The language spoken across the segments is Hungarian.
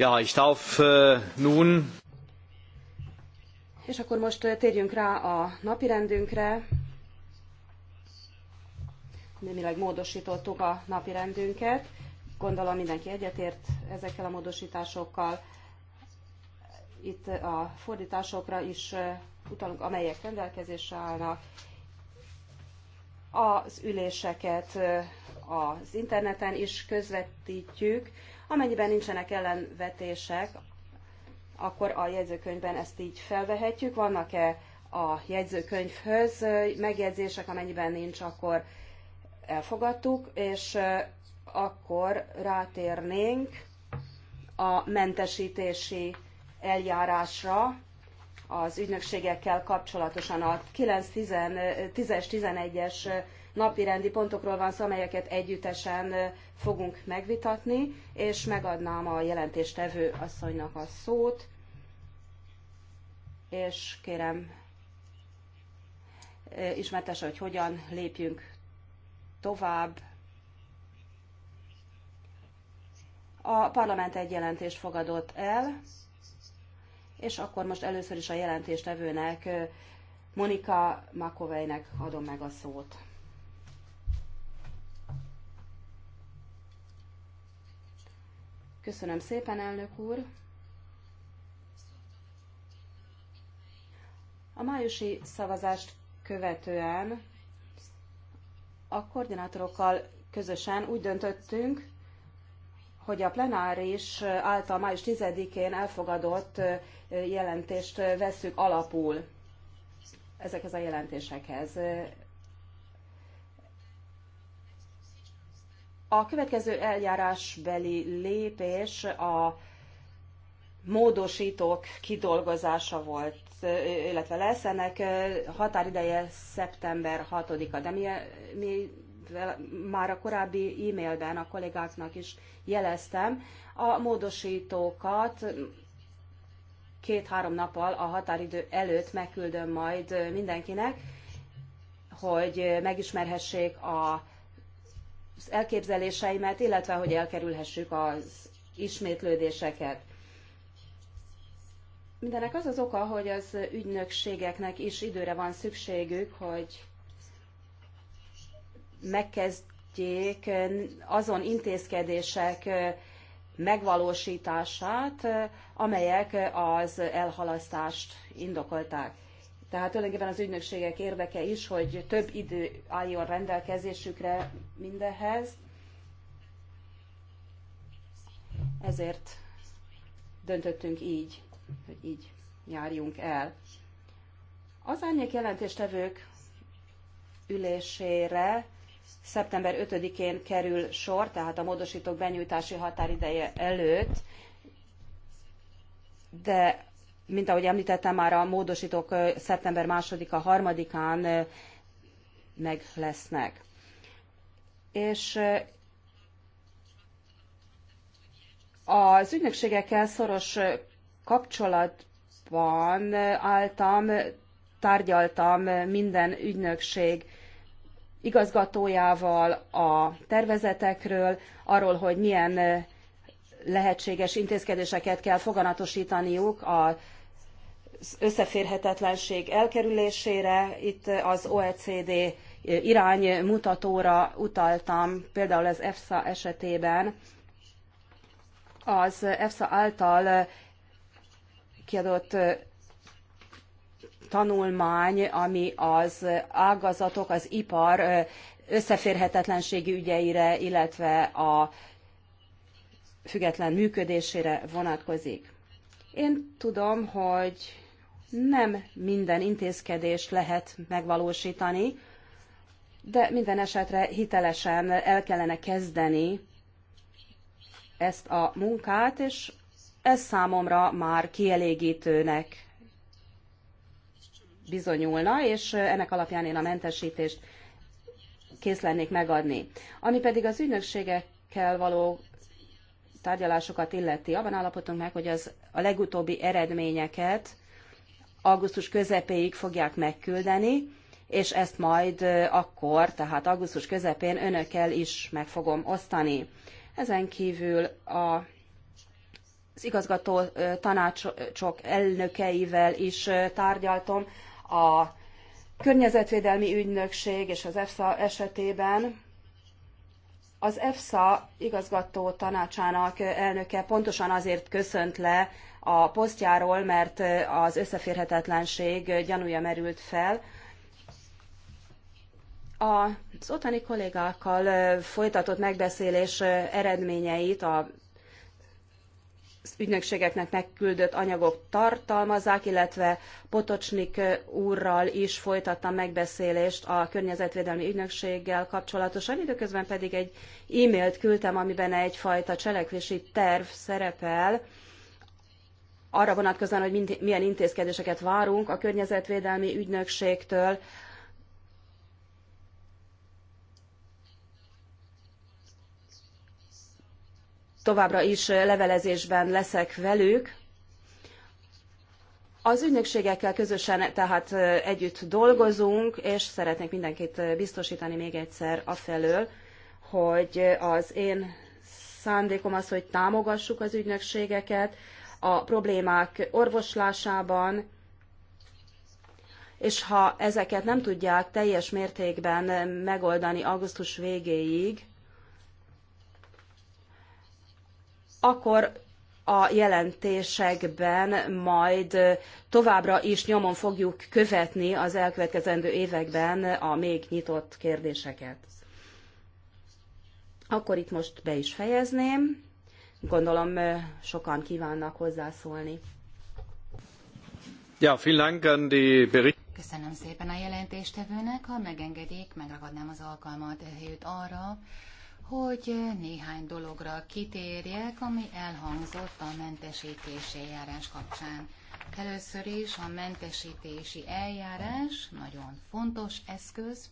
Ja, ich darf äh, nun... És akkor most äh, térjünk rá a napirendünkre. Némileg módosítottuk a napirendünket. Gondolom mindenki egyetért ezekkel a módosításokkal. Itt a fordításokra is äh, utalunk, amelyek rendelkezésre állnak. Az üléseket az interneten is közvetítjük Amennyiben nincsenek ellenvetések, akkor a jegyzőkönyvben ezt így felvehetjük. Vannak-e a jegyzőkönyvhöz megjegyzések, amennyiben nincs, akkor elfogadtuk, és akkor rátérnénk a mentesítési eljárásra az ügynökségekkel kapcsolatosan a 9 10 11-es napirendi pontokról van szó, amelyeket együttesen fogunk megvitatni, és megadnám a jelentéstevő asszonynak a szót, és kérem ismertesse, hogy hogyan lépjünk tovább. A parlament egy jelentést fogadott el, és akkor most először is a jelentéstevőnek, Monika Makovejnek adom meg a szót. Köszönöm szépen, elnök úr! A májusi szavazást követően a koordinátorokkal közösen úgy döntöttünk, hogy a plenáris által május 10-én elfogadott jelentést vesszük alapul ezekhez a jelentésekhez. A következő eljárásbeli lépés a módosítók kidolgozása volt, illetve lesz. Ennek határideje szeptember 6-a, de mi, mi már a korábbi e-mailben a kollégáknak is jeleztem, a módosítókat két-három nappal a határidő előtt megküldöm majd mindenkinek, hogy megismerhessék a az elképzeléseimet, illetve hogy elkerülhessük az ismétlődéseket. Mindenek az az oka, hogy az ügynökségeknek is időre van szükségük, hogy megkezdjék azon intézkedések megvalósítását, amelyek az elhalasztást indokolták. Tehát tulajdonképpen az ügynökségek érdeke is, hogy több idő álljon rendelkezésükre mindehhez. Ezért döntöttünk így, hogy így járjunk el. Az árnyék jelentéstevők ülésére szeptember 5-én kerül sor, tehát a módosítók benyújtási határideje előtt, de mint ahogy említettem, már a módosítók szeptember 2-a, 3-án meg lesznek. És az ügynökségekkel szoros kapcsolatban álltam, tárgyaltam minden ügynökség igazgatójával a tervezetekről, arról, hogy milyen lehetséges intézkedéseket kell foganatosítaniuk a összeférhetetlenség elkerülésére, itt az OECD iránymutatóra utaltam, például az EFSA esetében, az EFSA által kiadott tanulmány, ami az ágazatok, az ipar összeférhetetlenségi ügyeire, illetve a független működésére vonatkozik. Én tudom, hogy nem minden intézkedést lehet megvalósítani, de minden esetre hitelesen el kellene kezdeni ezt a munkát, és ez számomra már kielégítőnek bizonyulna, és ennek alapján én a mentesítést kész lennék megadni. Ami pedig az ügynökségekkel való tárgyalásokat illeti, abban állapodtunk meg, hogy az a legutóbbi eredményeket augusztus közepéig fogják megküldeni, és ezt majd akkor, tehát augusztus közepén önökkel is meg fogom osztani. Ezen kívül a az igazgató tanácsok elnökeivel is tárgyaltam a környezetvédelmi ügynökség és az EFSA esetében. Az EFSA igazgató tanácsának elnöke pontosan azért köszönt le a posztjáról, mert az összeférhetetlenség gyanúja merült fel. Az otthoni kollégákkal folytatott megbeszélés eredményeit a ügynökségeknek megküldött anyagok tartalmazzák, illetve Potocsnik úrral is folytattam megbeszélést a környezetvédelmi ügynökséggel kapcsolatosan, időközben pedig egy e-mailt küldtem, amiben egyfajta cselekvési terv szerepel, arra vonatkozóan, hogy milyen intézkedéseket várunk a környezetvédelmi ügynökségtől, továbbra is levelezésben leszek velük. Az ügynökségekkel közösen tehát együtt dolgozunk, és szeretnék mindenkit biztosítani még egyszer afelől, hogy az én szándékom az, hogy támogassuk az ügynökségeket, a problémák orvoslásában, és ha ezeket nem tudják teljes mértékben megoldani augusztus végéig, akkor a jelentésekben majd továbbra is nyomon fogjuk követni az elkövetkezendő években a még nyitott kérdéseket. Akkor itt most be is fejezném. Gondolom sokan kívánnak hozzászólni. Ja, vielen Dank an die Köszönöm szépen a jelentéstevőnek, ha megengedik, megragadnám az alkalmat helyütt arra, hogy néhány dologra kitérjek, ami elhangzott a mentesítési eljárás kapcsán. Először is a mentesítési eljárás nagyon fontos eszköz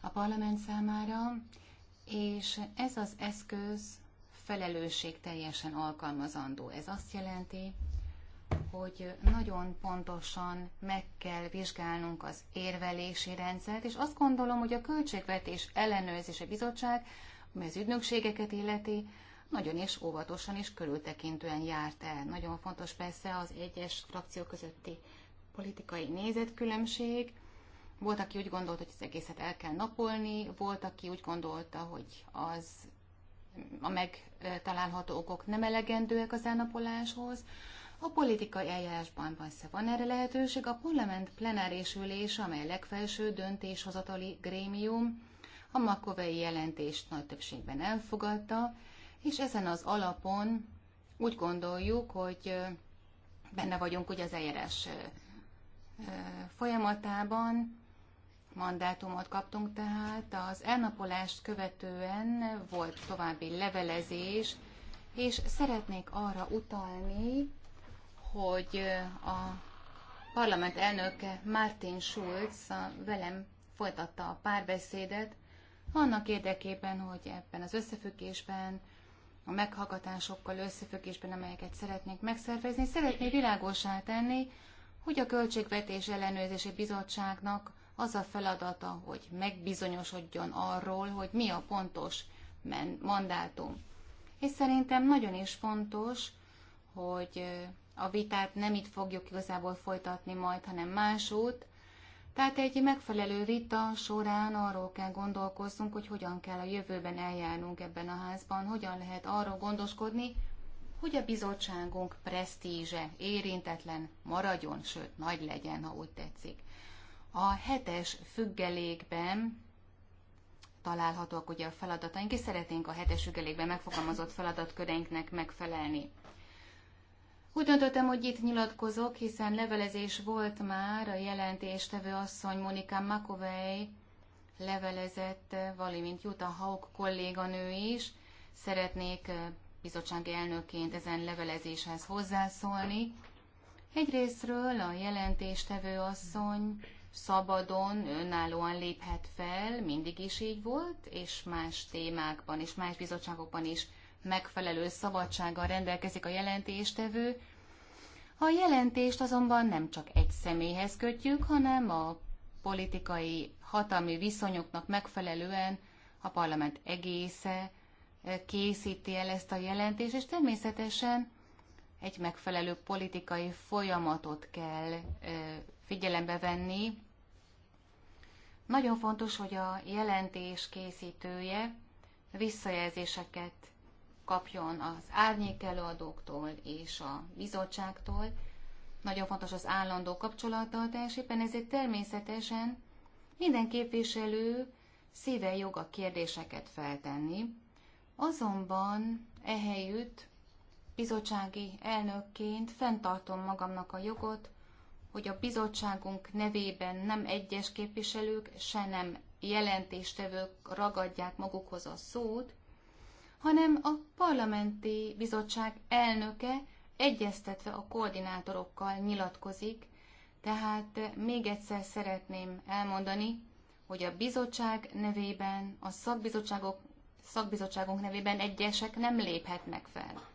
a parlament számára, és ez az eszköz felelősség teljesen alkalmazandó. Ez azt jelenti, hogy nagyon pontosan meg kell vizsgálnunk az érvelési rendszert, és azt gondolom, hogy a Költségvetés Ellenőrzése Bizottság, ami az ügynökségeket illeti, nagyon és óvatosan és körültekintően járt el. Nagyon fontos persze az egyes frakciók közötti politikai nézetkülönbség. Volt, aki úgy gondolta, hogy az egészet el kell napolni, volt, aki úgy gondolta, hogy az a megtalálható okok nem elegendőek az elnapoláshoz. A politikai eljárásban persze van erre lehetőség. A parlament plenáris ülése, amely a legfelső döntéshozatali grémium, a makovei jelentést nagy többségben elfogadta, és ezen az alapon úgy gondoljuk, hogy benne vagyunk ugye az eljárás folyamatában, Mandátumot kaptunk tehát, az elnapolást követően volt további levelezés, és szeretnék arra utalni, hogy a parlament elnöke Martin Schulz velem folytatta a párbeszédet, annak érdekében, hogy ebben az összefüggésben, a meghallgatásokkal összefüggésben, amelyeket szeretnék megszervezni, szeretné világosá tenni, hogy a Költségvetés Ellenőrzési Bizottságnak az a feladata, hogy megbizonyosodjon arról, hogy mi a pontos mandátum. És szerintem nagyon is fontos, hogy a vitát nem itt fogjuk igazából folytatni majd, hanem másút. Tehát egy megfelelő vita során arról kell gondolkoznunk, hogy hogyan kell a jövőben eljárnunk ebben a házban, hogyan lehet arról gondoskodni, hogy a bizottságunk presztízse érintetlen maradjon, sőt nagy legyen, ha úgy tetszik. A hetes függelékben találhatóak ugye a feladataink, és szeretnénk a hetes függelékben megfogalmazott feladatköreinknek megfelelni. Úgy döntöttem, hogy itt nyilatkozok, hiszen levelezés volt már, a jelentéstevő asszony Monika Makovej levelezett, valamint Jutta Haug kolléganő is. Szeretnék eh, bizottsági elnökként ezen levelezéshez hozzászólni. Egyrésztről a jelentéstevő asszony szabadon, önállóan léphet fel, mindig is így volt, és más témákban és más bizottságokban is megfelelő szabadsággal rendelkezik a jelentéstevő. A jelentést azonban nem csak egy személyhez kötjük, hanem a politikai hatalmi viszonyoknak megfelelően a parlament egésze eh, készíti el ezt a jelentést, és természetesen egy megfelelő politikai folyamatot kell eh, figyelembe venni, nagyon fontos, hogy a jelentés készítője visszajelzéseket kapjon az árnyékelőadóktól és a bizottságtól. Nagyon fontos az állandó kapcsolattartás, éppen ezért természetesen minden képviselő szíve joga a kérdéseket feltenni, azonban ehelyütt bizottsági elnökként fenntartom magamnak a jogot, hogy a bizottságunk nevében nem egyes képviselők, se nem jelentéstevők ragadják magukhoz a szót, hanem a parlamenti bizottság elnöke egyeztetve a koordinátorokkal nyilatkozik, tehát még egyszer szeretném elmondani, hogy a bizottság nevében, a szakbizottságok, szakbizottságunk nevében egyesek nem léphetnek fel.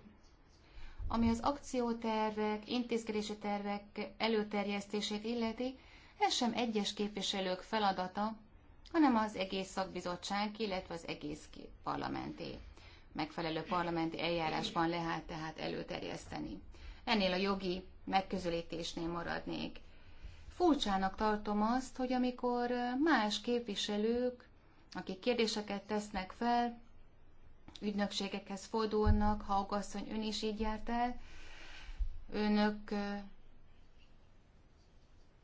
Ami az akciótervek, intézkedési tervek előterjesztését illeti, ez sem egyes képviselők feladata, hanem az egész szakbizottság, illetve az egész parlamenté. Megfelelő parlamenti eljárásban lehet tehát előterjeszteni. Ennél a jogi megközelítésnél maradnék. Furcsának tartom azt, hogy amikor más képviselők, akik kérdéseket tesznek fel, ügynökségekhez fordulnak, ha asszony ön is így járt el, önök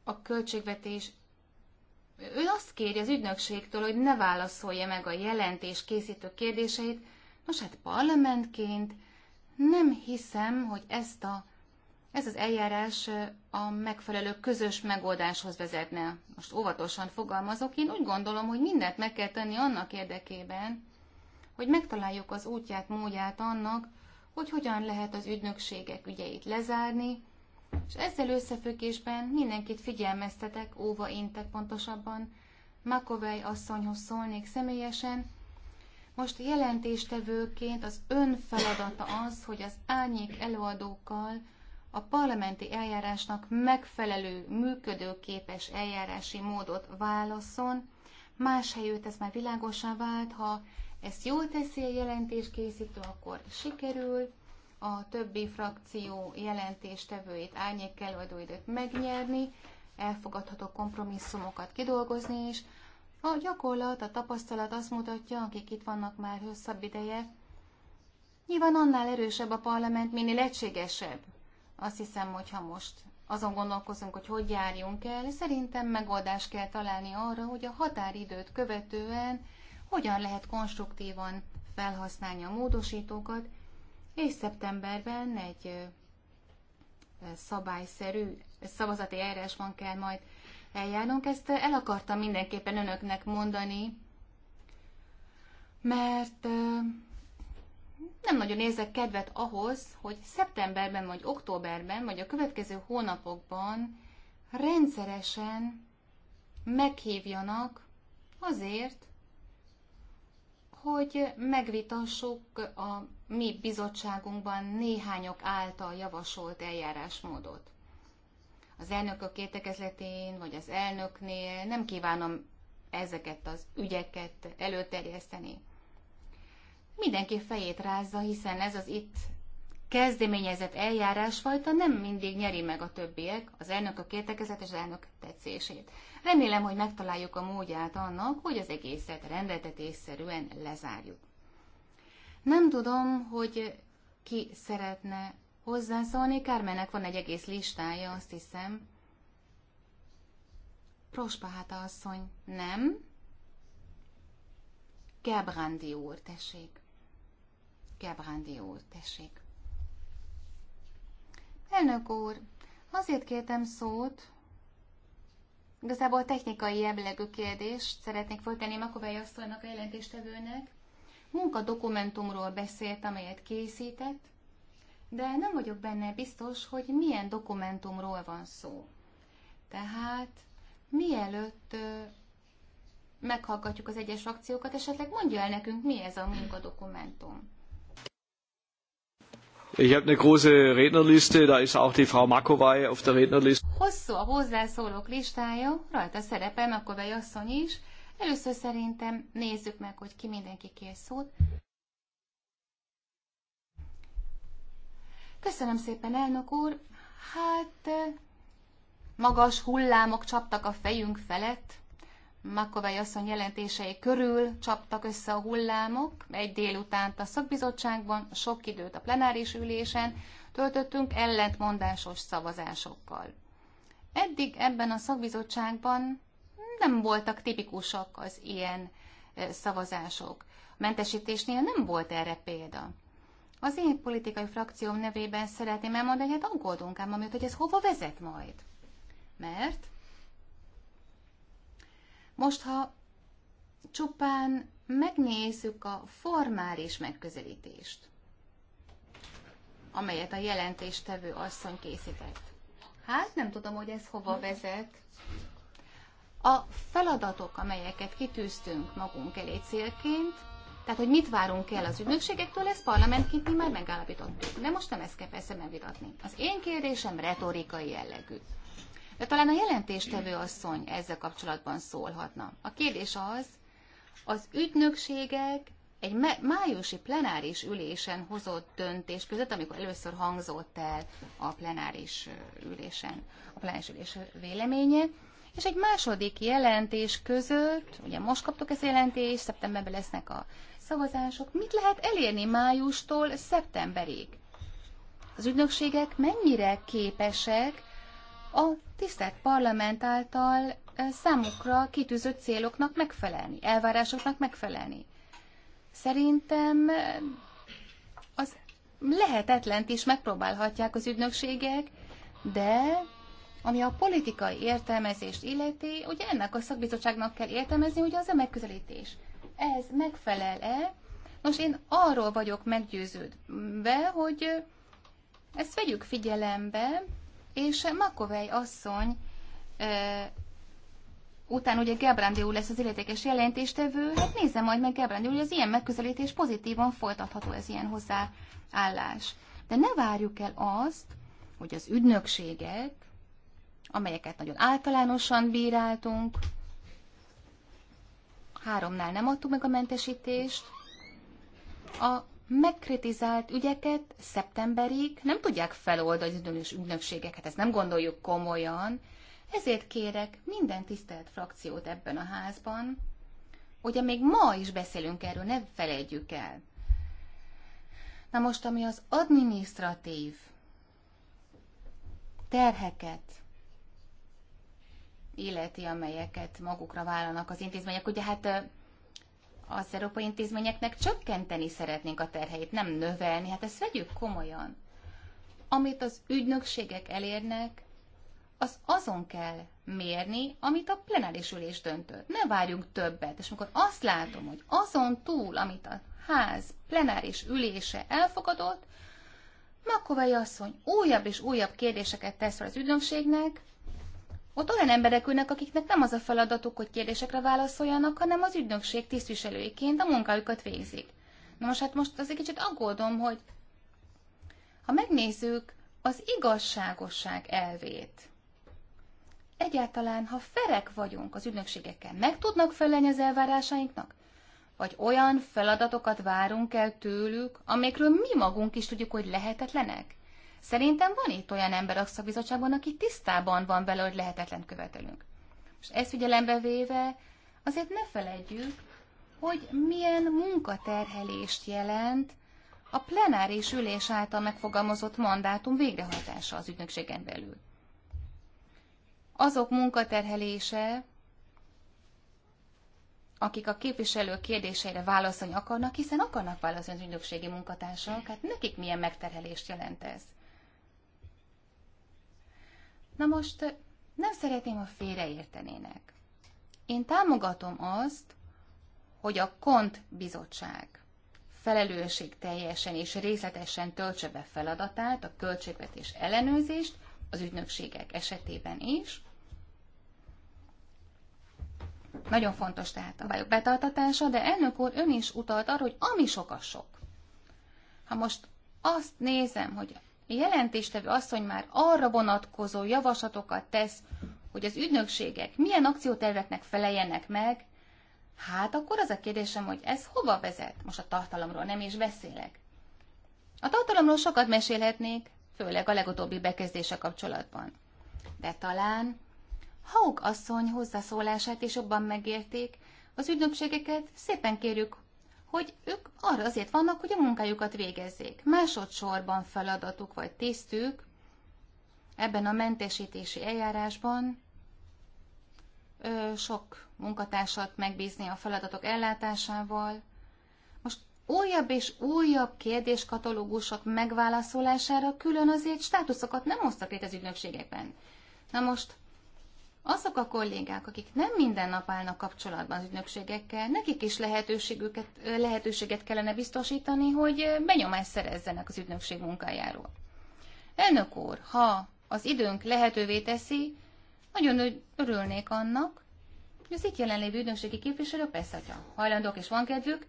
a költségvetés ő azt kéri az ügynökségtől, hogy ne válaszolja meg a jelentés készítő kérdéseit. Nos hát parlamentként nem hiszem, hogy ezt a, ez az eljárás a megfelelő közös megoldáshoz vezetne. Most óvatosan fogalmazok, én úgy gondolom, hogy mindent meg kell tenni annak érdekében, hogy megtaláljuk az útját, módját annak, hogy hogyan lehet az ügynökségek ügyeit lezárni, és ezzel összefüggésben mindenkit figyelmeztetek, óva intek pontosabban, Makovej asszonyhoz szólnék személyesen, most jelentéstevőként az ön feladata az, hogy az árnyék előadókkal a parlamenti eljárásnak megfelelő, működőképes eljárási módot válaszol. Más helyütt ez már világosá vált, ha ezt jól teszi a jelentéskészítő, akkor sikerül a többi frakció jelentéstevőit, árnyék előadóidőt megnyerni, elfogadható kompromisszumokat kidolgozni is. A gyakorlat, a tapasztalat azt mutatja, akik itt vannak már hosszabb ideje, nyilván annál erősebb a parlament, minél egységesebb. Azt hiszem, hogy ha most azon gondolkozunk, hogy hogy járjunk el, szerintem megoldást kell találni arra, hogy a határidőt követően hogyan lehet konstruktívan felhasználni a módosítókat, és szeptemberben egy szabályszerű szavazati eljárásban kell majd eljárnunk. Ezt el akartam mindenképpen önöknek mondani, mert nem nagyon érzek kedvet ahhoz, hogy szeptemberben vagy októberben, vagy a következő hónapokban rendszeresen meghívjanak azért, hogy megvitassuk a mi bizottságunkban néhányok által javasolt eljárásmódot. Az elnökök kétekezletén, vagy az elnöknél nem kívánom ezeket az ügyeket előterjeszteni. Mindenki fejét rázza, hiszen ez az itt kezdeményezett eljárásfajta nem mindig nyeri meg a többiek, az elnökök értekezet és az elnök tetszését. Remélem, hogy megtaláljuk a módját annak, hogy az egészet rendeltetésszerűen lezárjuk. Nem tudom, hogy ki szeretne hozzászólni. Kármennek van egy egész listája, azt hiszem. Prospáta asszony, nem? Gebrandi úr, tessék. Gebrandi úr, tessék. Elnök úr, azért kértem szót, igazából technikai jellegű kérdést szeretnék folytani, Makovei asszonynak a jelentéstevőnek. Munkadokumentumról beszélt, amelyet készített, de nem vagyok benne biztos, hogy milyen dokumentumról van szó. Tehát mielőtt meghallgatjuk az egyes akciókat, esetleg mondja el nekünk, mi ez a munkadokumentum. Ich habe eine große Rednerliste, da ist auch die Frau Makovai auf der Rednerliste. Hosszú a hozzászólók listája, rajta szerepel Makovai asszony is. Először szerintem nézzük meg, hogy ki mindenki kér szót. Köszönöm szépen, elnök úr. Hát magas hullámok csaptak a fejünk felett, Makovai asszony jelentései körül csaptak össze a hullámok, egy délutánt a szakbizottságban, sok időt a plenáris ülésen töltöttünk ellentmondásos szavazásokkal. Eddig ebben a szakbizottságban nem voltak tipikusak az ilyen szavazások. A mentesítésnél nem volt erre példa. Az én politikai frakcióm nevében szeretném elmondani, hogy hát aggódunk ám, amit, hogy ez hova vezet majd. Mert most, ha csupán megnézzük a formális megközelítést, amelyet a jelentéstevő asszony készített. Hát nem tudom, hogy ez hova vezet. A feladatok, amelyeket kitűztünk magunk elé célként, tehát, hogy mit várunk el az ügynökségektől, ezt parlamentként mi már megállapítottuk. De most nem ezt kell persze megvitatni. Az én kérdésem retorikai jellegű. De talán a jelentéstevő asszony ezzel kapcsolatban szólhatna. A kérdés az, az ügynökségek egy májusi plenáris ülésen hozott döntés között, amikor először hangzott el a plenáris ülésen, a plenáris ülés véleménye, és egy második jelentés között, ugye most kaptuk ezt a jelentést, szeptemberben lesznek a szavazások, mit lehet elérni májustól szeptemberig? Az ügynökségek mennyire képesek a tisztelt parlament által számukra kitűzött céloknak megfelelni, elvárásoknak megfelelni. Szerintem az lehetetlent is megpróbálhatják az ügynökségek, de ami a politikai értelmezést illeti, ugye ennek a szakbizottságnak kell értelmezni, ugye az a megközelítés. Ez megfelel-e? Nos, én arról vagyok meggyőződve, hogy ezt vegyük figyelembe, és Makovej asszony után ugye Gebrandi úr lesz az illetékes jelentéstevő, hát nézze majd meg Gebrandi úr, hogy az ilyen megközelítés pozitívan folytatható ez ilyen hozzáállás. De ne várjuk el azt, hogy az ügynökségek, amelyeket nagyon általánosan bíráltunk, háromnál nem adtuk meg a mentesítést, a megkritizált ügyeket szeptemberig nem tudják feloldani az üdülős ügynökségeket, ezt nem gondoljuk komolyan, ezért kérek minden tisztelt frakciót ebben a házban, ugye még ma is beszélünk erről, ne felejtjük el. Na most, ami az administratív terheket illeti, amelyeket magukra vállalnak az intézmények, ugye hát az európai intézményeknek csökkenteni szeretnénk a terheit, nem növelni. Hát ezt vegyük komolyan. Amit az ügynökségek elérnek, az azon kell mérni, amit a plenáris ülés döntött. Ne várjunk többet. És amikor azt látom, hogy azon túl, amit a ház plenáris ülése elfogadott, Makovai asszony újabb és újabb kérdéseket tesz fel az ügynökségnek, ott olyan emberek ülnek, akiknek nem az a feladatuk, hogy kérdésekre válaszoljanak, hanem az ügynökség tisztviselőiként a munkájukat végzik. Na most hát most azért kicsit aggódom, hogy ha megnézzük az igazságosság elvét, egyáltalán, ha ferek vagyunk az ügynökségekkel, meg tudnak felelni az elvárásainknak? Vagy olyan feladatokat várunk el tőlük, amikről mi magunk is tudjuk, hogy lehetetlenek? Szerintem van itt olyan ember a szakbizottságban, aki tisztában van vele, hogy lehetetlen követelünk. És ezt figyelembe véve, azért ne felejtjük, hogy milyen munkaterhelést jelent a plenáris ülés által megfogalmazott mandátum végrehajtása az ügynökségen belül. Azok munkaterhelése, akik a képviselő kérdéseire válaszolni akarnak, hiszen akarnak válaszolni az ügynökségi munkatársak, hát nekik milyen megterhelést jelent ez. Na most nem szeretném, ha félreértenének. Én támogatom azt, hogy a KONT bizottság felelősség teljesen és részletesen töltse be feladatát, a költségvetés ellenőrzést, az ügynökségek esetében is. Nagyon fontos tehát a vályok betartatása, de elnök úr ön is utalt arra, hogy ami sok a sok. Ha most azt nézem, hogy jelentéstevő asszony már arra vonatkozó javaslatokat tesz, hogy az ügynökségek milyen akcióterveknek feleljenek meg, hát akkor az a kérdésem, hogy ez hova vezet? Most a tartalomról nem is beszélek. A tartalomról sokat mesélhetnék, főleg a legutóbbi bekezdése kapcsolatban. De talán ha ok asszony hozzászólását is jobban megérték, az ügynökségeket szépen kérjük, hogy ők arra azért vannak, hogy a munkájukat végezzék. Másodszorban feladatuk vagy tisztük ebben a mentesítési eljárásban ö, sok munkatársat megbízni a feladatok ellátásával. Most újabb és újabb kérdéskatalógusok megválaszolására külön azért státuszokat nem osztak itt az ügynökségekben. Na most azok a kollégák, akik nem minden nap állnak kapcsolatban az ügynökségekkel, nekik is lehetőségüket, lehetőséget kellene biztosítani, hogy benyomást szerezzenek az ügynökség munkájáról. Elnök úr, ha az időnk lehetővé teszi, nagyon örülnék annak, hogy az itt jelenlévő ügynökségi képviselő, persze, hogyha hajlandók és van kedvük,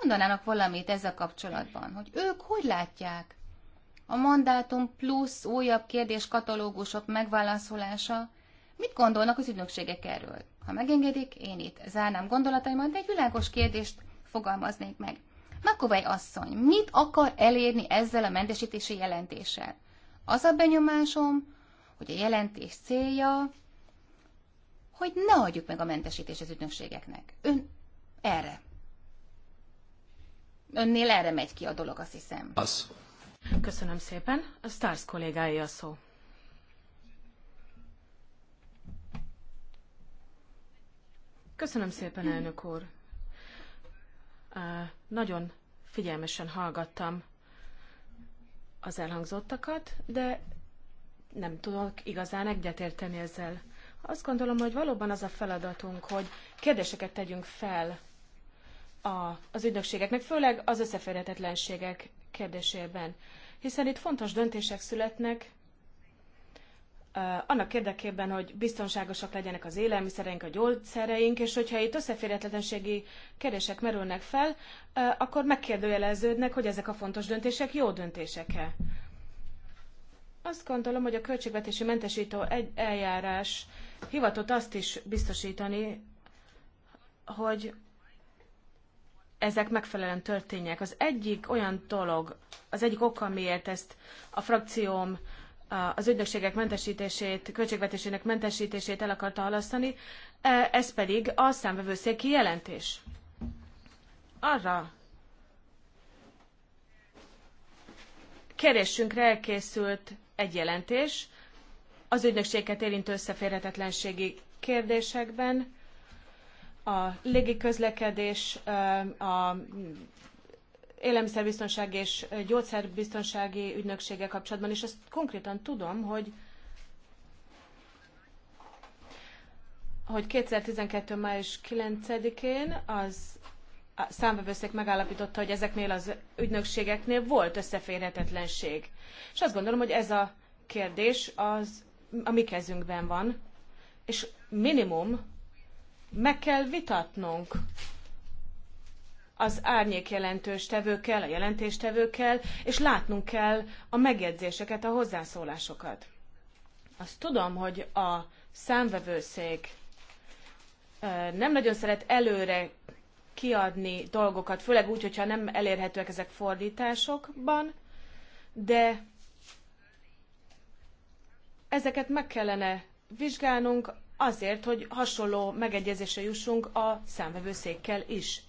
mondanának valamit ezzel kapcsolatban, hogy ők hogy látják a mandátum plusz újabb katalógusok megválaszolása, Mit gondolnak az ügynökségek erről? Ha megengedik, én itt zárnám gondolataimat, de egy világos kérdést fogalmaznék meg. Makovej asszony, mit akar elérni ezzel a mentesítési jelentéssel? Az a benyomásom, hogy a jelentés célja, hogy ne adjuk meg a mentesítést az ügynökségeknek. Ön erre. Önnél erre megy ki a dolog, azt hiszem. Az. Köszönöm szépen. A Stars kollégája a szó. Köszönöm szépen, elnök úr. Nagyon figyelmesen hallgattam az elhangzottakat, de nem tudok igazán egyetérteni ezzel. Azt gondolom, hogy valóban az a feladatunk, hogy kérdéseket tegyünk fel a, az ügynökségeknek, főleg az összeférhetetlenségek kérdésében. Hiszen itt fontos döntések születnek, annak érdekében, hogy biztonságosak legyenek az élelmiszereink, a gyógyszereink, és hogyha itt összeférhetetlenségi kérdések merülnek fel, akkor megkérdőjeleződnek, hogy ezek a fontos döntések jó döntések-e. Azt gondolom, hogy a költségvetési mentesítő eljárás hivatott azt is biztosítani, hogy ezek megfelelően történjek. Az egyik olyan dolog, az egyik oka, miért ezt a frakcióm az ügynökségek mentesítését, költségvetésének mentesítését el akarta halasztani, e, ez pedig a számvevőszéki jelentés. Arra kérésünkre elkészült egy jelentés az ügynökséget érintő összeférhetetlenségi kérdésekben, a légiközlekedés, a élelmiszerbiztonsági és gyógyszerbiztonsági ügynöksége kapcsolatban, és ezt konkrétan tudom, hogy hogy 2012. május 9-én az a számvevőszék megállapította, hogy ezeknél az ügynökségeknél volt összeférhetetlenség. És azt gondolom, hogy ez a kérdés az a mi kezünkben van, és minimum meg kell vitatnunk az árnyék jelentős tevőkkel, a jelentéstevőkkel, és látnunk kell a megjegyzéseket, a hozzászólásokat. Azt tudom, hogy a számvevőszék nem nagyon szeret előre kiadni dolgokat, főleg úgy, hogyha nem elérhetőek ezek fordításokban, de ezeket meg kellene vizsgálnunk azért, hogy hasonló megegyezésre jussunk a számvevőszékkel is.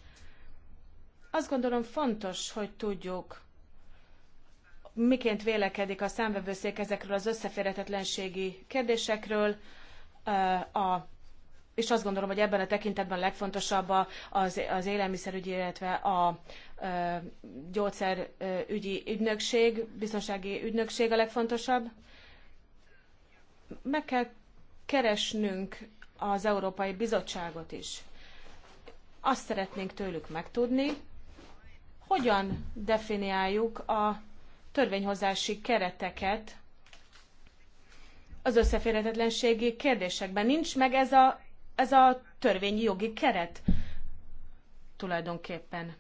Azt gondolom fontos, hogy tudjuk, miként vélekedik a számvevőszék ezekről az összeférhetetlenségi kérdésekről, eh, a és azt gondolom, hogy ebben a tekintetben a legfontosabb az, az élelmiszerügyi, illetve a a eh, gyógyszerügyi eh, ügynökség, biztonsági ügynökség a legfontosabb. Meg kell keresnünk az Európai Bizottságot is. Azt szeretnénk tőlük megtudni, hogyan definiáljuk a törvényhozási kereteket az összeférhetetlenségi kérdésekben. Nincs meg ez a, ez a törvényi jogi keret tulajdonképpen.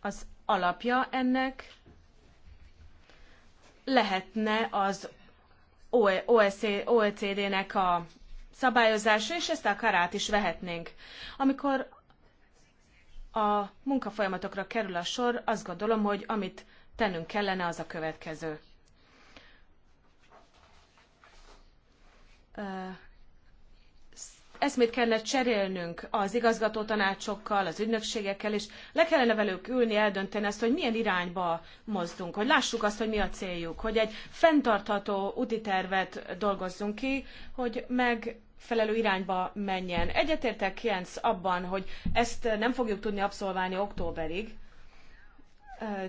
Az alapja ennek lehetne az OECD-nek e e a szabályozása, és ezt a karát is vehetnénk. Amikor a munkafolyamatokra kerül a sor, azt gondolom, hogy amit tennünk kellene, az a következő. eszmét kellene cserélnünk az igazgató tanácsokkal, az ügynökségekkel, és le kellene velük ülni, eldönteni azt, hogy milyen irányba mozdunk, hogy lássuk azt, hogy mi a céljuk, hogy egy fenntartható úti tervet dolgozzunk ki, hogy meg megfelelő irányba menjen. Egyetértek Jens abban, hogy ezt nem fogjuk tudni abszolválni októberig,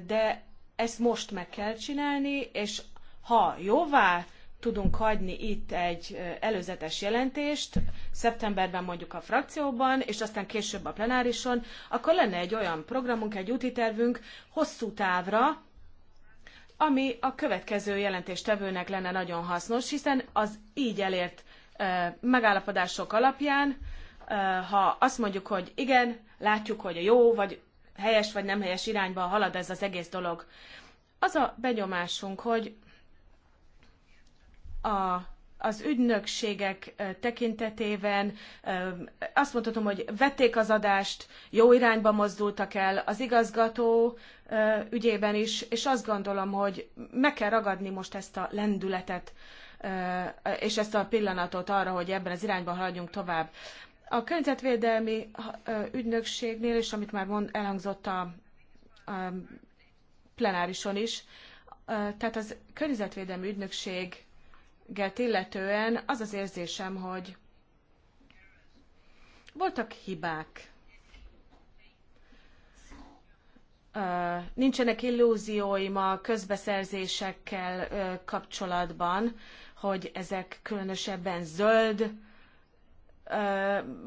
de ezt most meg kell csinálni, és ha jóvá tudunk hagyni itt egy előzetes jelentést, szeptemberben mondjuk a frakcióban, és aztán később a plenárison, akkor lenne egy olyan programunk, egy úti tervünk hosszú távra, ami a következő jelentéstevőnek lenne nagyon hasznos, hiszen az így elért megállapodások alapján, ha azt mondjuk, hogy igen, látjuk, hogy a jó, vagy helyes, vagy nem helyes irányba halad ez az egész dolog, az a benyomásunk, hogy a, az ügynökségek tekintetében azt mondhatom, hogy vették az adást, jó irányba mozdultak el az igazgató ügyében is, és azt gondolom, hogy meg kell ragadni most ezt a lendületet, és ezt a pillanatot arra, hogy ebben az irányban haladjunk tovább. A környezetvédelmi ügynökségnél, és amit már mond, elhangzott a, a plenárison is, tehát az környezetvédelmi ügynökséget illetően az az érzésem, hogy voltak hibák. Nincsenek illúzióim a közbeszerzésekkel kapcsolatban, hogy ezek különösebben zöld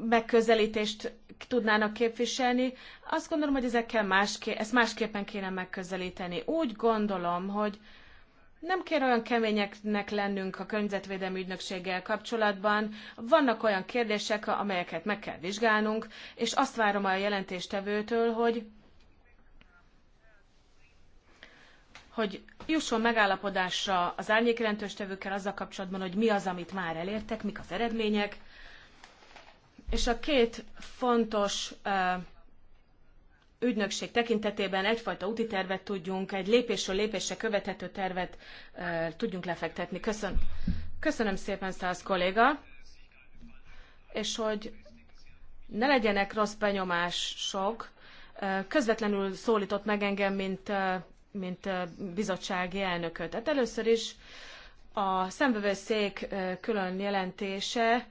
megközelítést tudnának képviselni. Azt gondolom, hogy ezekkel másképp, ezt másképpen kéne megközelíteni. Úgy gondolom, hogy nem kell olyan keményeknek lennünk a környezetvédelmi ügynökséggel kapcsolatban. Vannak olyan kérdések, amelyeket meg kell vizsgálnunk, és azt várom a jelentéstevőtől, hogy hogy jusson megállapodásra az árnyékjelentőstevőkkel azzal kapcsolatban, hogy mi az, amit már elértek, mik az eredmények. És a két fontos ügynökség tekintetében egyfajta úti tervet tudjunk, egy lépésről lépésre követhető tervet uh, tudjunk lefektetni. Köszön. Köszönöm szépen, száz kolléga, és hogy ne legyenek rossz benyomások, közvetlenül szólított meg engem, mint mint bizottsági elnököt. Tehát először is a szembevőszék külön jelentése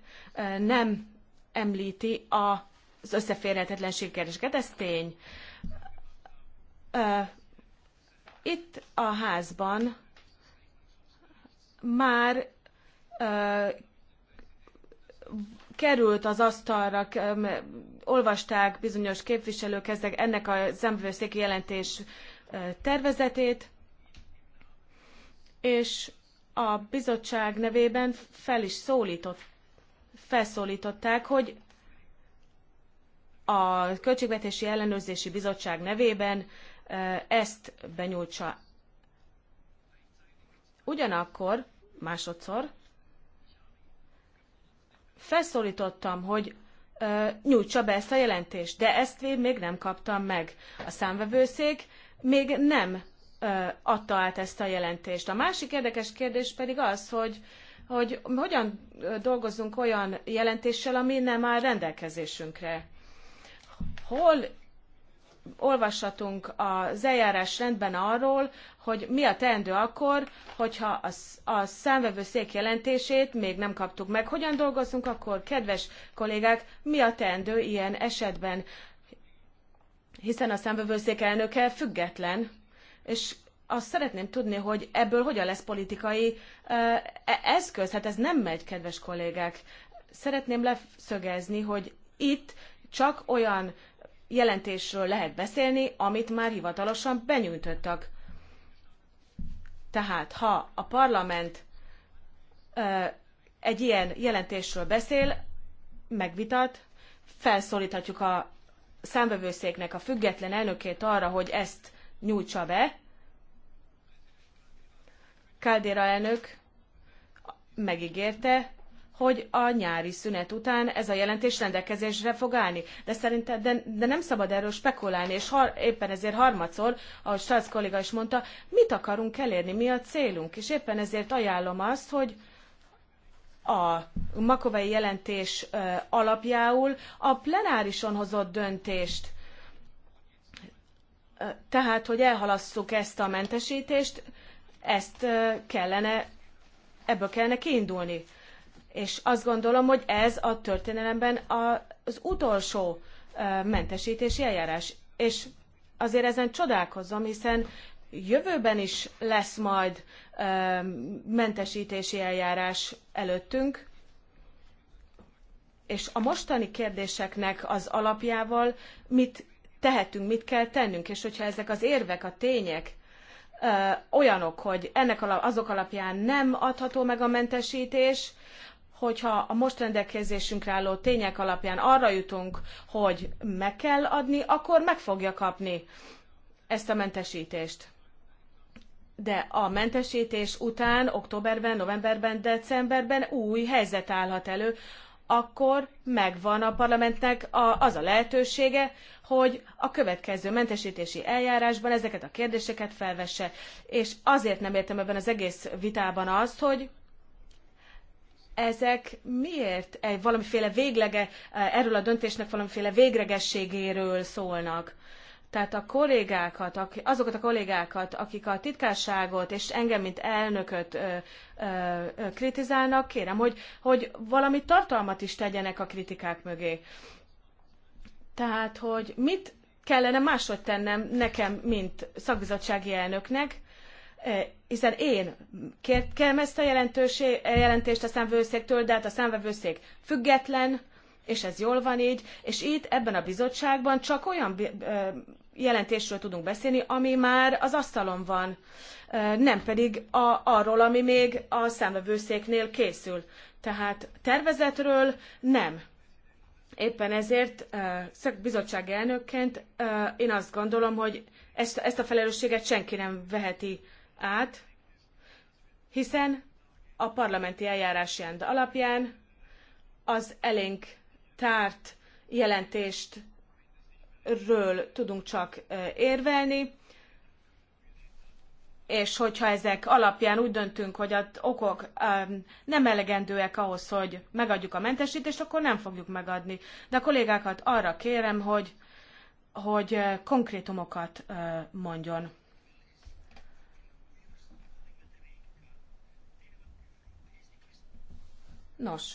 nem említi az összeférhetetlenség kérdéseket, ez tény. Itt a házban már került az asztalra, olvasták bizonyos képviselők ezek, ennek a szembevőszéki jelentés tervezetét, és a bizottság nevében fel is szólított, felszólították, hogy a Költségvetési Ellenőrzési Bizottság nevében ezt benyújtsa. Ugyanakkor, másodszor, felszólítottam, hogy nyújtsa be ezt a jelentést, de ezt én még nem kaptam meg. A számvevőszék még nem adta át ezt a jelentést. A másik érdekes kérdés pedig az, hogy hogy hogyan dolgozzunk olyan jelentéssel, ami nem áll rendelkezésünkre. Hol olvashatunk az eljárás rendben arról, hogy mi a teendő akkor, hogyha a, a számvevőszék jelentését még nem kaptuk meg. Hogyan dolgozunk akkor, kedves kollégák, mi a teendő ilyen esetben? hiszen a számbevőszék elnöke független, és azt szeretném tudni, hogy ebből hogyan lesz politikai e, eszköz. Hát ez nem megy, kedves kollégák. Szeretném leszögezni, hogy itt csak olyan jelentésről lehet beszélni, amit már hivatalosan benyújtottak. Tehát, ha a parlament egy ilyen jelentésről beszél, megvitat, felszólíthatjuk a számvevőszéknek a független elnökét arra, hogy ezt nyújtsa be. Kaldéra elnök megígérte, hogy a nyári szünet után ez a jelentés rendelkezésre fog állni. De szerintem de, de nem szabad erről spekulálni, és har, éppen ezért harmadszor, ahogy Strasz kolléga is mondta, mit akarunk elérni, mi a célunk, és éppen ezért ajánlom azt, hogy a makovei jelentés alapjául a plenárison hozott döntést, tehát, hogy elhalasszuk ezt a mentesítést, ezt kellene, ebből kellene kiindulni. És azt gondolom, hogy ez a történelemben az utolsó mentesítési eljárás. És azért ezen csodálkozom, hiszen jövőben is lesz majd Um, mentesítési eljárás előttünk, és a mostani kérdéseknek az alapjával mit tehetünk, mit kell tennünk, és hogyha ezek az érvek, a tények uh, olyanok, hogy ennek alap, azok alapján nem adható meg a mentesítés, hogyha a most rendelkezésünkre álló tények alapján arra jutunk, hogy meg kell adni, akkor meg fogja kapni ezt a mentesítést de a mentesítés után, októberben, novemberben, decemberben új helyzet állhat elő, akkor megvan a parlamentnek a, az a lehetősége, hogy a következő mentesítési eljárásban ezeket a kérdéseket felvesse. És azért nem értem ebben az egész vitában azt, hogy ezek miért egy valamiféle véglege, erről a döntésnek valamiféle végregességéről szólnak. Tehát a kollégákat, azokat a kollégákat, akik a titkárságot és engem, mint elnököt ö, ö, kritizálnak, kérem, hogy, hogy valami tartalmat is tegyenek a kritikák mögé. Tehát, hogy mit kellene máshogy tennem nekem, mint szakbizottsági elnöknek, hiszen én kértem ezt a jelentősé, jelentést a számvevőszéktől, de hát a számvevőszék független, és ez jól van így, és itt ebben a bizottságban csak olyan jelentésről tudunk beszélni, ami már az asztalon van, nem pedig a, arról, ami még a számvevőszéknél készül. Tehát tervezetről nem. Éppen ezért bizottság elnökként én azt gondolom, hogy ezt, ezt a felelősséget senki nem veheti át, hiszen a parlamenti eljárás alapján az elénk tárt jelentést ről tudunk csak érvelni, és hogyha ezek alapján úgy döntünk, hogy az okok nem elegendőek ahhoz, hogy megadjuk a mentesítést, akkor nem fogjuk megadni. De a kollégákat arra kérem, hogy, hogy konkrétumokat mondjon. Nos,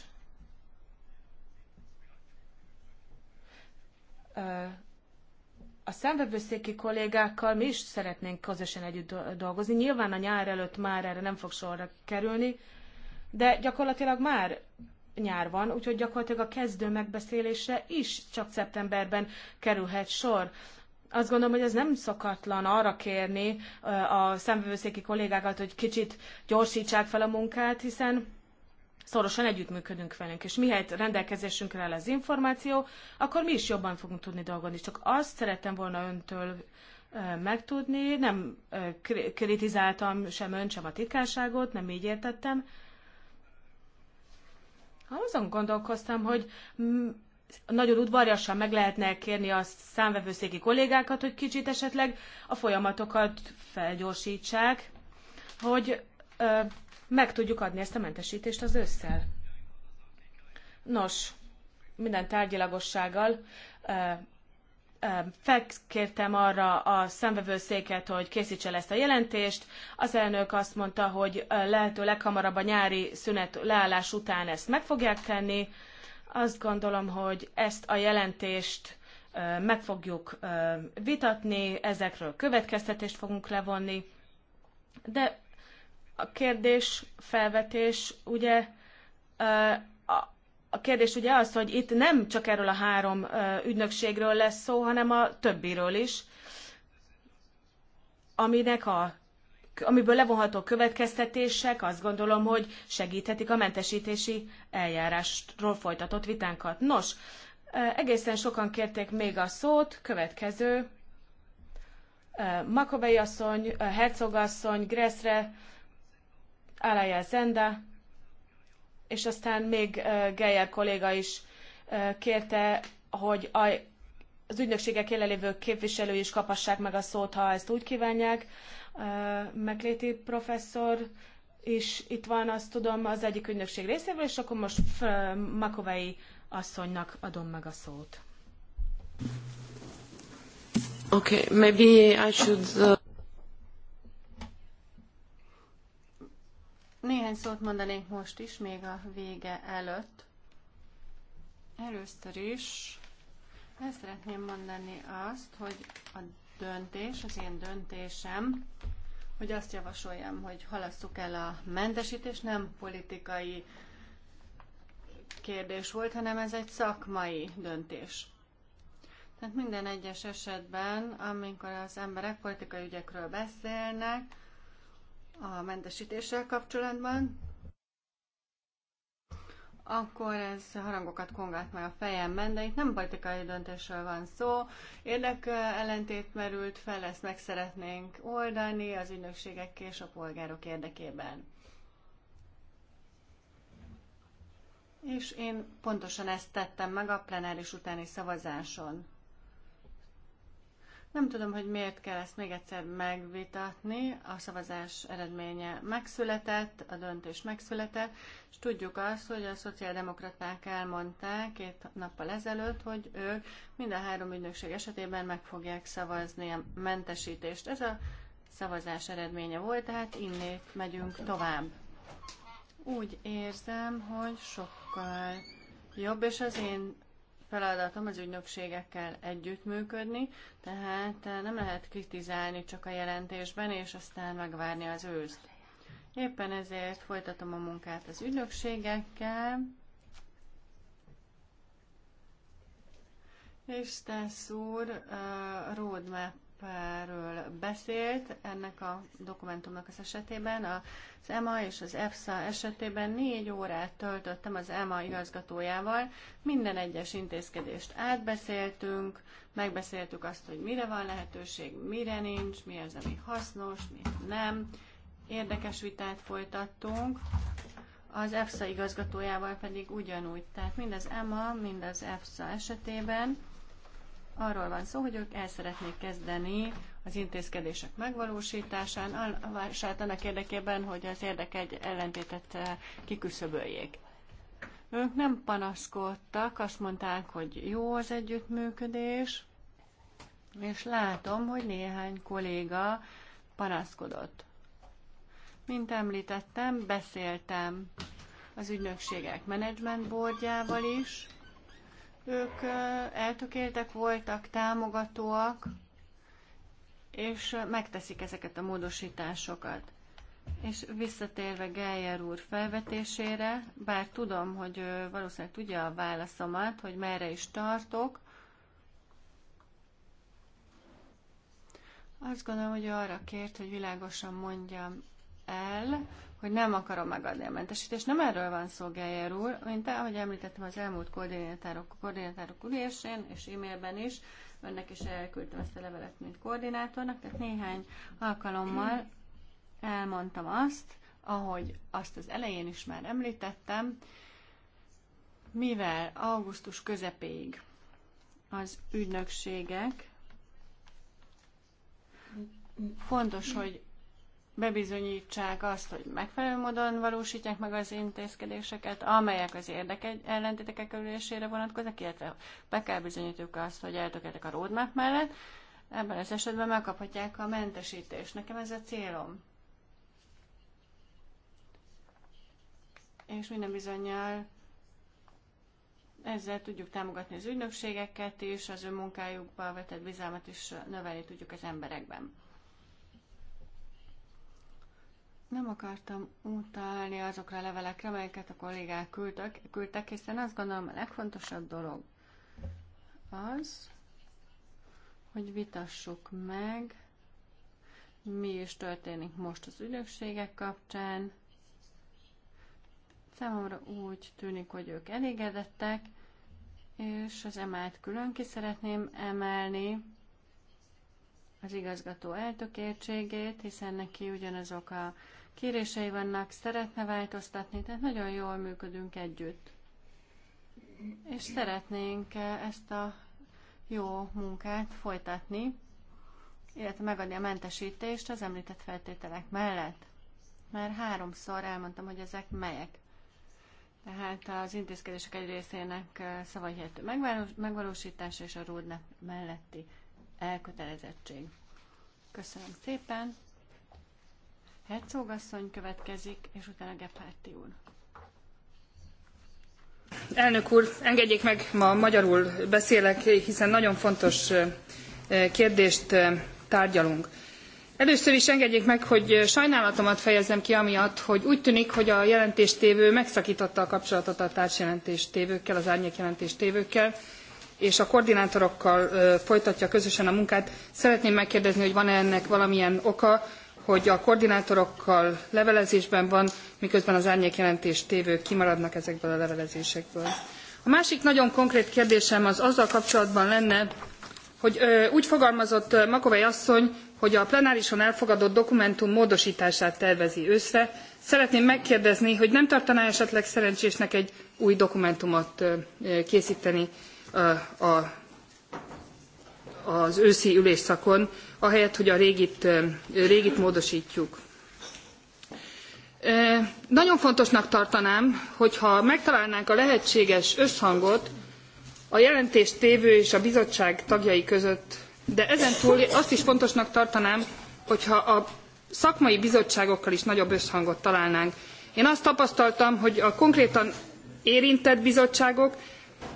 a számvevőszéki kollégákkal mi is szeretnénk közösen együtt dolgozni. Nyilván a nyár előtt már erre nem fog sorra kerülni, de gyakorlatilag már nyár van, úgyhogy gyakorlatilag a kezdő megbeszélése is csak szeptemberben kerülhet sor. Azt gondolom, hogy ez nem szokatlan arra kérni a szemvevőszéki kollégákat, hogy kicsit gyorsítsák fel a munkát, hiszen szorosan együttműködünk velünk, és mihelyt rendelkezésünkre áll az információ, akkor mi is jobban fogunk tudni dolgozni. Csak azt szerettem volna öntől megtudni, nem kritizáltam sem ön, sem a titkárságot, nem így értettem. Azon gondolkoztam, hogy mm, nagyon udvarjasan meg lehetne kérni a számvevőszéki kollégákat, hogy kicsit esetleg a folyamatokat felgyorsítsák, hogy meg tudjuk adni ezt a mentesítést az ősszel. Nos, minden tárgyilagossággal felkértem arra a szemvevőszéket, hogy készítse el ezt a jelentést. Az elnök azt mondta, hogy lehető leghamarabb a nyári szünet leállás után ezt meg fogják tenni. Azt gondolom, hogy ezt a jelentést meg fogjuk vitatni, ezekről következtetést fogunk levonni, de a kérdés, felvetés, ugye a kérdés ugye az, hogy itt nem csak erről a három ügynökségről lesz szó, hanem a többiről is, aminek a amiből levonható következtetések azt gondolom, hogy segíthetik a mentesítési eljárásról folytatott vitánkat. Nos, egészen sokan kérték még a szót, következő Makovei asszony, Herzog asszony, Gressre, Alájel Zenda, és aztán még Geyer kolléga is kérte, hogy a, az ügynökségek jelenlévő képviselői is kapassák meg a szót, ha ezt úgy kívánják. Megléti professzor is itt van, azt tudom, az egyik ügynökség részéről, és akkor most Makovei asszonynak adom meg a szót. Okay, maybe I should... Uh, Néhány szót mondanék most is, még a vége előtt. Először is el szeretném mondani azt, hogy a döntés, az én döntésem, hogy azt javasoljam, hogy halasszuk el a mentesítést, nem politikai kérdés volt, hanem ez egy szakmai döntés. Tehát minden egyes esetben, amikor az emberek politikai ügyekről beszélnek, a mentesítéssel kapcsolatban, akkor ez harangokat kongált már a fejemben, de itt nem politikai döntésről van szó. Érdek ellentét merült fel, ezt meg szeretnénk oldani az ügynökségek és a polgárok érdekében. És én pontosan ezt tettem meg a plenáris utáni szavazáson. Nem tudom, hogy miért kell ezt még egyszer megvitatni. A szavazás eredménye megszületett, a döntés megszületett, és tudjuk azt, hogy a szociáldemokraták elmondták két nappal ezelőtt, hogy ők mind a három ügynökség esetében meg fogják szavazni a mentesítést. Ez a szavazás eredménye volt, tehát innét megyünk tovább. Úgy érzem, hogy sokkal jobb, és az én feladatom az ügynökségekkel együttműködni, tehát eh, nem lehet kritizálni csak a jelentésben, és aztán megvárni az őszt. Éppen ezért folytatom a munkát az ügynökségekkel, és Stász úr eh, roadmap szerepről beszélt ennek a dokumentumnak az esetében. Az EMA és az EFSA esetében négy órát töltöttem az EMA igazgatójával. Minden egyes intézkedést átbeszéltünk, megbeszéltük azt, hogy mire van lehetőség, mire nincs, mi az, ami hasznos, mi nem. Érdekes vitát folytattunk. Az EFSA igazgatójával pedig ugyanúgy, tehát mind az EMA, mind az EFSA esetében arról van szó, hogy ők el szeretnék kezdeni az intézkedések megvalósításán, annak érdekében, hogy az egy ellentétet eh, kiküszöböljék. Ők nem panaszkodtak, azt mondták, hogy jó az együttműködés, és látom, hogy néhány kolléga panaszkodott. Mint említettem, beszéltem az ügynökségek menedzsment bordjával is, ők eltökéltek voltak, támogatóak, és megteszik ezeket a módosításokat. És visszatérve Geyer úr felvetésére, bár tudom, hogy valószínűleg tudja a válaszomat, hogy merre is tartok, azt gondolom, hogy arra kért, hogy világosan mondjam el, hogy nem akarom megadni a mentesítést. Nem erről van szó, Geyer úr. Mint ahogy említettem az elmúlt koordinátorok, koordinátorok ülésén és e-mailben is, önnek is elküldtem ezt a levelet, mint koordinátornak, tehát néhány alkalommal elmondtam azt, ahogy azt az elején is már említettem, mivel augusztus közepéig az ügynökségek fontos, hogy bebizonyítsák azt, hogy megfelelő módon valósítják meg az intézkedéseket, amelyek az érdekek ellentétek kerülésére vonatkoznak, illetve be kell bizonyítjuk azt, hogy eltökéltek a roadmap mellett, ebben az esetben megkaphatják a mentesítést. Nekem ez a célom. És minden bizonyal ezzel tudjuk támogatni az ügynökségeket is, az ő munkájukba vetett bizalmat is növelni tudjuk az emberekben. Nem akartam utalni azokra a levelekre, amelyeket a kollégák küldtek, küldtek hiszen azt gondolom a legfontosabb dolog az, hogy vitassuk meg, mi is történik most az ügynökségek kapcsán. Számomra úgy tűnik, hogy ők elégedettek, és az emelt külön ki szeretném emelni az igazgató eltökértségét, hiszen neki ugyanazok a kérései vannak, szeretne változtatni, tehát nagyon jól működünk együtt. És szeretnénk eh, ezt a jó munkát folytatni, illetve megadni a mentesítést az említett feltételek mellett. Már háromszor elmondtam, hogy ezek melyek. Tehát az intézkedések egy részének eh, szavahihető megvalósítása és a roadmap melletti elkötelezettség. Köszönöm szépen! Hercogasszony következik, és utána Gepárti úr. Elnök úr, engedjék meg, ma magyarul beszélek, hiszen nagyon fontos kérdést tárgyalunk. Először is engedjék meg, hogy sajnálatomat fejezem ki amiatt, hogy úgy tűnik, hogy a jelentéstévő megszakította a kapcsolatot a társjelentéstévőkkel, az árnyékjelentéstévőkkel, és a koordinátorokkal folytatja közösen a munkát. Szeretném megkérdezni, hogy van-e ennek valamilyen oka, hogy a koordinátorokkal levelezésben van, miközben az árnyékjelentést tévők kimaradnak ezekből a levelezésekből. A másik nagyon konkrét kérdésem az azzal kapcsolatban lenne, hogy ö, úgy fogalmazott Makovei asszony, hogy a plenárison elfogadott dokumentum módosítását tervezi őszre. Szeretném megkérdezni, hogy nem tartaná esetleg szerencsésnek egy új dokumentumot készíteni a az őszi ülésszakon, ahelyett, hogy a régit, régit módosítjuk. Nagyon fontosnak tartanám, hogyha megtalálnánk a lehetséges összhangot a jelentést tévő és a bizottság tagjai között, de ezen túl azt is fontosnak tartanám, hogyha a szakmai bizottságokkal is nagyobb összhangot találnánk. Én azt tapasztaltam, hogy a konkrétan érintett bizottságok,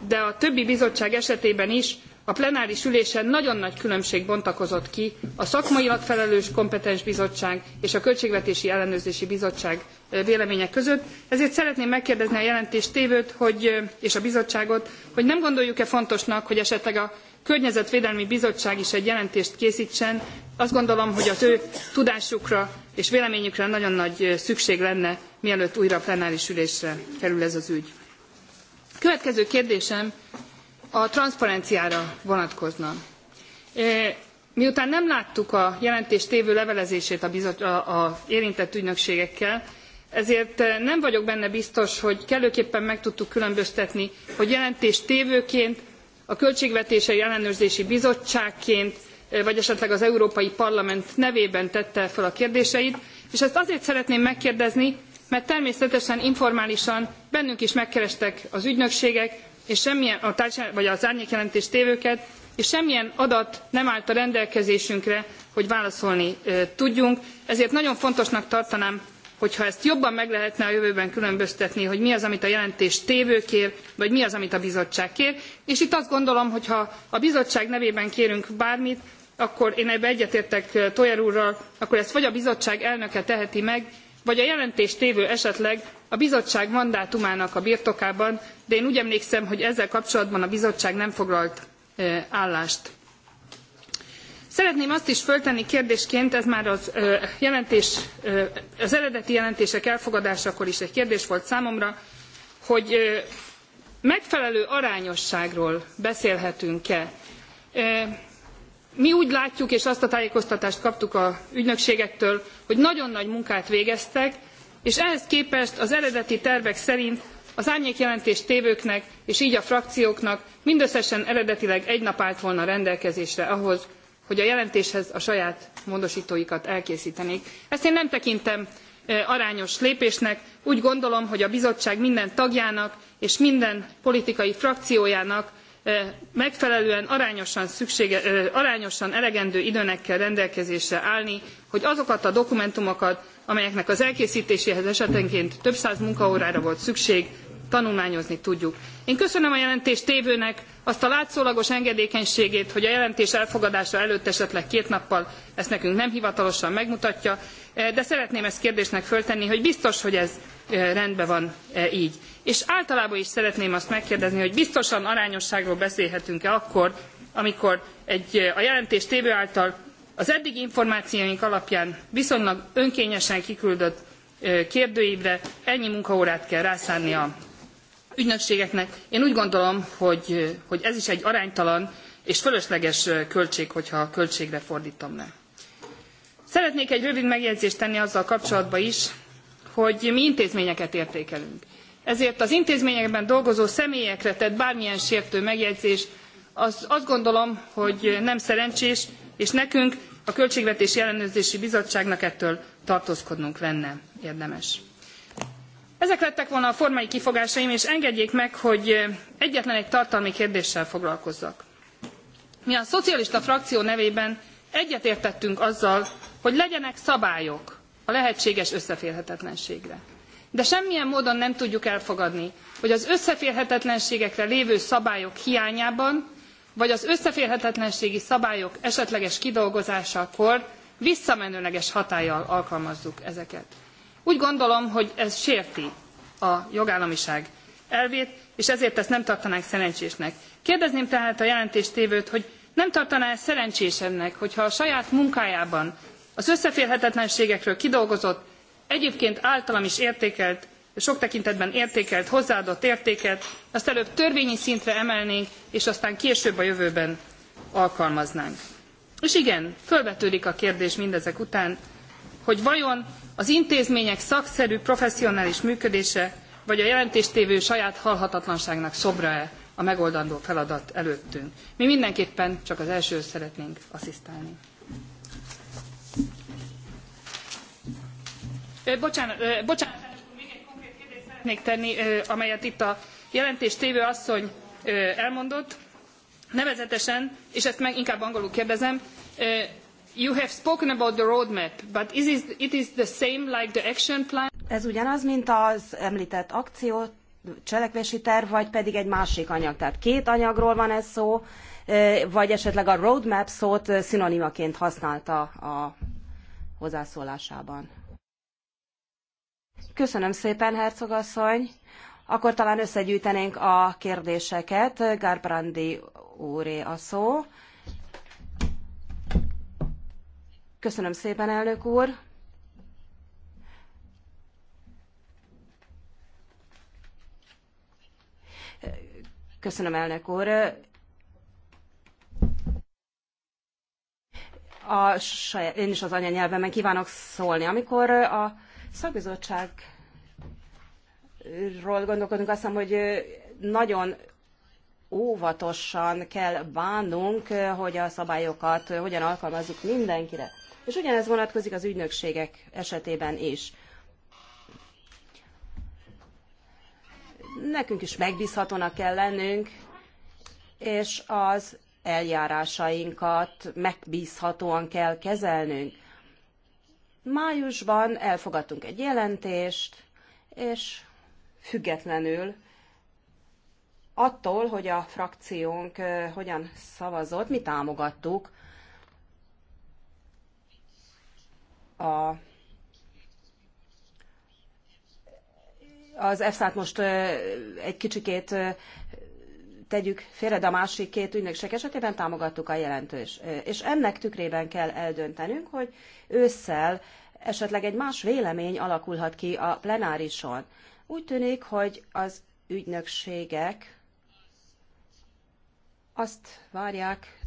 de a többi bizottság esetében is a plenáris ülésen nagyon nagy különbség bontakozott ki a szakmailag felelős kompetens bizottság és a költségvetési ellenőrzési bizottság véleménye között ezért szeretném megkérdezni a jelentéstévőt hogy, és a bizottságot hogy nem gondoljuk e fontosnak hogy esetleg a környezetvédelmi bizottság is egy jelentést késztsen azt gondolom hogy az ő tudásukra és véleményükre nagyon nagy szükség lenne mielőtt újra plenáris ülésre kerül ez az ügy. következő kérdésem a transzparenciára vonatkozna. E, miután nem láttuk a jelentés tévő levelezését a, bizot, a, a érintett ügynökségekkel, ezért e, nem vagyok benne biztos, hogy kellőképpen meg tudtuk különböztetni, hogy jelentés tévőként, a költségvetési Ellenőrzési Bizottságként, e, vagy esetleg az Európai Parlament nevében tette fel a kérdéseit, és ezt azért szeretném megkérdezni, mert természetesen informálisan bennünk is megkerestek az ügynökségek, és semmilyen, a vagy az jelentés tévőket, és semmilyen adat nem állt a rendelkezésünkre, hogy válaszolni tudjunk. Ezért nagyon fontosnak tartanám, hogyha ezt jobban meg lehetne a jövőben különböztetni, hogy mi az, amit a jelentés tévő kér, vagy mi az, amit a bizottság kér. És itt azt gondolom, hogy ha a bizottság nevében kérünk bármit, akkor én ebbe egyetértek Toyer úrral, akkor ezt vagy a bizottság elnöke teheti meg, vagy a jelentéstévő esetleg a bizottság mandátumának a birtokában, de én úgy emlékszem, hogy ezzel kapcsolatban a bizottság nem foglalt állást. Szeretném azt is föltenni kérdésként, ez már az, jelentés, az eredeti jelentések elfogadásakor is egy kérdés volt számomra, hogy megfelelő arányosságról beszélhetünk-e. Mi úgy látjuk, és azt a tájékoztatást kaptuk a ügynökségektől, hogy nagyon nagy munkát végeztek, és ehhez képest az eredeti tervek szerint az árnyékjelentést tévőknek és így a frakcióknak mindösszesen eredetileg egy nap állt volna rendelkezésre ahhoz, hogy a jelentéshez a saját módosítóikat elkészítenék. Ezt én nem tekintem arányos lépésnek, úgy gondolom, hogy a bizottság minden tagjának és minden politikai frakciójának megfelelően arányosan, szüksége, arányosan elegendő időnek kell rendelkezésre állni, hogy azokat a dokumentumokat, amelyeknek az elkészítéséhez esetenként több száz munkaórára volt szükség, tanulmányozni tudjuk. Én köszönöm a jelentés tévőnek azt a látszólagos engedékenységét, hogy a jelentés elfogadása előtt esetleg két nappal ezt nekünk nem hivatalosan megmutatja, eh, de szeretném ezt kérdésnek föltenni, hogy biztos, hogy ez eh, rendben van eh, így. És általában is szeretném azt megkérdezni, hogy biztosan arányosságról beszélhetünk-e akkor, amikor egy, a jelentés tévő által az eddigi információink alapján viszonylag önkényesen kiküldött kérdőívre ennyi munkaórát kell rászánni a ügynökségeknek. Én úgy gondolom, hogy, hogy ez is egy aránytalan és fölösleges költség, hogyha költségre le. Szeretnék egy rövid megjegyzést tenni azzal kapcsolatban is, hogy mi intézményeket értékelünk. Ezért az intézményekben dolgozó személyekre tett bármilyen sértő megjegyzés, az azt gondolom, hogy nem szerencsés, és nekünk a Költségvetési Ellenőrzési Bizottságnak ettől tartózkodnunk lenne érdemes. Ezek lettek volna a formai kifogásaim, és engedjék meg, hogy egyetlen egy tartalmi kérdéssel foglalkozzak. Mi a szocialista frakció nevében egyetértettünk azzal, hogy legyenek szabályok a lehetséges összeférhetetlenségre. De semmilyen módon nem tudjuk elfogadni, hogy az összeférhetetlenségekre lévő szabályok hiányában, vagy az összeférhetetlenségi szabályok esetleges kidolgozásakor visszamenőleges hatállyal alkalmazzuk ezeket. Úgy gondolom, hogy ez sérti a jogállamiság elvét, és ezért ezt nem tartanánk szerencsésnek. Kérdezném tehát a jelentéstévőt, hogy nem tartaná -e szerencsésebbnek, hogyha a saját munkájában az összeférhetetlenségekről kidolgozott, egyébként általam is értékelt, sok tekintetben értékelt, hozzáadott értéket, azt előbb törvényi szintre emelnénk, és aztán később a jövőben alkalmaznánk. És igen, fölvetődik a kérdés mindezek után, hogy vajon az intézmények szakszerű, professzionális működése, vagy a jelentéstévő saját halhatatlanságnak szobra-e a megoldandó feladat előttünk. Mi mindenképpen csak az elsőhöz szeretnénk asszisztálni. Bocsánat, bocsánat, még egy konkrét kérdést szeretnék tenni, amelyet itt a jelentéstévő asszony elmondott. Nevezetesen, és ezt meg inkább angolul kérdezem, you have spoken about the roadmap, but is it, it is the same like the action plan? Ez ugyanaz, mint az említett akció, cselekvési terv, vagy pedig egy másik anyag. Tehát két anyagról van ez szó, vagy esetleg a roadmap szót szinonimaként használta a hozzászólásában. Köszönöm szépen, Herzog asszony. Akkor talán összegyűjtenénk a kérdéseket. Garbrandy úré a szó. Köszönöm szépen, elnök úr. Köszönöm, elnök úr. A saját, én is az anyanyelvemen kívánok szólni. Amikor a szakbizottságról gondolkodunk, azt hiszem, hogy nagyon óvatosan kell bánnunk, hogy a szabályokat hogyan alkalmazzuk mindenkire és ugyanez vonatkozik az ügynökségek esetében is. Nekünk is megbízhatónak kell lennünk, és az eljárásainkat megbízhatóan kell kezelnünk. Májusban elfogadtunk egy jelentést, és függetlenül attól, hogy a frakciónk eh, hogyan szavazott, mi támogattuk a az EFSA-t most egy kicsikét tegyük félre, de a másik két ügynökség esetében támogattuk a jelentős. És ennek tükrében kell eldöntenünk, hogy ősszel esetleg egy más vélemény alakulhat ki a plenárison. Úgy tűnik, hogy az ügynökségek azt várják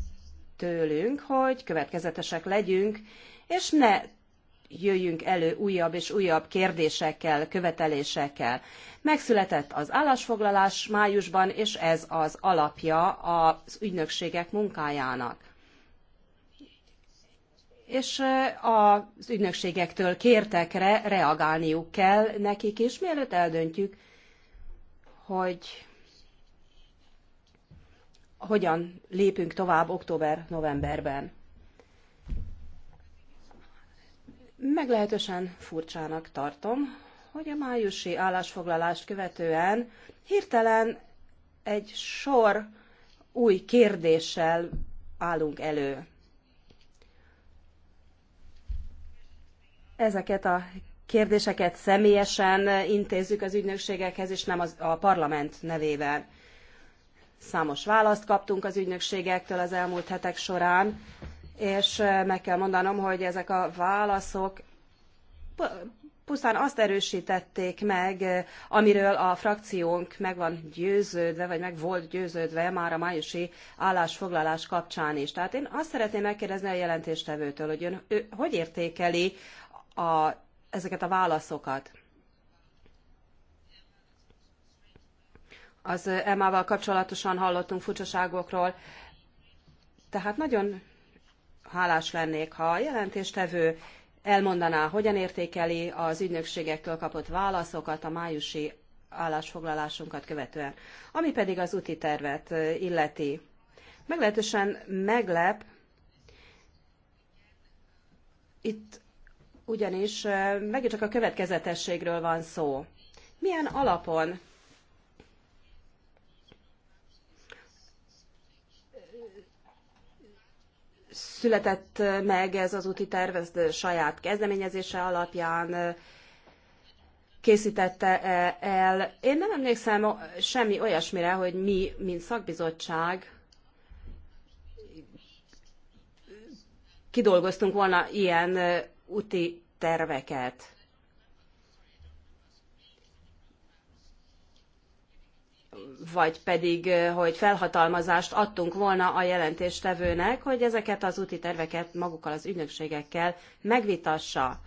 tőlünk, hogy következetesek legyünk, és ne jöjjünk elő újabb és újabb kérdésekkel, követelésekkel. Megszületett az állásfoglalás májusban, és ez az alapja az ügynökségek munkájának. És az ügynökségektől kértekre reagálniuk kell nekik is, mielőtt eldöntjük, hogy hogyan lépünk tovább október-novemberben. Meglehetősen furcsának tartom, hogy a májusi állásfoglalást követően hirtelen egy sor új kérdéssel állunk elő. Ezeket a kérdéseket személyesen intézzük az ügynökségekhez, és nem az, a parlament nevében. Számos választ kaptunk az ügynökségektől az elmúlt hetek során, és meg kell mondanom, hogy ezek a válaszok pusztán azt erősítették meg, amiről a frakciónk meg van győződve, vagy meg volt győződve már a májusi állásfoglalás kapcsán is. Tehát én azt szeretném megkérdezni a jelentéstevőtől, hogy ön ő, hogy értékeli a, ezeket a válaszokat? Az emával kapcsolatosan hallottunk furcsaságokról, tehát nagyon hálás lennék, ha a jelentéstevő elmondaná, hogyan értékeli az ügynökségektől kapott válaszokat a májusi állásfoglalásunkat követően. Ami pedig az úti tervet illeti. Meglehetősen meglep, itt ugyanis megint csak a következetességről van szó. Milyen alapon született meg ez az úti terv, saját kezdeményezése alapján készítette e, el. Én nem emlékszem semmi olyasmire, hogy mi, mint szakbizottság kidolgoztunk volna ilyen úti terveket. vagy pedig, hogy felhatalmazást adtunk volna a jelentéstevőnek, hogy ezeket az úti terveket magukkal az ügynökségekkel megvitassa.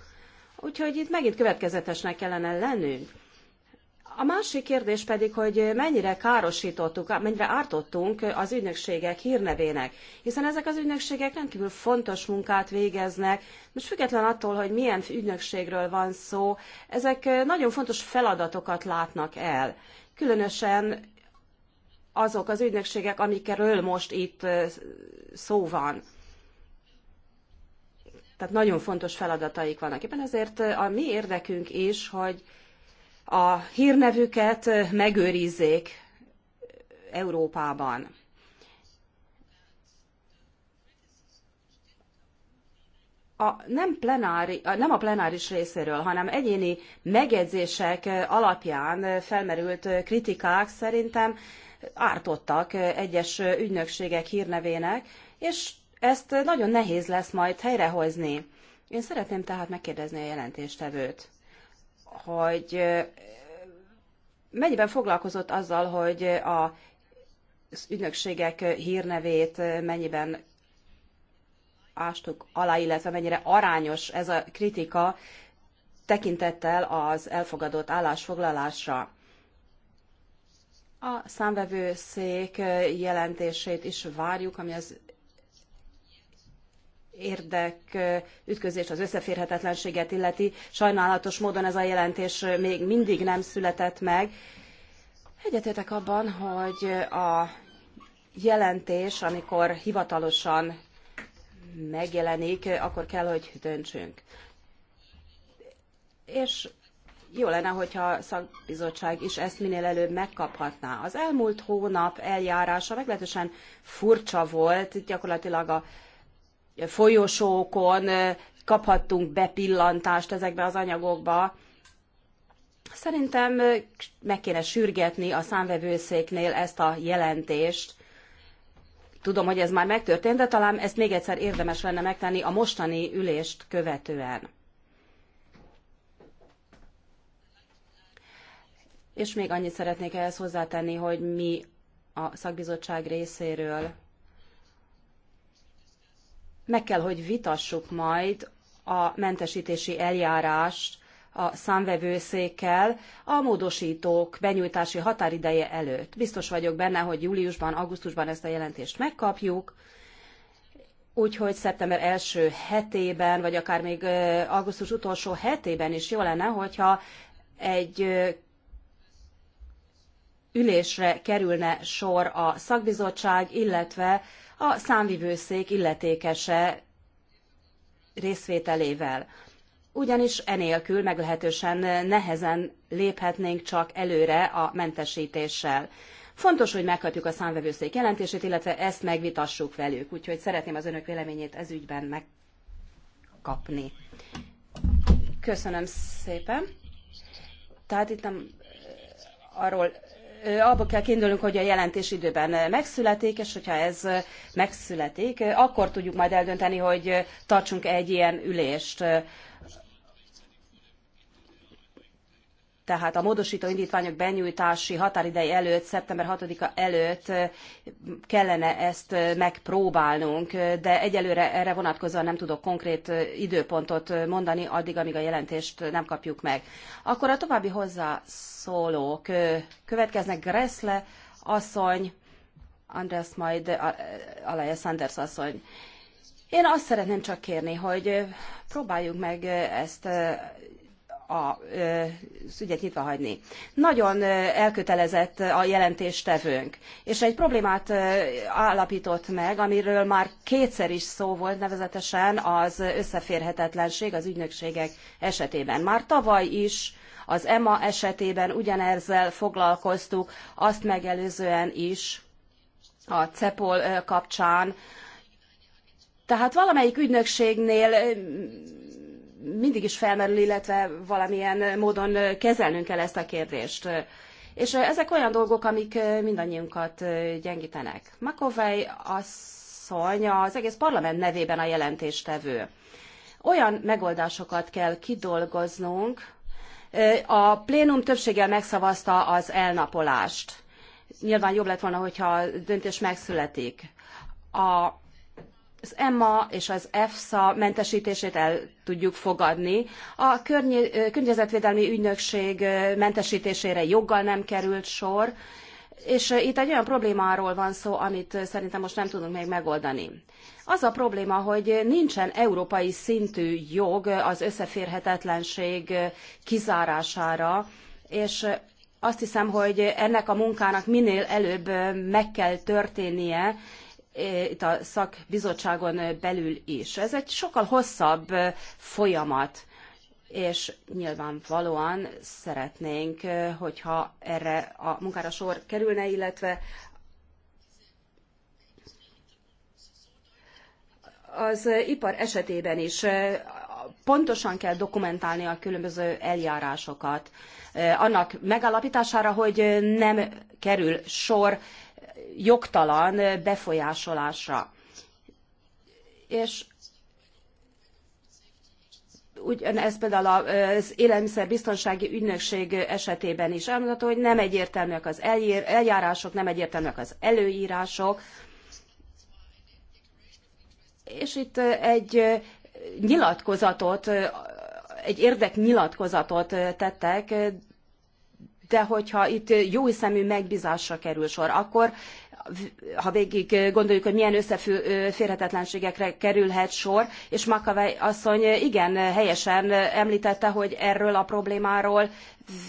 Úgyhogy itt megint következetesnek kellene lennünk. A másik kérdés pedig, hogy mennyire károsítottuk, mennyire ártottunk az ügynökségek hírnevének, hiszen ezek az ügynökségek rendkívül fontos munkát végeznek, most független attól, hogy milyen ügynökségről van szó, ezek nagyon fontos feladatokat látnak el. Különösen azok az ügynökségek, amikről most itt szó van. Tehát nagyon fontos feladataik vannak. Éppen ezért a mi érdekünk is, hogy a hírnevüket megőrizzék Európában. a nem, plenári, nem a plenáris részéről, hanem egyéni megjegyzések alapján felmerült kritikák szerintem ártottak egyes ügynökségek hírnevének, és ezt nagyon nehéz lesz majd helyrehozni. Én szeretném tehát megkérdezni a jelentéstevőt, hogy mennyiben foglalkozott azzal, hogy a az ügynökségek hírnevét mennyiben ástuk alá, illetve mennyire arányos ez a kritika tekintettel az elfogadott állásfoglalásra. A számvevőszék jelentését is várjuk, ami az érdek ütközés az összeférhetetlenséget illeti. Sajnálatos módon ez a jelentés még mindig nem született meg. Egyetértek abban, hogy a jelentés, amikor hivatalosan megjelenik, akkor kell, hogy döntsünk. És jó lenne, hogyha a szakbizottság is ezt minél előbb megkaphatná. Az elmúlt hónap eljárása meglehetősen furcsa volt, gyakorlatilag a folyosókon kaphattunk bepillantást ezekbe az anyagokba. Szerintem meg kéne sürgetni a számvevőszéknél ezt a jelentést. Tudom, hogy ez már megtörtént, de talán ezt még egyszer érdemes lenne megtenni a mostani ülést követően. És még annyit szeretnék ehhez hozzátenni, hogy mi a szakbizottság részéről meg kell, hogy vitassuk majd a mentesítési eljárást a számvevőszékkel a módosítók benyújtási határideje előtt. Biztos vagyok benne, hogy júliusban, augusztusban ezt a jelentést megkapjuk, úgyhogy szeptember első hetében, vagy akár még augusztus utolsó hetében is jó lenne, hogyha egy ülésre kerülne sor a szakbizottság, illetve a számvivőszék illetékese részvételével. Ugyanis enélkül meglehetősen nehezen léphetnénk csak előre a mentesítéssel. Fontos, hogy meghatjuk a számvevőszék jelentését, illetve ezt megvitassuk velük, úgyhogy szeretném az önök véleményét ez ügyben megkapni. Köszönöm szépen. Tehát itt nem arról abból kell kiindulnunk, hogy a jelentés időben megszületik, és hogyha ez megszületik, akkor tudjuk majd eldönteni, hogy tartsunk egy ilyen ülést. tehát a módosító indítványok benyújtási határidei előtt, szeptember 6-a előtt kellene ezt megpróbálnunk, de egyelőre erre vonatkozóan nem tudok konkrét időpontot mondani, addig, amíg a jelentést nem kapjuk meg. Akkor a további hozzászólók következnek Gressle asszony, András majd Alaya Sanders asszony. Én azt szeretném csak kérni, hogy próbáljuk meg ezt a ügyet nyitva hagyni. Nagyon elkötelezett a jelentéstevőnk, és egy problémát állapított meg, amiről már kétszer is szó volt, nevezetesen az összeférhetetlenség az ügynökségek esetében. Már tavaly is az EMA esetében ugyanezzel foglalkoztuk, azt megelőzően is a CEPOL kapcsán. Tehát valamelyik ügynökségnél mindig is felmerül, illetve valamilyen módon kezelnünk kell ezt a kérdést. És ezek olyan dolgok, amik mindannyiunkat gyengítenek. Makovej asszony az egész parlament nevében a jelentéstevő. Olyan megoldásokat kell kidolgoznunk, a plénum többséggel megszavazta az elnapolást. Nyilván jobb lett volna, hogyha a döntés megszületik. A az EMA és az EFSA mentesítését el tudjuk fogadni. A környe, környezetvédelmi ügynökség mentesítésére joggal nem került sor, és itt egy olyan problémáról van szó, amit szerintem most nem tudunk még megoldani. Az a probléma, hogy nincsen európai szintű jog az összeférhetetlenség kizárására, és azt hiszem, hogy ennek a munkának minél előbb meg kell történnie, E, itt a szakbizottságon belül is. Ez egy sokkal hosszabb e, folyamat, és nyilvánvalóan szeretnénk, e, hogyha erre a munkára sor kerülne, illetve az ipar esetében is pontosan kell dokumentálni a különböző eljárásokat annak megalapítására, hogy nem kerül sor jogtalan befolyásolásra. És ez például az élelmiszerbiztonsági ügynökség esetében is elmondható, hogy nem egyértelműek az eljárások, nem egyértelműek az előírások, és itt egy nyilatkozatot, egy érdeknyilatkozatot tettek, de hogyha itt jó szemű megbízásra kerül sor, akkor ha végig gondoljuk, hogy milyen összeférhetetlenségekre kerülhet sor, és Makavei asszony igen helyesen említette, hogy erről a problémáról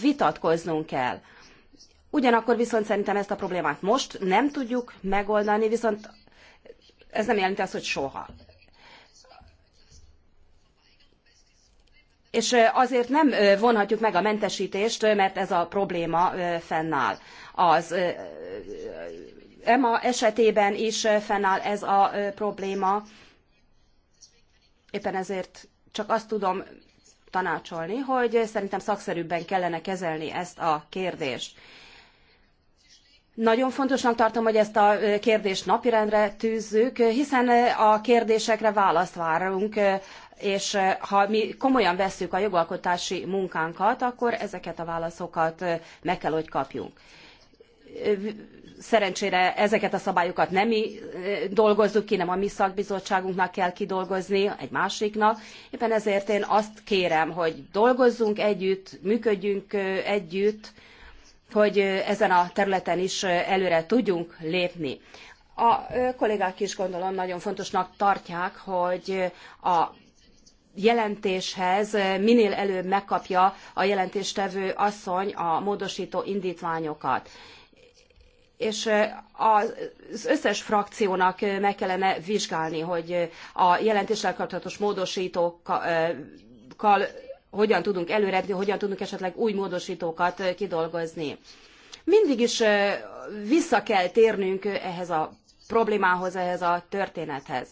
vitatkoznunk kell. Ugyanakkor viszont szerintem ezt a problémát most nem tudjuk megoldani, viszont ez nem jelenti azt, hogy soha. És azért nem vonhatjuk meg a mentesítést, mert ez a probléma fennáll. Az EMA esetében is fennáll ez a probléma. Éppen ezért csak azt tudom tanácsolni, hogy szerintem szakszerűbben kellene kezelni ezt a kérdést. Nagyon fontosnak tartom, hogy ezt a kérdést napirendre tűzzük, hiszen a kérdésekre választ várunk, és ha mi komolyan vesszük a jogalkotási munkánkat, akkor ezeket a válaszokat meg kell, hogy kapjunk. Szerencsére ezeket a szabályokat nem mi dolgozzuk ki, nem a mi szakbizottságunknak kell kidolgozni, egy másiknak. Éppen ezért én azt kérem, hogy dolgozzunk együtt, működjünk együtt, hogy ezen a területen is előre tudjunk lépni. A kollégák is gondolom nagyon fontosnak tartják, hogy a jelentéshez minél előbb megkapja a jelentéstevő asszony a módosító indítványokat és az összes frakciónak meg kellene vizsgálni, hogy a jelentéssel kapcsolatos módosítókkal hogyan tudunk előredni, hogyan tudunk esetleg új módosítókat kidolgozni. Mindig is vissza kell térnünk ehhez a problémához, ehhez a történethez.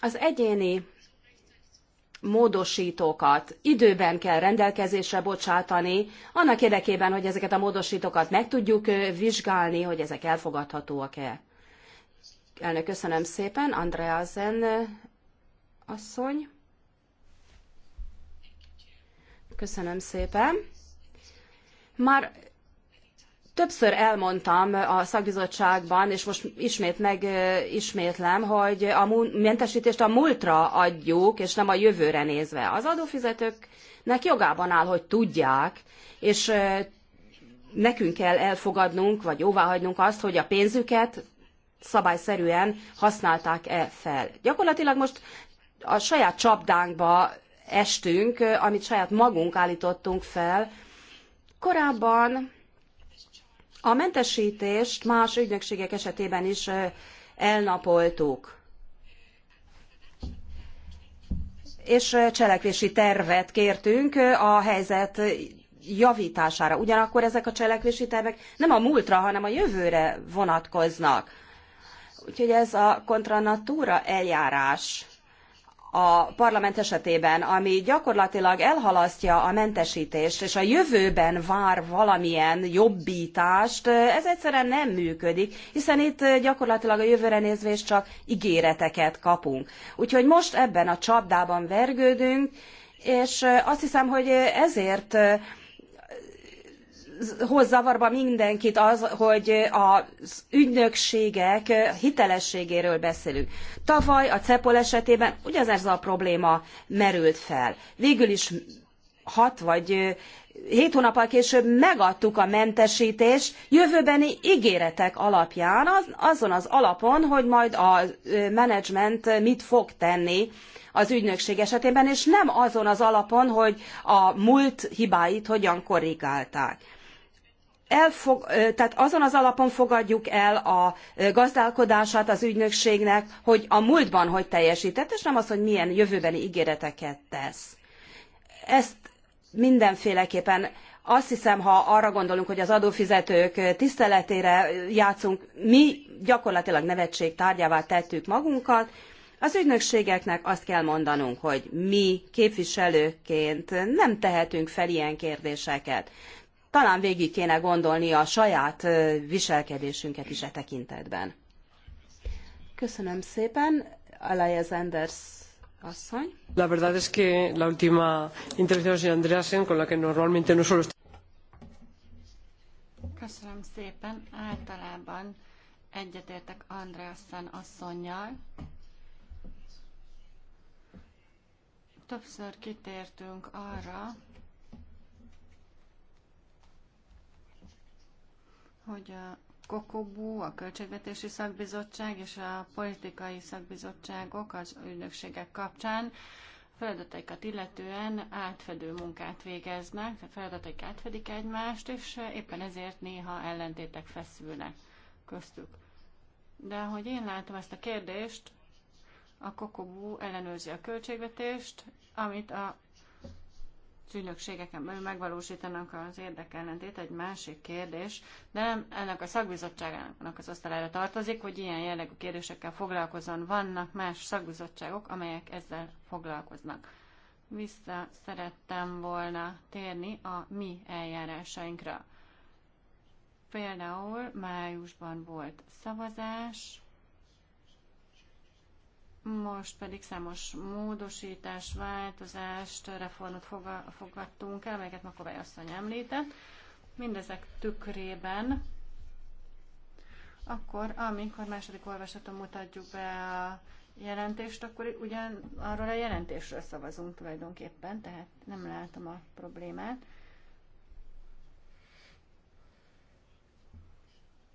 Az egyéni módosítókat időben kell rendelkezésre bocsátani, annak érdekében, hogy ezeket a módosítókat meg tudjuk vizsgálni, hogy ezek elfogadhatóak-e. Elnök, köszönöm szépen. Andreasen asszony. Köszönöm szépen. Már Többször elmondtam a szakbizottságban, és most ismét megismétlem, hogy a mentesítést a múltra adjuk, és nem a jövőre nézve. Az adófizetőknek jogában áll, hogy tudják, és nekünk kell elfogadnunk, vagy jóváhagynunk azt, hogy a pénzüket szabályszerűen használták-e fel. Gyakorlatilag most a saját csapdánkba estünk, amit saját magunk állítottunk fel. Korábban a mentesítést más ügynökségek esetében is elnapoltuk. És cselekvési tervet kértünk a helyzet javítására. Ugyanakkor ezek a cselekvési tervek nem a múltra, hanem a jövőre vonatkoznak. Úgyhogy ez a kontra natura eljárás a parlament esetében, ami gyakorlatilag elhalasztja a mentesítést, és a jövőben vár valamilyen jobbítást, ez egyszerűen nem működik, hiszen itt gyakorlatilag a jövőre is csak ígéreteket kapunk. Úgyhogy most ebben a csapdában vergődünk, és azt hiszem, hogy ezért hoz zavarba mindenkit az, hogy az ügynökségek hitelességéről beszélünk. Tavaly a CEPOL esetében ugyanez a probléma merült fel. Végül is hat vagy hét hónappal később megadtuk a mentesítést jövőbeni ígéretek alapján, azon az alapon, hogy majd a menedzsment mit fog tenni az ügynökség esetében, és nem azon az alapon, hogy a múlt hibáit hogyan korrigálták. Elfog, tehát azon az alapon fogadjuk el a gazdálkodását az ügynökségnek, hogy a múltban hogy teljesített, és nem az, hogy milyen jövőbeni ígéreteket tesz. Ezt mindenféleképpen azt hiszem, ha arra gondolunk, hogy az adófizetők tiszteletére játszunk, mi gyakorlatilag nevetség tárgyává tettük magunkat, az ügynökségeknek azt kell mondanunk, hogy mi képviselőként nem tehetünk fel ilyen kérdéseket talán végig kéne gondolni a saját viselkedésünket is e tekintetben. Köszönöm szépen, Alaya Zenders asszony. La verdad es que la última intervención de Andreasen, con la que normalmente no solo... Köszönöm szépen, általában egyetértek Andreasen asszonynal. Többször kitértünk arra, hogy a Kokobú, a Költségvetési Szakbizottság és a politikai szakbizottságok az ügynökségek kapcsán feladataikat illetően átfedő munkát végeznek, tehát feladataik átfedik egymást, és éppen ezért néha ellentétek feszülnek köztük. De ahogy én látom ezt a kérdést, a Kokobú ellenőrzi a költségvetést, amit a ügynökségeken belül megvalósítanak az érdekellentét, egy másik kérdés, de nem ennek a szakbizottságának az osztalára tartozik, hogy ilyen jellegű kérdésekkel foglalkozon. Vannak más szakbizottságok, amelyek ezzel foglalkoznak. Vissza szerettem volna térni a mi eljárásainkra. Például májusban volt szavazás, most pedig számos módosítás, változást, reformot fogadtunk el, amelyeket Makovály asszony említett. Mindezek tükrében akkor, amikor második olvasaton mutatjuk be a jelentést, akkor ugyan arról a jelentésről szavazunk tulajdonképpen, tehát nem látom a problémát.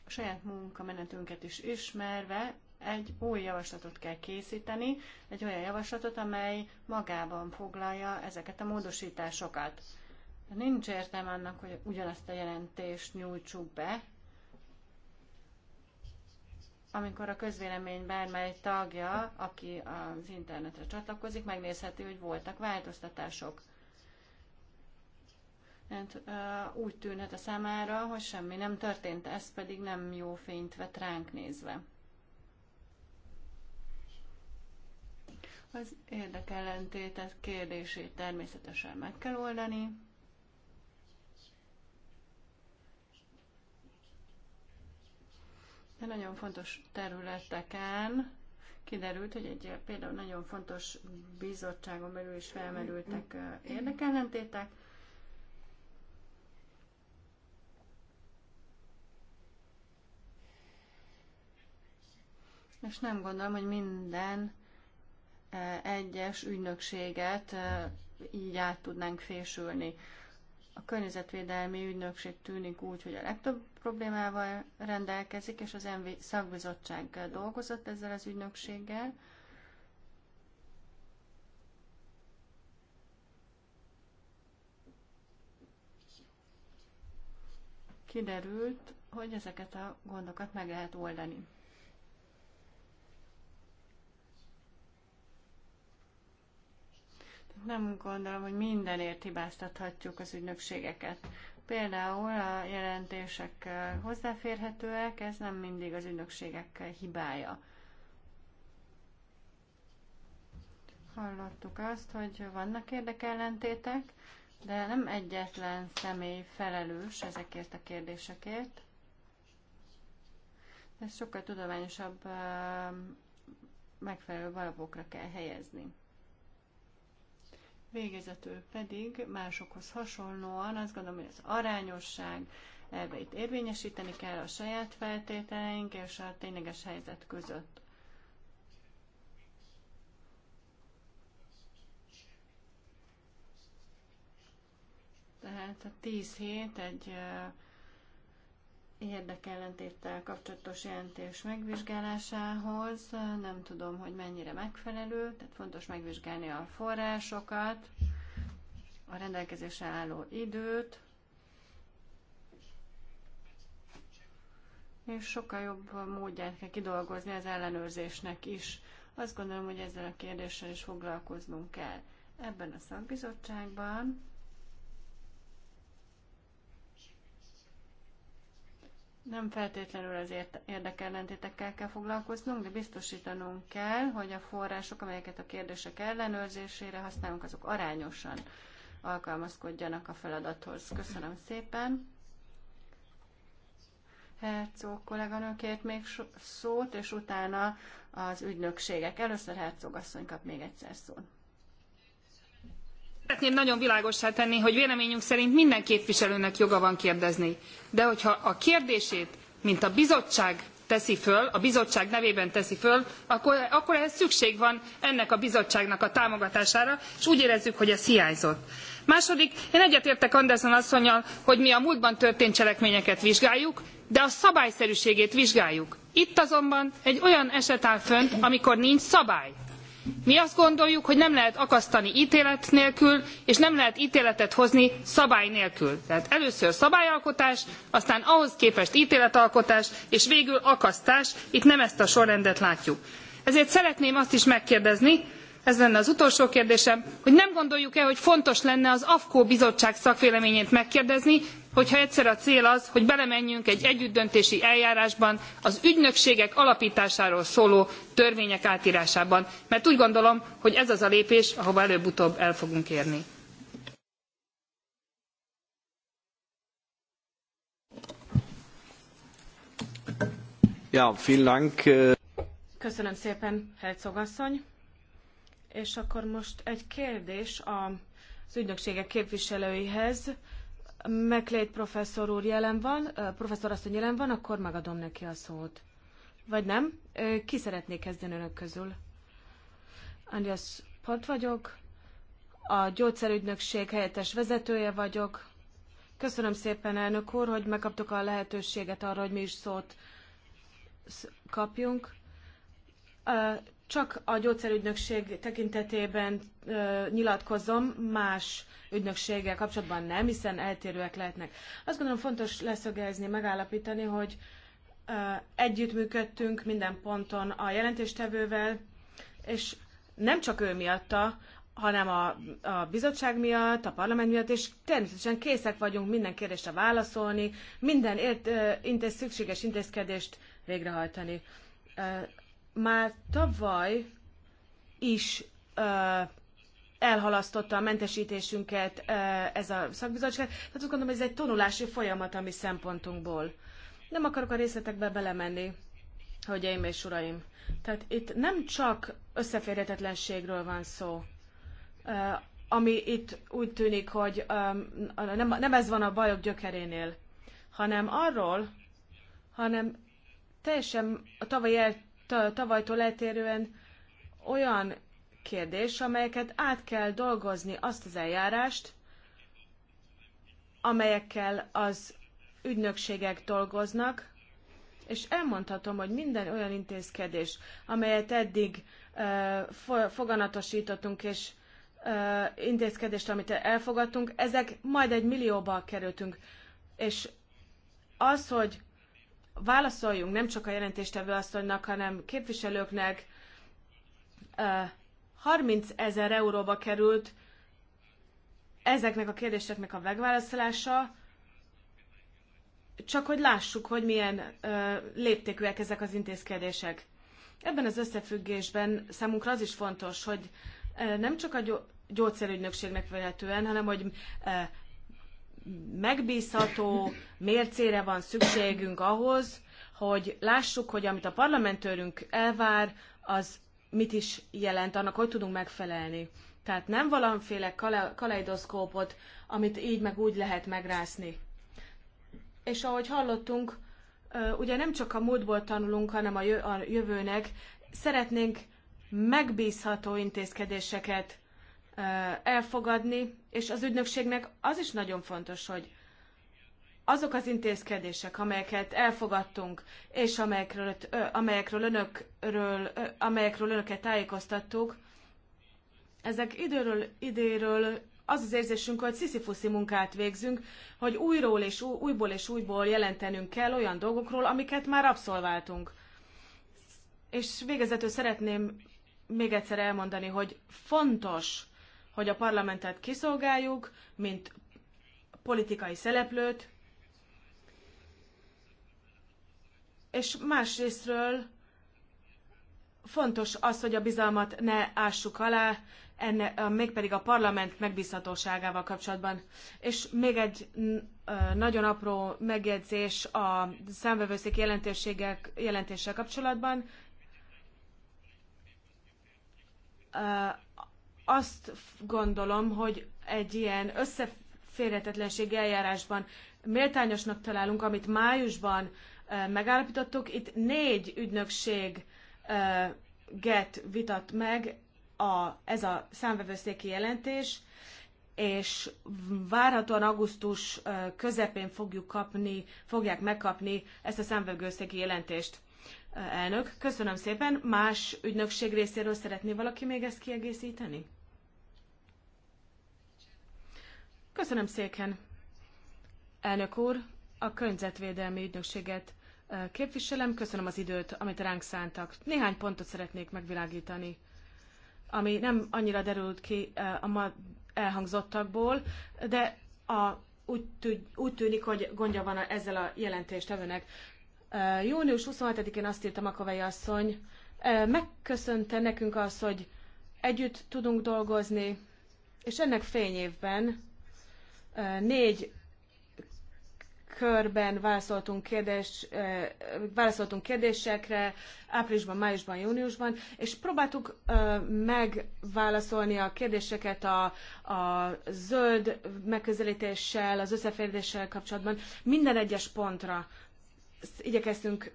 A saját munkamenetünket is ismerve egy új javaslatot kell készíteni, egy olyan javaslatot, amely magában foglalja ezeket a módosításokat. Nincs értelme annak, hogy ugyanazt a jelentést nyújtsuk be, amikor a közvélemény bármely tagja, aki az internetre csatlakozik, megnézheti, hogy voltak változtatások. Mert úgy tűnhet a számára, hogy semmi nem történt, ez pedig nem jó fényt vet ránk nézve. Az érdekellentétet kérdését természetesen meg kell oldani. De nagyon fontos területeken kiderült, hogy egy például nagyon fontos bizottságon belül is felmerültek érdekellentétek, És nem gondolom, hogy minden egyes ügynökséget így át tudnánk fésülni. A környezetvédelmi ügynökség tűnik úgy, hogy a legtöbb problémával rendelkezik, és az MV szakbizottság dolgozott ezzel az ügynökséggel. Kiderült, hogy ezeket a gondokat meg lehet oldani. nem gondolom, hogy mindenért hibáztathatjuk az ügynökségeket. Például a jelentések hozzáférhetőek, ez nem mindig az ügynökségek hibája. Hallottuk azt, hogy vannak érdekellentétek, de nem egyetlen személy felelős ezekért a kérdésekért. Ez sokkal tudományosabb megfelelő alapokra kell helyezni. Végezetül pedig másokhoz hasonlóan azt gondolom, hogy az arányosság elveit érvényesíteni kell a saját feltételeink és a tényleges helyzet között. Tehát a 10 hét egy érdekellentéttel kapcsolatos jelentés megvizsgálásához. Nem tudom, hogy mennyire megfelelő, tehát fontos megvizsgálni a forrásokat, a rendelkezésre álló időt, és sokkal jobb módját kell kidolgozni az ellenőrzésnek is. Azt gondolom, hogy ezzel a kérdéssel is foglalkoznunk kell ebben a szakbizottságban. Nem feltétlenül az érdekellentétekkel kell foglalkoznunk, de biztosítanunk kell, hogy a források, amelyeket a kérdések ellenőrzésére használunk, azok arányosan alkalmazkodjanak a feladathoz. Köszönöm szépen! Herzog kolléganő kért még szót, és utána az ügynökségek. Először Herzog asszony kap még egyszer szót. Szeretném nagyon világossá tenni, hogy véleményünk szerint minden képviselőnek joga van kérdezni. De hogyha a kérdését, mint a bizottság teszi föl, a bizottság nevében teszi föl, akkor, akkor ehhez szükség van ennek a bizottságnak a támogatására, és úgy érezzük, hogy ez hiányzott. Második, én egyetértek Anderson asszonyal, hogy mi a múltban történt cselekményeket vizsgáljuk, de a szabályszerűségét vizsgáljuk. Itt azonban egy olyan eset áll fönt, amikor nincs szabály mi azt gondoljuk hogy nem lehet akasztani télet nélkül és nem lehet téletet hozni szabály nélkül tehát először szabályalkotás aztán ahhoz képest téletalkotás és végül akasztás itt nem ezt a sorrendet látjuk. ezért szeretném azt is megkérdezni ez lenne az utolsó kérdésem hogy nem gondoljuk e hogy fontos lenne az afco bizottság szakvéleményét megkérdezni hogyha egyszer a cél az, hogy belemenjünk egy együttdöntési eljárásban az ügynökségek alapításáról szóló törvények átírásában, mert úgy gondolom, hogy ez az a lépés, ahova előbb-utóbb el fogunk érni. Ja, vielen Dank. Äh, Köszönöm szépen, Herzog asszony. És akkor most egy kérdés az ügynökségek képviselőihez. McLeod professzor úr jelen van, professzor asszony jelen van, akkor megadom neki a szót. Vagy nem? Ki szeretné kezdeni önök közül? Andreas Pont vagyok, a gyógyszerügynökség helyettes vezetője vagyok. Köszönöm szépen, elnök úr, hogy megkaptuk a lehetőséget arra, hogy mi is szót kapjunk csak a gyógyszerügynökség tekintetében ö, nyilatkozom, más ügynökséggel kapcsolatban nem, hiszen eltérőek lehetnek. Azt gondolom fontos leszögezni, megállapítani, hogy ö, együttműködtünk minden ponton a jelentéstevővel, és nem csak ő miatta, hanem a, a bizottság miatt, a parlament miatt, és természetesen készek vagyunk minden kérdésre válaszolni, minden ért, ö, intéz, szükséges intézkedést végrehajtani már tavaly is elhalasztotta a mentesítésünket ez a szakbizottság. Tehát azt gondolom, hogy ez egy tanulási folyamat a mi szempontunkból. Nem akarok a részletekbe belemenni, hölgyeim és uraim. Tehát itt nem csak összeférhetetlenségről van szó, ami itt úgy tűnik, hogy nem, nem ez van a bajok gyökerénél, hanem arról, hanem teljesen a tavaly el tavalytól eltérően olyan kérdés, amelyeket át kell dolgozni azt az eljárást, amelyekkel az ügynökségek dolgoznak, és elmondhatom, hogy minden olyan intézkedés, amelyet eddig uh, foganatosítottunk, és uh, intézkedést, amit elfogadtunk, ezek majd egy millióba kerültünk. És az, hogy válaszoljunk nem csak a jelentéstevő asszonynak, hanem képviselőknek. 30 ezer euróba került ezeknek a kérdéseknek a megválaszolása, csak hogy lássuk, hogy milyen léptékűek ezek az intézkedések. Ebben az összefüggésben számunkra az is fontos, hogy nem csak a gyógyszerügynökségnek vehetően, hanem hogy megbízható mércére van szükségünk ahhoz, hogy lássuk, hogy amit a parlamentőrünk elvár, az mit is jelent, annak hogy tudunk megfelelni. Tehát nem valamiféle kaleidoszkópot, amit így meg úgy lehet megrászni. És ahogy hallottunk, ugye nem csak a múltból tanulunk, hanem a jövőnek szeretnénk megbízható intézkedéseket elfogadni, és az ügynökségnek az is nagyon fontos, hogy azok az intézkedések, amelyeket elfogadtunk, és amelyekről, amelyekről, önökről, amelyekről önöket tájékoztattuk, ezek időről idéről az az érzésünk, hogy sziszifuszi munkát végzünk, hogy újról és új, újból és újból jelentenünk kell olyan dolgokról, amiket már abszolváltunk. És végezetül szeretném még egyszer elmondani, hogy fontos hogy a parlamentet kiszolgáljuk, mint politikai szereplőt, és másrésztről fontos az, hogy a bizalmat ne ássuk alá, enne, mégpedig a parlament megbízhatóságával kapcsolatban. És még egy nagyon apró megjegyzés a számvevőszék jelentéssel kapcsolatban azt gondolom, hogy egy ilyen összeférhetetlenség eljárásban méltányosnak találunk, amit májusban megállapítottuk. Itt négy ügynökség get vitat meg a, ez a számvevőszéki jelentés, és várhatóan augusztus közepén fogjuk kapni, fogják megkapni ezt a számvevőszéki jelentést. Elnök, köszönöm szépen. Más ügynökség részéről szeretné valaki még ezt kiegészíteni? Köszönöm szépen. Elnök úr, a környezetvédelmi ügynökséget képviselem. Köszönöm az időt, amit ránk szántak. Néhány pontot szeretnék megvilágítani, ami nem annyira derült ki a ma elhangzottakból, de a, úgy, tűnik, hogy gondja van ezzel a jelentéstevőnek. Június 27-én azt írtam a asszony, megköszönte nekünk az, hogy együtt tudunk dolgozni, és ennek fényévben négy körben válaszoltunk, kérdés, válaszoltunk kérdésekre, áprilisban, májusban, júniusban, és próbáltuk megválaszolni a kérdéseket a, a zöld megközelítéssel, az összeférdéssel kapcsolatban minden egyes pontra igyekeztünk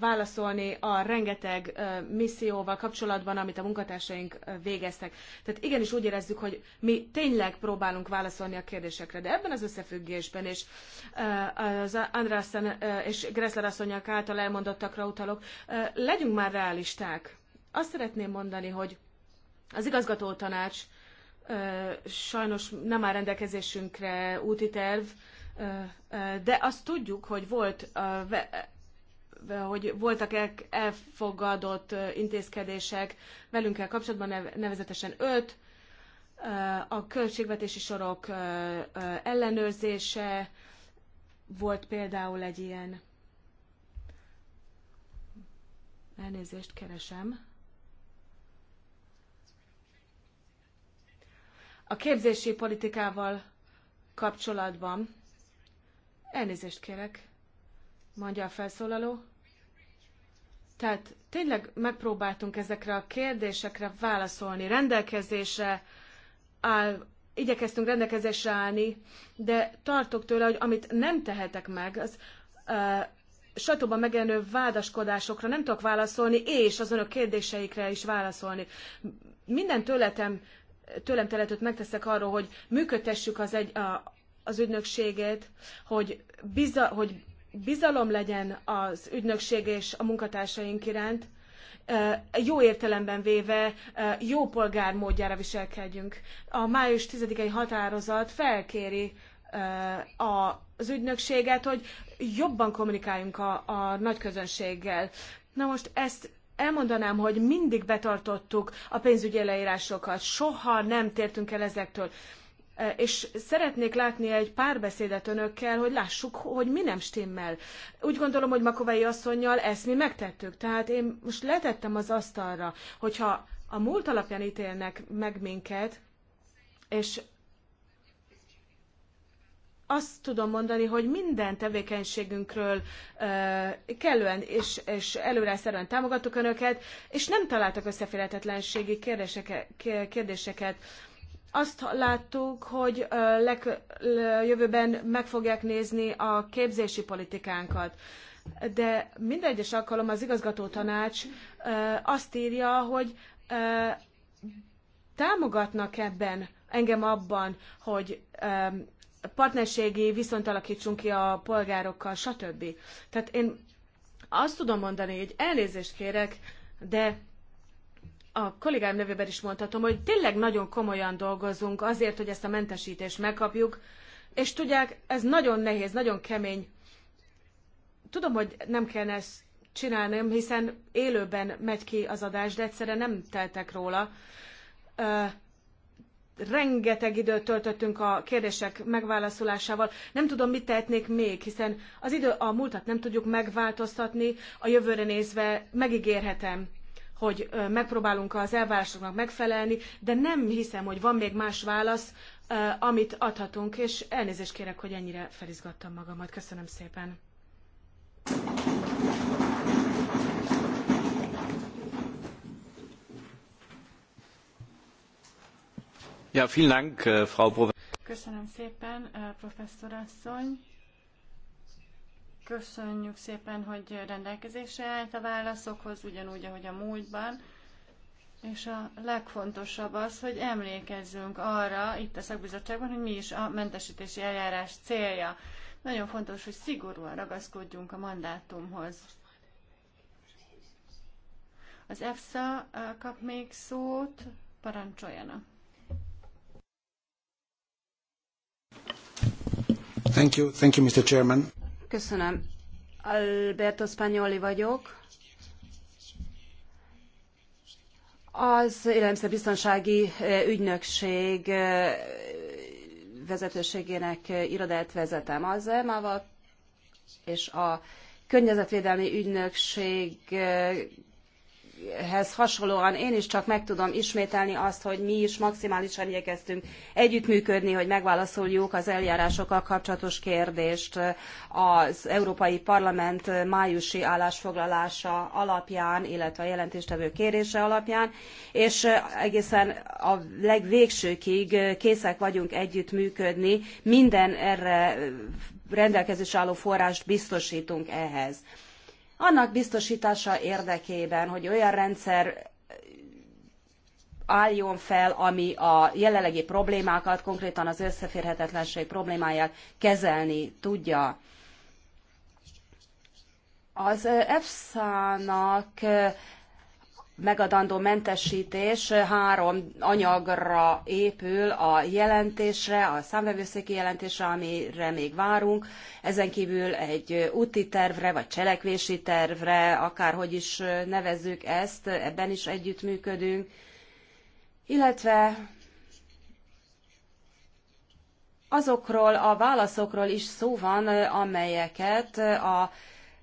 válaszolni a rengeteg misszióval kapcsolatban, amit a munkatársaink végeztek. Tehát igenis úgy érezzük, hogy mi tényleg próbálunk válaszolni a kérdésekre, de ebben az összefüggésben is az Andrásen és Gressler asszonyak által elmondottakra utalok, legyünk már realisták. Azt szeretném mondani, hogy az igazgató tanács sajnos nem áll rendelkezésünkre úti terv, de azt tudjuk, hogy volt hogy voltak elfogadott intézkedések velünkkel kapcsolatban, nevezetesen öt, a költségvetési sorok ellenőrzése, volt például egy ilyen, elnézést keresem, a képzési politikával kapcsolatban Elnézést kérek, mondja a felszólaló. Tehát tényleg megpróbáltunk ezekre a kérdésekre válaszolni, rendelkezésre áll, igyekeztünk rendelkezésre állni, de tartok tőle, hogy amit nem tehetek meg, az uh, sajtóban megjelenő vádaskodásokra nem tudok válaszolni, és az önök kérdéseikre is válaszolni. Minden tőletem, tőlem teletőt megteszek arról, hogy működtessük az egy, a, az ügynökségét, hogy, biza, hogy bizalom legyen az ügynökség és a munkatársaink iránt, eh, jó értelemben véve eh, jó polgár módjára viselkedjünk. A május 10-i határozat felkéri eh, az ügynökséget, hogy jobban kommunikáljunk a, a nagy közönséggel. Na most ezt elmondanám, hogy mindig betartottuk a pénzügyi leírásokat, soha nem tértünk el ezektől és szeretnék látni egy párbeszédet önökkel, hogy lássuk, hogy mi nem stimmel. Úgy gondolom, hogy Makovai asszonynal ezt mi megtettük. Tehát én most letettem az asztalra, hogyha a múlt alapján ítélnek meg minket, és azt tudom mondani, hogy minden tevékenységünkről uh, kellően és, és előreszerűen támogattuk önöket, és nem találtak összeférhetetlenségi kérdéseke, kérdéseket azt láttuk, hogy leg, jövőben meg fogják nézni a képzési politikánkat. De minden egyes alkalom az igazgató tanács azt írja, hogy támogatnak ebben engem abban, hogy partnerségi viszont alakítsunk ki a polgárokkal, stb. Tehát én azt tudom mondani, hogy elnézést kérek, de a kollégám nevében is mondhatom, hogy tényleg nagyon komolyan dolgozunk azért, hogy ezt a mentesítést megkapjuk, és tudják, ez nagyon nehéz, nagyon kemény. Tudom, hogy nem kellene ezt csinálnom, hiszen élőben megy ki az adás, de egyszerre nem teltek róla. Uh, rengeteg időt töltöttünk a kérdések megválaszolásával. Nem tudom, mit tehetnék még, hiszen az idő a múltat nem tudjuk megváltoztatni, a jövőre nézve megígérhetem, hogy megpróbálunk az elvárásoknak megfelelni, de nem hiszem, hogy van még más válasz, amit adhatunk, és elnézést kérek, hogy ennyire felizgattam magamat. Köszönöm szépen. Ja, vielen Dank, äh, Frau Köszönöm szépen, äh, professzor asszony. Köszönjük szépen, hogy rendelkezésre állt a válaszokhoz, ugyanúgy, ahogy a múltban. És a legfontosabb az, hogy emlékezzünk arra itt a szakbizottságban, hogy mi is a mentesítési eljárás célja. Nagyon fontos, hogy szigorúan ragaszkodjunk a mandátumhoz. Az EFSA kap még szót, parancsoljanak. Thank you. Thank you, Mr. Chairman. Köszönöm. Alberto Spagnoli vagyok. Az élelmiszerbiztonsági eh, ügynökség eh, vezetőségének eh, irodát vezetem. Az ema és a környezetvédelmi ügynökség hez hasonlóan én is csak meg tudom ismételni azt, hogy mi is maximálisan igyekeztünk együttműködni, hogy megválaszoljuk az eljárásokkal kapcsolatos kérdést az Európai Parlament májusi állásfoglalása alapján, illetve a jelentéstevő kérése alapján, és egészen a legvégsőkig készek vagyunk együttműködni, minden erre rendelkezés álló forrást biztosítunk ehhez annak biztosítása érdekében, hogy olyan rendszer álljon fel, ami a jelenlegi problémákat, konkrétan az összeférhetetlenség problémáját kezelni tudja. Az EFSA-nak megadandó mentesítés három anyagra épül a jelentésre, a számvevőszéki jelentésre, amire még várunk, ezen kívül egy úti tervre, vagy cselekvési tervre, akárhogy is nevezzük ezt, ebben is együttműködünk, illetve azokról a válaszokról is szó van, amelyeket a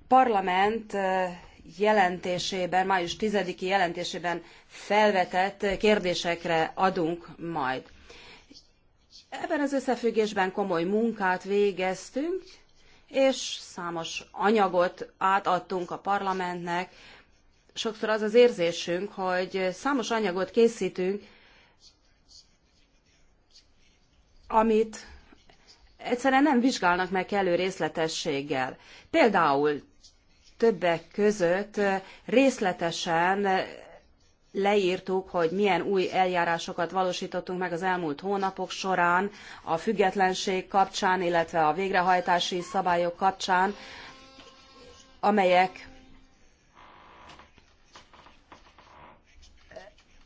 parlament jelentésében, május 10-i jelentésében felvetett kérdésekre adunk majd. Ebben az összefüggésben komoly munkát végeztünk, és számos anyagot átadtunk a parlamentnek. Sokszor az az érzésünk, hogy számos anyagot készítünk, amit egyszerűen nem vizsgálnak meg kellő részletességgel. Például többek között eh, részletesen eh, leírtuk, hogy milyen új eljárásokat valósítottunk meg az elmúlt hónapok során, a függetlenség kapcsán, illetve a végrehajtási szabályok kapcsán, amelyek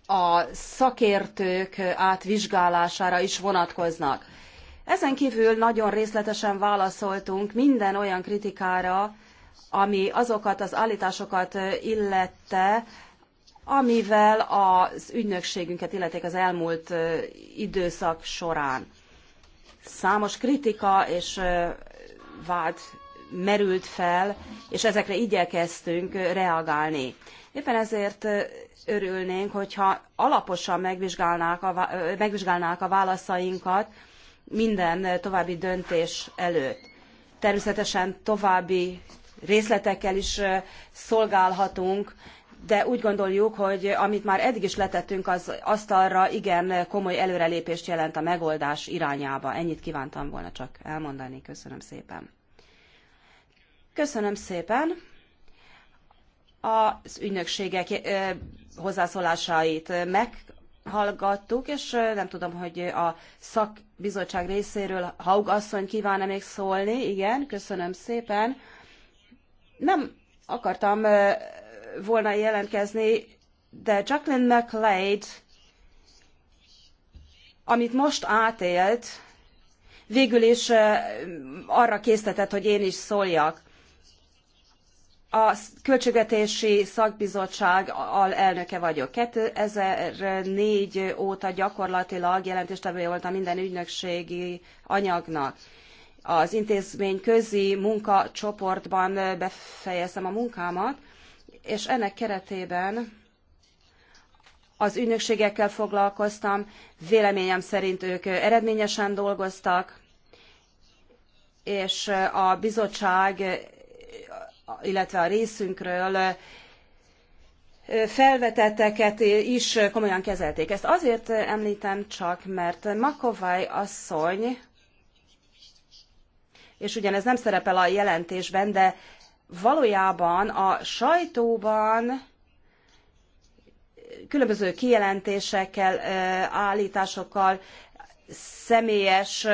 a szakértők átvizsgálására is vonatkoznak. Ezen kívül nagyon részletesen válaszoltunk minden olyan kritikára, ami azokat az állításokat illette, amivel az ügynökségünket illeték az elmúlt időszak során. Számos kritika és vád merült fel, és ezekre igyekeztünk reagálni. Éppen ezért örülnénk, hogyha alaposan megvizsgálnák a, megvizsgálnák a válaszainkat minden további döntés előtt. Természetesen további részletekkel is szolgálhatunk, de úgy gondoljuk, hogy amit már eddig is letettünk, az asztalra igen komoly előrelépést jelent a megoldás irányába. Ennyit kívántam volna csak elmondani. Köszönöm szépen. Köszönöm szépen az ügynökségek hozzászólásait meghallgattuk, és nem tudom, hogy a szakbizottság részéről Haug asszony kívánna még szólni. Igen, köszönöm szépen. Nem akartam volna jelentkezni, de Jacqueline McLeod, amit most átélt, végül is arra késztetett, hogy én is szóljak. A Költségvetési Szakbizottság elnöke vagyok. 2004 óta gyakorlatilag jelentéstevője voltam minden ügynökségi anyagnak az intézmény közi munkacsoportban befejezem a munkámat, és ennek keretében az ügynökségekkel foglalkoztam, véleményem szerint ők eredményesen dolgoztak, és a bizottság, illetve a részünkről felvetetteket is komolyan kezelték. Ezt azért említem csak, mert Makovály asszony és ugyanez nem szerepel a jelentésben, de valójában a sajtóban különböző kijelentésekkel, állításokkal, személyes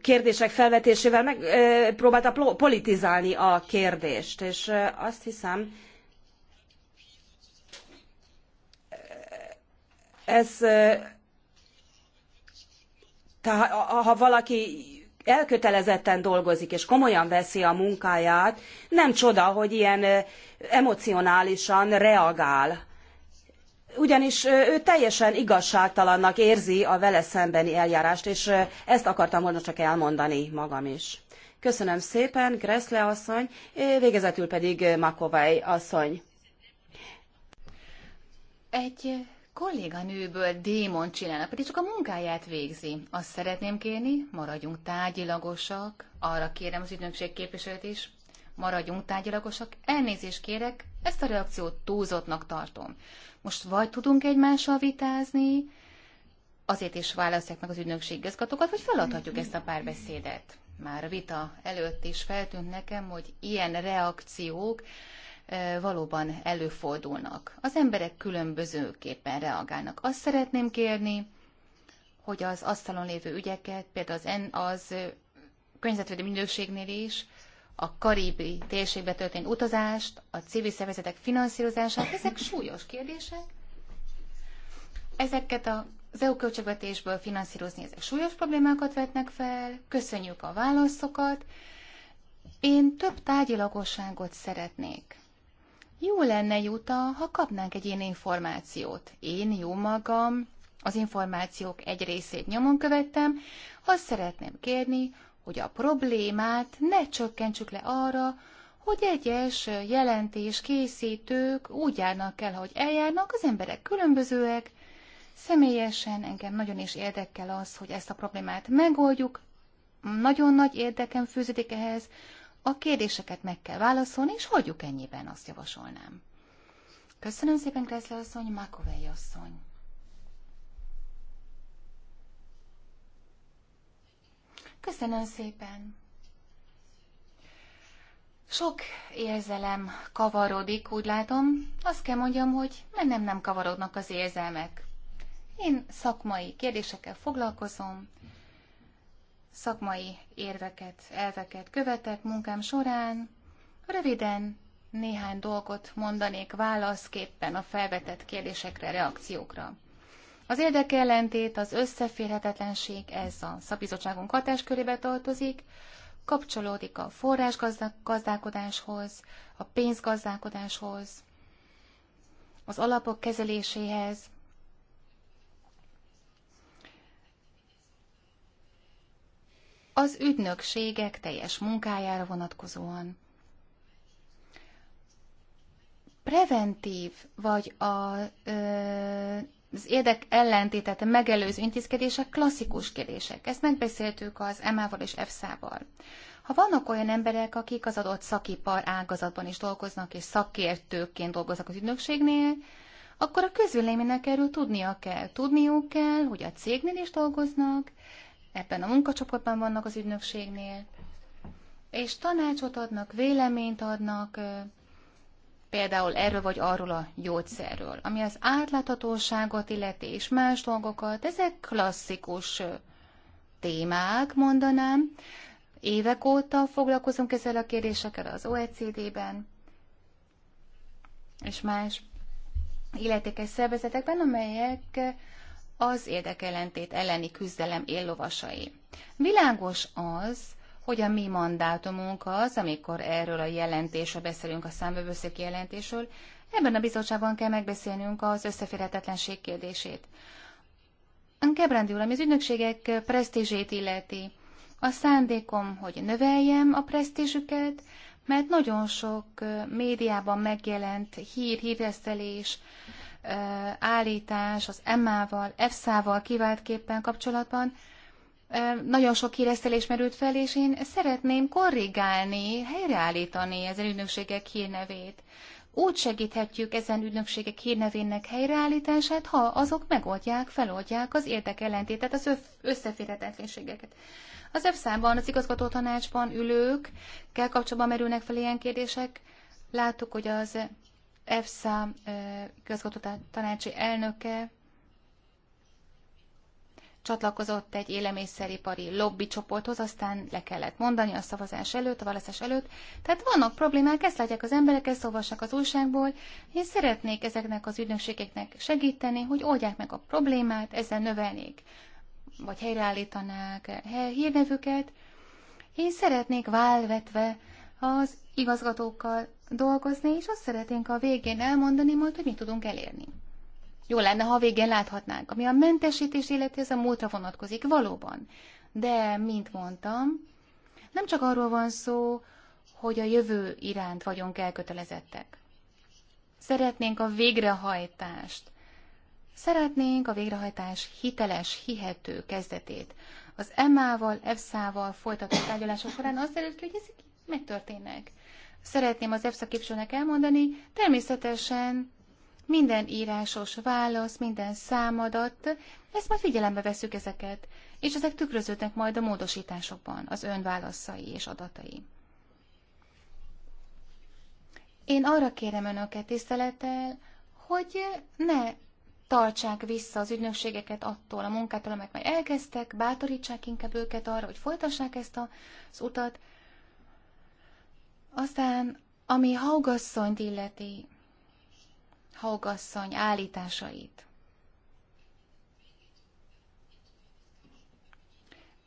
kérdések felvetésével megpróbálta politizálni a kérdést. És azt hiszem, ez, tehát ha valaki elkötelezetten dolgozik és komolyan veszi a munkáját, nem csoda, hogy ilyen emocionálisan reagál. Ugyanis ő teljesen igazságtalannak érzi a vele szembeni eljárást, és ezt akartam volna csak elmondani magam is. Köszönöm szépen, Gressle asszony, végezetül pedig Makovai asszony. Egy kolléganőből démon csinálnak, pedig csak a munkáját végzi. Azt szeretném kérni, maradjunk tárgyilagosak, arra kérem az ügynökség képviselőt is, maradjunk tárgyilagosak, elnézést kérek, ezt a reakciót túlzottnak tartom. Most vagy tudunk egymással vitázni, azért is választják meg az ügynökség igazgatókat, vagy feladhatjuk ezt a párbeszédet. Már a vita előtt is feltűnt nekem, hogy ilyen reakciók valóban előfordulnak. Az emberek különbözőképpen reagálnak. Azt szeretném kérni, hogy az asztalon lévő ügyeket, például az, en, az környezetvédő minőségnél is, a karibi térségbe történt utazást, a civil szervezetek finanszírozását, ezek súlyos kérdések. Ezeket az EU költségvetésből finanszírozni, ezek súlyos problémákat vetnek fel, köszönjük a válaszokat. Én több tárgyilagosságot szeretnék. Jó lenne, Juta, ha kapnánk egy ilyen információt. Én jó magam az információk egy részét nyomon követtem, azt szeretném kérni, hogy a problémát ne csökkentsük le arra, hogy egyes jelentés készítők úgy járnak el, hogy eljárnak, az emberek különbözőek. Személyesen engem nagyon is érdekel az, hogy ezt a problémát megoldjuk. Nagyon nagy érdekem fűződik ehhez, a kérdéseket meg kell válaszolni, és hagyjuk ennyiben, azt javasolnám. Köszönöm szépen, Kreszle asszony, Makovei asszony. Köszönöm szépen. Sok érzelem kavarodik, úgy látom. Azt kell mondjam, hogy nem nem kavarodnak az érzelmek. Én szakmai kérdésekkel foglalkozom, szakmai érveket, elveket követek munkám során. Röviden néhány dolgot mondanék válaszképpen a felvetett kérdésekre, reakciókra. Az érdekellentét, az összeférhetetlenség, ez a szakbizottságunk hatáskörébe tartozik, kapcsolódik a forrásgazdálkodáshoz, a pénzgazdálkodáshoz, az alapok kezeléséhez, az ügynökségek teljes munkájára vonatkozóan. Preventív vagy a, ö, az érdek ellentétet megelőző intézkedések klasszikus kérdések. Ezt megbeszéltük az ma val és EFSA-val. Ha vannak olyan emberek, akik az adott szakipar ágazatban is dolgoznak, és szakértőként dolgoznak az ügynökségnél, akkor a közvéleménynek erről tudnia kell. Tudniuk kell, hogy a cégnél is dolgoznak, ebben a munkacsoportban vannak az ügynökségnél, és tanácsot adnak, véleményt adnak, például erről vagy arról a gyógyszerről, ami az átláthatóságot illeti és más dolgokat, ezek klasszikus témák, mondanám. Évek óta foglalkozunk ezzel a kérdésekkel az OECD-ben, és más illetékes szervezetekben, amelyek az érdekellentét elleni küzdelem éllovasai. Világos az, hogy a mi mandátumunk az, amikor erről a jelentésről beszélünk, a számvevőszék jelentésről, ebben a bizottságban kell megbeszélnünk az összeférhetetlenség kérdését. A úr, ami az ügynökségek presztízsét illeti, a szándékom, hogy növeljem a presztízsüket, mert nagyon sok médiában megjelent hír, híresztelés, állítás az EMA-val, EFSA-val kiváltképpen kapcsolatban nagyon sok híresztelés merült fel, és én szeretném korrigálni, helyreállítani ezen ügynökségek hírnevét. Úgy segíthetjük ezen ügynökségek hírnevének helyreállítását, ha azok megoldják, feloldják az érdekellentétet, az összeférhetetlenségeket. Az EFSA-ban, az igazgató tanácsban ülők, kell kapcsolatban merülnek fel ilyen kérdések. Láttuk, hogy az EFSA közgató elnöke csatlakozott egy élelmiszeripari lobby csoporthoz, aztán le kellett mondani a szavazás előtt, a választás előtt. Tehát vannak problémák, ezt látják az emberek, ezt olvassák az újságból. Én szeretnék ezeknek az ügynökségeknek segíteni, hogy oldják meg a problémát, ezzel növelnék, vagy helyreállítanák eh, hírnevüket. Én szeretnék válvetve az igazgatókkal dolgozni, és azt szeretnénk a végén elmondani majd, hogy mit tudunk elérni. Jó lenne, ha a végén láthatnánk. Ami a mentesítés illeti, ez a múltra vonatkozik, valóban. De, mint mondtam, nem csak arról van szó, hogy a jövő iránt vagyunk elkötelezettek. Szeretnénk a végrehajtást. Szeretnénk a végrehajtás hiteles, hihető kezdetét. Az EMA-val, EFSA-val folytatott tárgyalások során azt előtt hogy ez megtörténnek. Szeretném az EFSA képzőnek elmondani, természetesen minden írásos válasz, minden számadat, ezt majd figyelembe veszük ezeket, és ezek tükröződnek majd a módosításokban, az ön válaszai és adatai. Én arra kérem önöket tisztelettel, hogy ne tartsák vissza az ügynökségeket attól a munkától, amelyek már elkezdtek, bátorítsák inkább őket arra, hogy folytassák ezt az utat, aztán, ami haugasszonyt illeti, haugasszony állításait.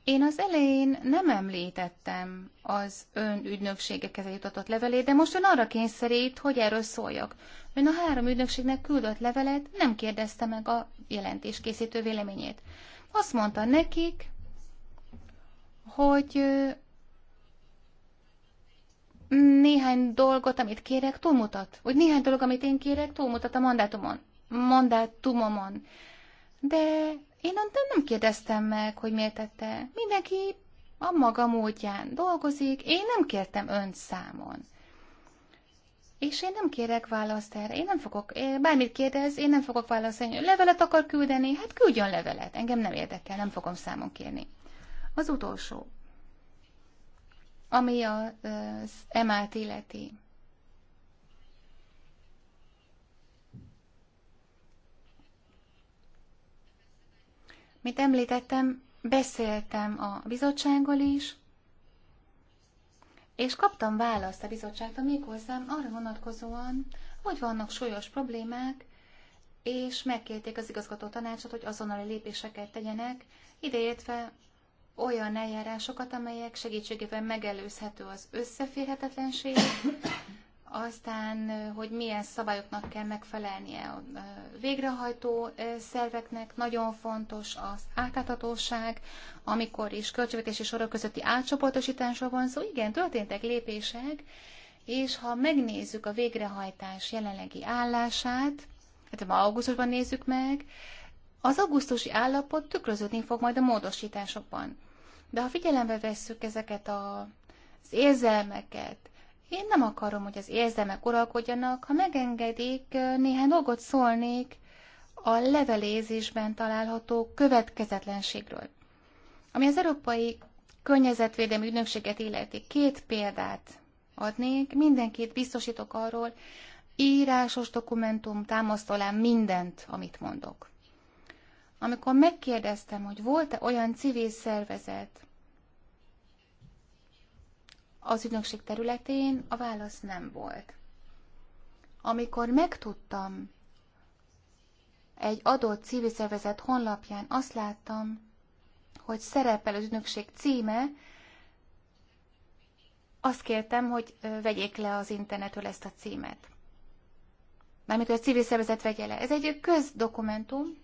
Én az elején nem említettem az ön ügynökségekhez jutatott levelét, de most ön arra kényszerít, hogy erről szóljak. Ön a három ügynökségnek küldött levelet, nem kérdezte meg a jelentéskészítő véleményét. Azt mondta nekik, hogy néhány dolgot, amit kérek, túlmutat. Vagy néhány dolog, amit én kérek, túlmutat a mandátumon. Mandátumomon. De én nem, nem kérdeztem meg, hogy miért tette. Mindenki a maga módján dolgozik, én nem kértem ön számon. És én nem kérek választ erre, én nem fogok, eh, bármit kérdez, én nem fogok válaszolni. Levelet akar küldeni, hát küldjön levelet, engem nem érdekel, nem fogom számon kérni. Az utolsó, ami az emelt életi, Mint említettem, beszéltem a bizottsággal is, és kaptam választ a bizottságtól méghozzá arra vonatkozóan, hogy vannak súlyos problémák, és megkérték az igazgató tanácsot, hogy azonnali lépéseket tegyenek, ideértve olyan eljárásokat, amelyek segítségével megelőzhető az összeférhetetlenség, aztán, hogy milyen szabályoknak kell megfelelnie a végrehajtó szerveknek, nagyon fontos az átláthatóság, amikor is költségvetési sorok közötti átcsoportosításról van szó, igen, történtek lépések, és ha megnézzük a végrehajtás jelenlegi állását, hát augusztusban nézzük meg, az augusztusi állapot tükröződni fog majd a módosításokban. De ha figyelembe vesszük ezeket a, az érzelmeket, én nem akarom, hogy az érzelmek uralkodjanak, ha megengedik, néhány dolgot szólnék a levelézésben található következetlenségről. Ami az Európai Környezetvédelmi Ügynökséget illeti, két példát adnék, mindenkit biztosítok arról, írásos dokumentum támasztolán mindent, amit mondok amikor megkérdeztem, hogy volt-e olyan civil szervezet az ügynökség területén, a válasz nem volt. Amikor megtudtam egy adott civil szervezet honlapján, azt láttam, hogy szerepel az ügynökség címe, azt kértem, hogy vegyék le az internetről ezt a címet. Mármint, hogy a civil szervezet vegye le. Ez egy közdokumentum,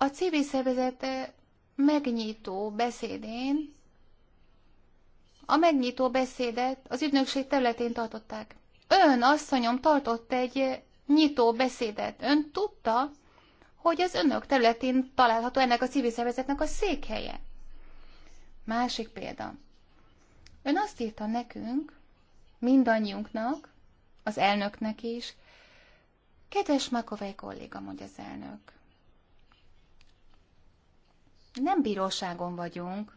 A civil szervezete eh, megnyitó beszédén, a megnyitó beszédet az ügynökség területén tartották. Ön, asszonyom, tartott egy eh, nyitó beszédet. Ön tudta, hogy az önök területén található ennek a civil szervezetnek a székhelye. Másik példa. Ön azt írta nekünk, mindannyiunknak, az elnöknek is, Kedves Makovej kolléga, mondja az elnök, nem bíróságon vagyunk.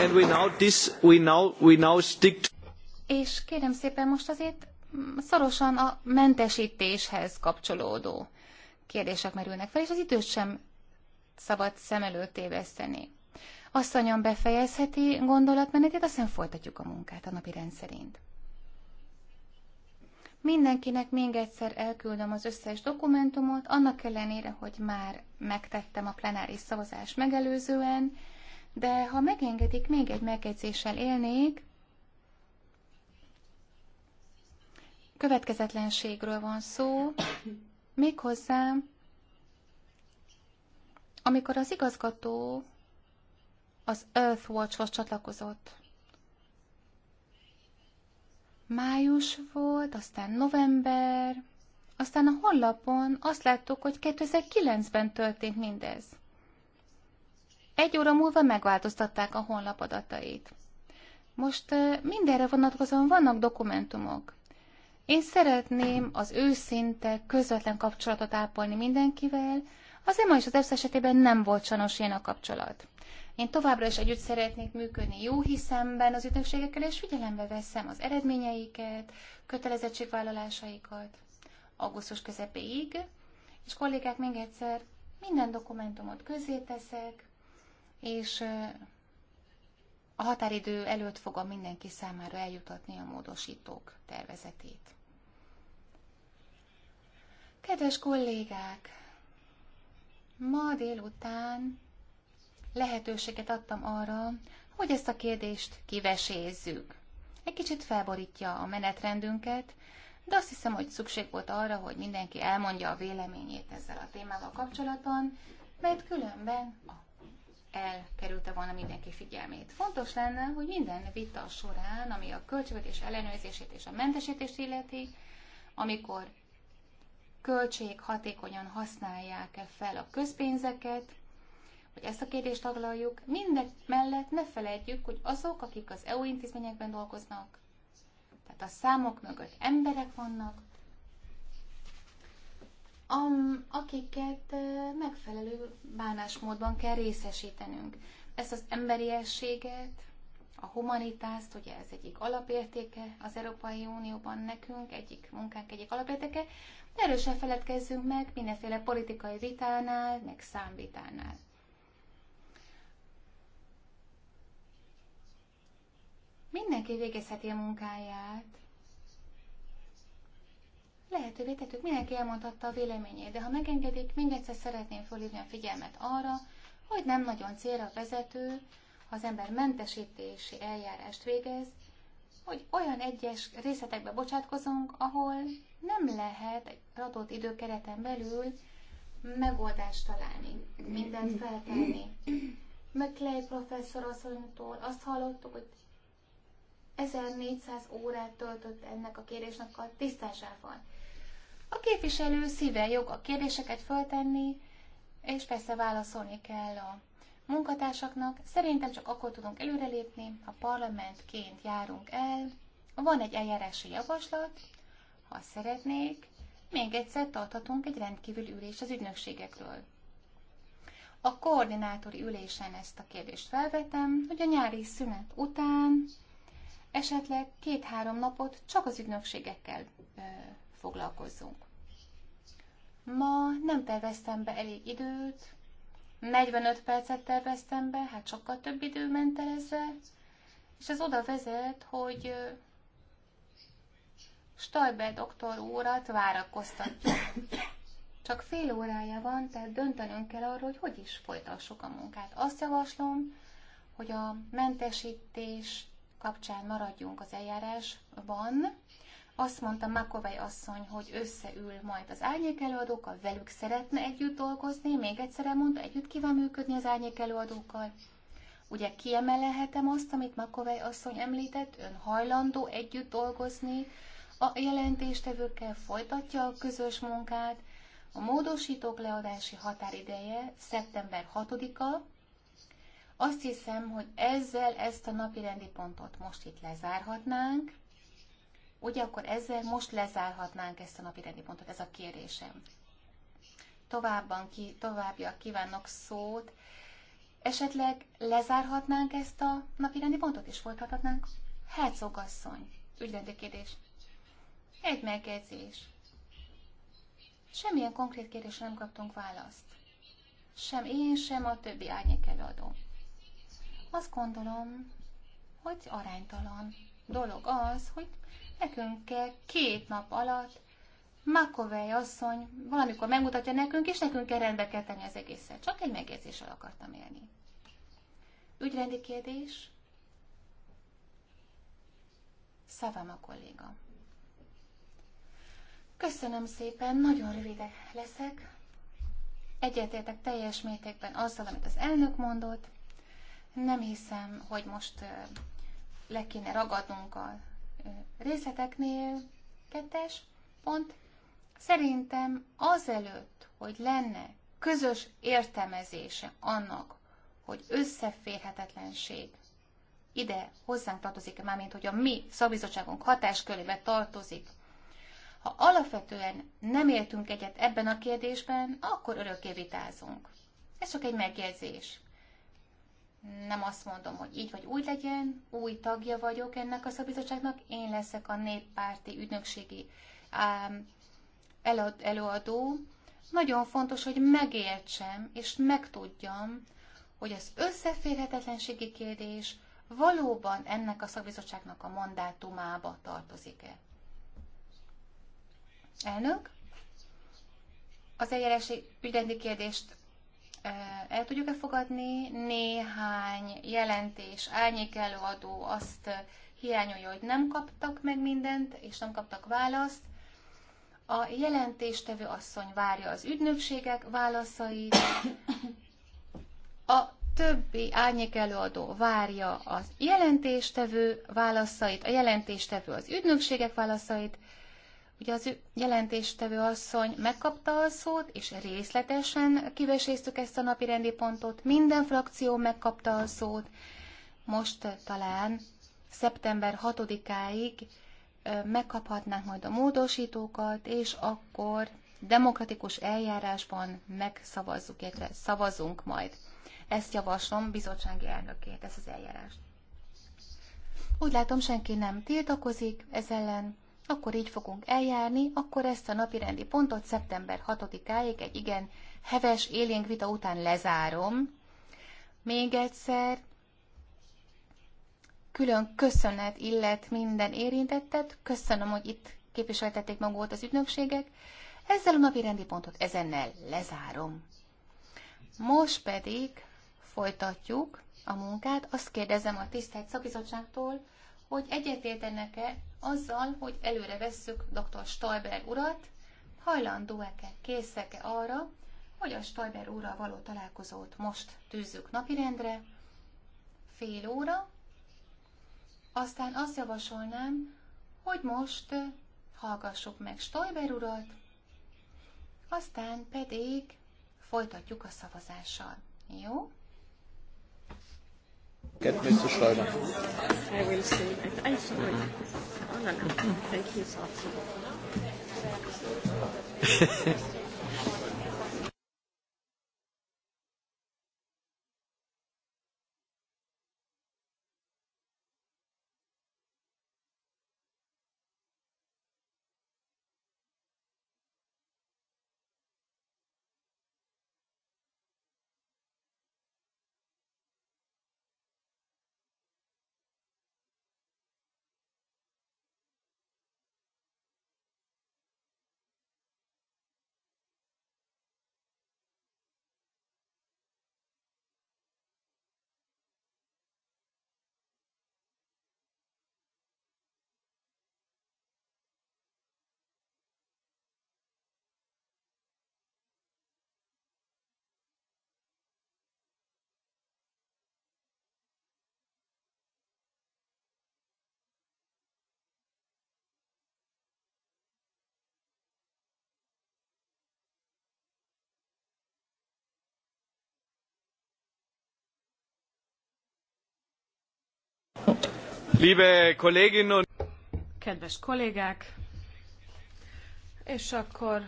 And we now this, we now, we now stick to... És kérem szépen most azért mm, szorosan a mentesítéshez kapcsolódó kérdések merülnek fel, és az időt sem szabad szem előtt éveszteni. Asszonyom befejezheti gondolatmenetét, aztán folytatjuk a munkát a napi rendszerint. Mindenkinek még egyszer elküldöm az összes dokumentumot, annak ellenére, hogy már megtettem a plenáris szavazás megelőzően, de ha megengedik, még egy megjegyzéssel élnék. Következetlenségről van szó, méghozzá, amikor az igazgató az Earthwatch-hoz csatlakozott május volt, aztán november, aztán a honlapon azt láttuk, hogy 2009-ben történt mindez. Egy óra múlva megváltoztatták a honlap adatait. Most mindenre vonatkozóan vannak dokumentumok. Én szeretném az őszinte, közvetlen kapcsolatot ápolni mindenkivel, az EMA és az esetében nem volt sanos ilyen a kapcsolat. Én továbbra is együtt szeretnék működni jó hiszemben az ügynökségekkel, és figyelembe veszem az eredményeiket, kötelezettségvállalásaikat augusztus közepéig, és kollégák, még egyszer minden dokumentumot közé teszek, és a határidő előtt fogom mindenki számára eljutatni a módosítók tervezetét. Kedves kollégák! Ma délután lehetőséget adtam arra, hogy ezt a kérdést kivesézzük. Egy kicsit felborítja a menetrendünket, de azt hiszem, hogy szükség volt arra, hogy mindenki elmondja a véleményét ezzel a témával kapcsolatban, mert különben elkerülte volna mindenki figyelmét. Fontos lenne, hogy minden vita során, ami a költségvetés ellenőrzését és a mentesítést illeti, amikor költség hatékonyan használják -e fel a közpénzeket, hogy ezt a kérdést taglaljuk, mindek mellett ne felejtjük, hogy azok, akik az EU intézményekben dolgoznak, tehát a számok mögött emberek vannak, am, akiket megfelelő bánásmódban kell részesítenünk. Ezt az emberiességet, a humanitást, ugye ez egyik alapértéke az Európai Unióban nekünk, egyik munkánk egyik alapértéke, erősen feledkezzünk meg mindenféle politikai vitánál, meg számvitánál. Mindenki végezheti a munkáját. Lehetővé tettük, mindenki elmondhatta a véleményét, de ha megengedik, még egyszer szeretném fölhívni a figyelmet arra, hogy nem nagyon célra vezető, ha az ember mentesítési eljárást végez, hogy olyan egyes részletekbe bocsátkozunk, ahol nem lehet egy adott időkereten belül megoldást találni, mindent feltenni. McClay professzor asszonytól azt hallottuk, hogy 1400 órát töltött ennek a kérésnek a tisztásával. A képviselő szíve jog a kérdéseket föltenni, és persze válaszolni kell a munkatársaknak. Szerintem csak akkor tudunk előrelépni, ha parlamentként járunk el. Van egy eljárási javaslat, ha szeretnék, még egyszer tarthatunk egy rendkívül ülés az ügynökségekről. A koordinátori ülésen ezt a kérdést felvetem, hogy a nyári szünet után esetleg két-három napot csak az ügynökségekkel foglalkozzunk. Ma nem terveztem be elég időt, 45 percet terveztem be, hát sokkal több idő ment el ezzel, és ez oda vezet, hogy Stajber doktor úrat várakoztatjuk. Csak fél órája van, tehát döntenünk kell arról, hogy hogy is folytassuk a munkát. Azt javaslom, hogy a mentesítés kapcsán maradjunk az eljárásban. Azt mondta Makovej asszony, hogy összeül majd az árnyék előadókkal, velük szeretne együtt dolgozni, még egyszer elmondta, együtt kíván működni az árnyék előadókkal. Ugye kiemelhetem azt, amit Makovej asszony említett, ön hajlandó együtt dolgozni, a jelentéstevőkkel folytatja a közös munkát, a módosítók leadási határideje szeptember 6-a, azt hiszem, hogy ezzel ezt a napi rendi pontot most itt lezárhatnánk. Ugye akkor ezzel most lezárhatnánk ezt a napi rendi pontot, ez a kérésem. Továbban ki, továbbiak kívánok szót. Esetleg lezárhatnánk ezt a napi rendi pontot, és folytathatnánk? Hercogasszony, ügyrendi kérdés. Egy megjegyzés. Semmilyen konkrét kérdésre nem kaptunk választ. Sem én, sem a többi árnyék előadó. Azt gondolom, hogy aránytalan dolog az, hogy nekünk kell két nap alatt Makovej asszony valamikor megmutatja nekünk, és nekünk kell rendbe kell tenni az egészet. Csak egy megjegyzéssel akartam élni. Ügyrendi kérdés? Szavam a kolléga. Köszönöm szépen, nagyon rövidek leszek. Egyetértek teljes mértékben azzal, amit az elnök mondott. Nem hiszem, hogy most le kéne ragadnunk a részleteknél. Kettes pont. Szerintem azelőtt, hogy lenne közös értelmezése annak, hogy összeférhetetlenség ide hozzánk tartozik, mármint hogy a mi szabizottságunk hatáskörébe tartozik, ha alapvetően nem értünk egyet ebben a kérdésben, akkor örökké vitázunk. Ez csak egy megjegyzés nem azt mondom, hogy így vagy úgy legyen, új tagja vagyok ennek a szabizottságnak, én leszek a néppárti ügynökségi előadó. Nagyon fontos, hogy megértsem és megtudjam, hogy az összeférhetetlenségi kérdés valóban ennek a szabizottságnak a mandátumába tartozik-e. Elnök, az eljárási ügyrendi kérdést el tudjuk-e fogadni. Néhány jelentés, árnyék előadó azt hiányolja, hogy nem kaptak meg mindent, és nem kaptak választ. A jelentéstevő asszony várja az ügynökségek válaszait, a többi árnyék előadó várja az jelentéstevő válaszait, a jelentéstevő az ügynökségek válaszait, Ugye az jelentéstevő asszony megkapta a szót, és részletesen kiveséztük ezt a napi rendi pontot. Minden frakció megkapta a szót. Most talán szeptember 6-áig megkaphatnánk majd a módosítókat, és akkor demokratikus eljárásban megszavazzuk, illetve szavazunk majd. Ezt javaslom bizottsági elnökét, ezt az eljárást. Úgy látom, senki nem tiltakozik ez ellen akkor így fogunk eljárni, akkor ezt a napi rendi pontot szeptember 6-áig egy igen heves élénk vita után lezárom. Még egyszer, külön köszönet illet minden érintettet, köszönöm, hogy itt képviseltették magukat az ügynökségek, ezzel a napi rendi pontot ezennel lezárom. Most pedig folytatjuk a munkát, azt kérdezem a tisztelt szakbizottságtól, hogy egyetértenek-e azzal, hogy előre vesszük dr. Stolber urat, hajlandó-e, készek-e arra, hogy a Stolber úrral való találkozót most tűzzük napirendre, fél óra, aztán azt javasolnám, hogy most eh, hallgassuk meg Stolber urat, aztán pedig folytatjuk a szavazással. Jó? Get Mr. Schröder. I will see. I, I Oh, no, no. Thank you so Liebe Kolleginnen und Kedves kollégák! És akkor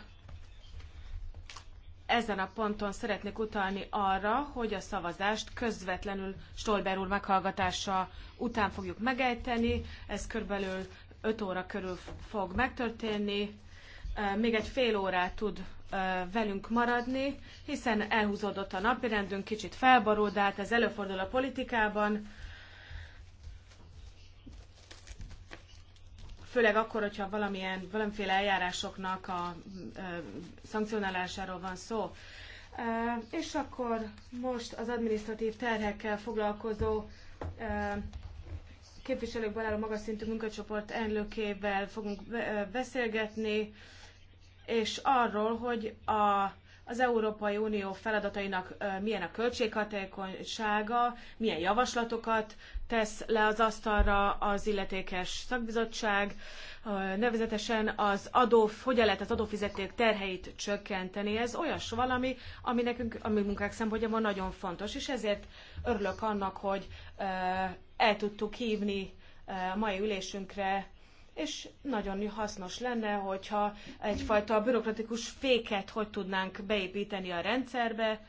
ezen a ponton szeretnék utalni arra, hogy a szavazást közvetlenül Stolber úr meghallgatása után fogjuk megejteni. Ez körülbelül 5 óra körül fog megtörténni. Még egy fél órát tud velünk maradni, hiszen elhúzódott a napirendünk, kicsit felborult, de hát ez előfordul a politikában főleg akkor, hogyha valamilyen, valamiféle eljárásoknak a ö, szankcionálásáról van szó. E, és akkor most az administratív terhekkel foglalkozó e, képviselőkből álló magas szintű munkacsoport elnökével fogunk beszélgetni, és arról, hogy a az Európai Unió feladatainak milyen a költséghatékonysága, milyen javaslatokat tesz le az asztalra az illetékes szakbizottság, nevezetesen az adó, hogyan lehet az adófizetők terheit csökkenteni. Ez olyas valami, ami nekünk, mi munkák szempontjából nagyon fontos, és ezért örülök annak, hogy el tudtuk hívni a mai ülésünkre és nagyon hasznos lenne, hogyha egyfajta bürokratikus féket hogy tudnánk beépíteni a rendszerbe,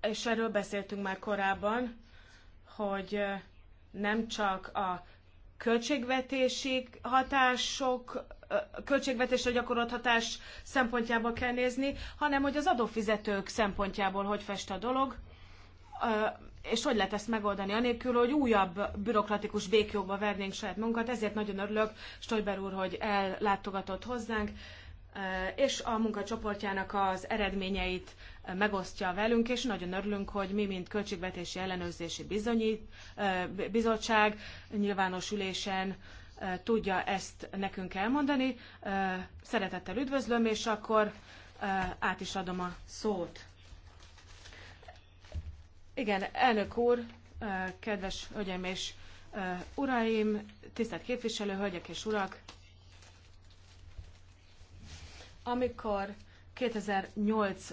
és erről beszéltünk már korábban, hogy nem csak a költségvetési hatások, költségvetésre gyakorolt hatás szempontjából kell nézni, hanem hogy az adófizetők szempontjából hogy fest a dolog, és hogy lehet ezt megoldani, anélkül, hogy újabb bürokratikus békjóba vernénk saját munkat, Ezért nagyon örülök, Stoiber úr, hogy ellátogatott hozzánk, eh, és a munkacsoportjának az eredményeit eh, megosztja velünk, és nagyon örülünk, hogy mi, mint Költségvetési Ellenőrzési Bizonyít, eh, Bizottság nyilvános ülésen tudja ezt nekünk elmondani. Szeretettel üdvözlöm, és akkor át is adom a szót. Igen, elnök úr, kedves hölgyeim és uraim, tisztelt képviselő, hölgyek és urak! Amikor 2008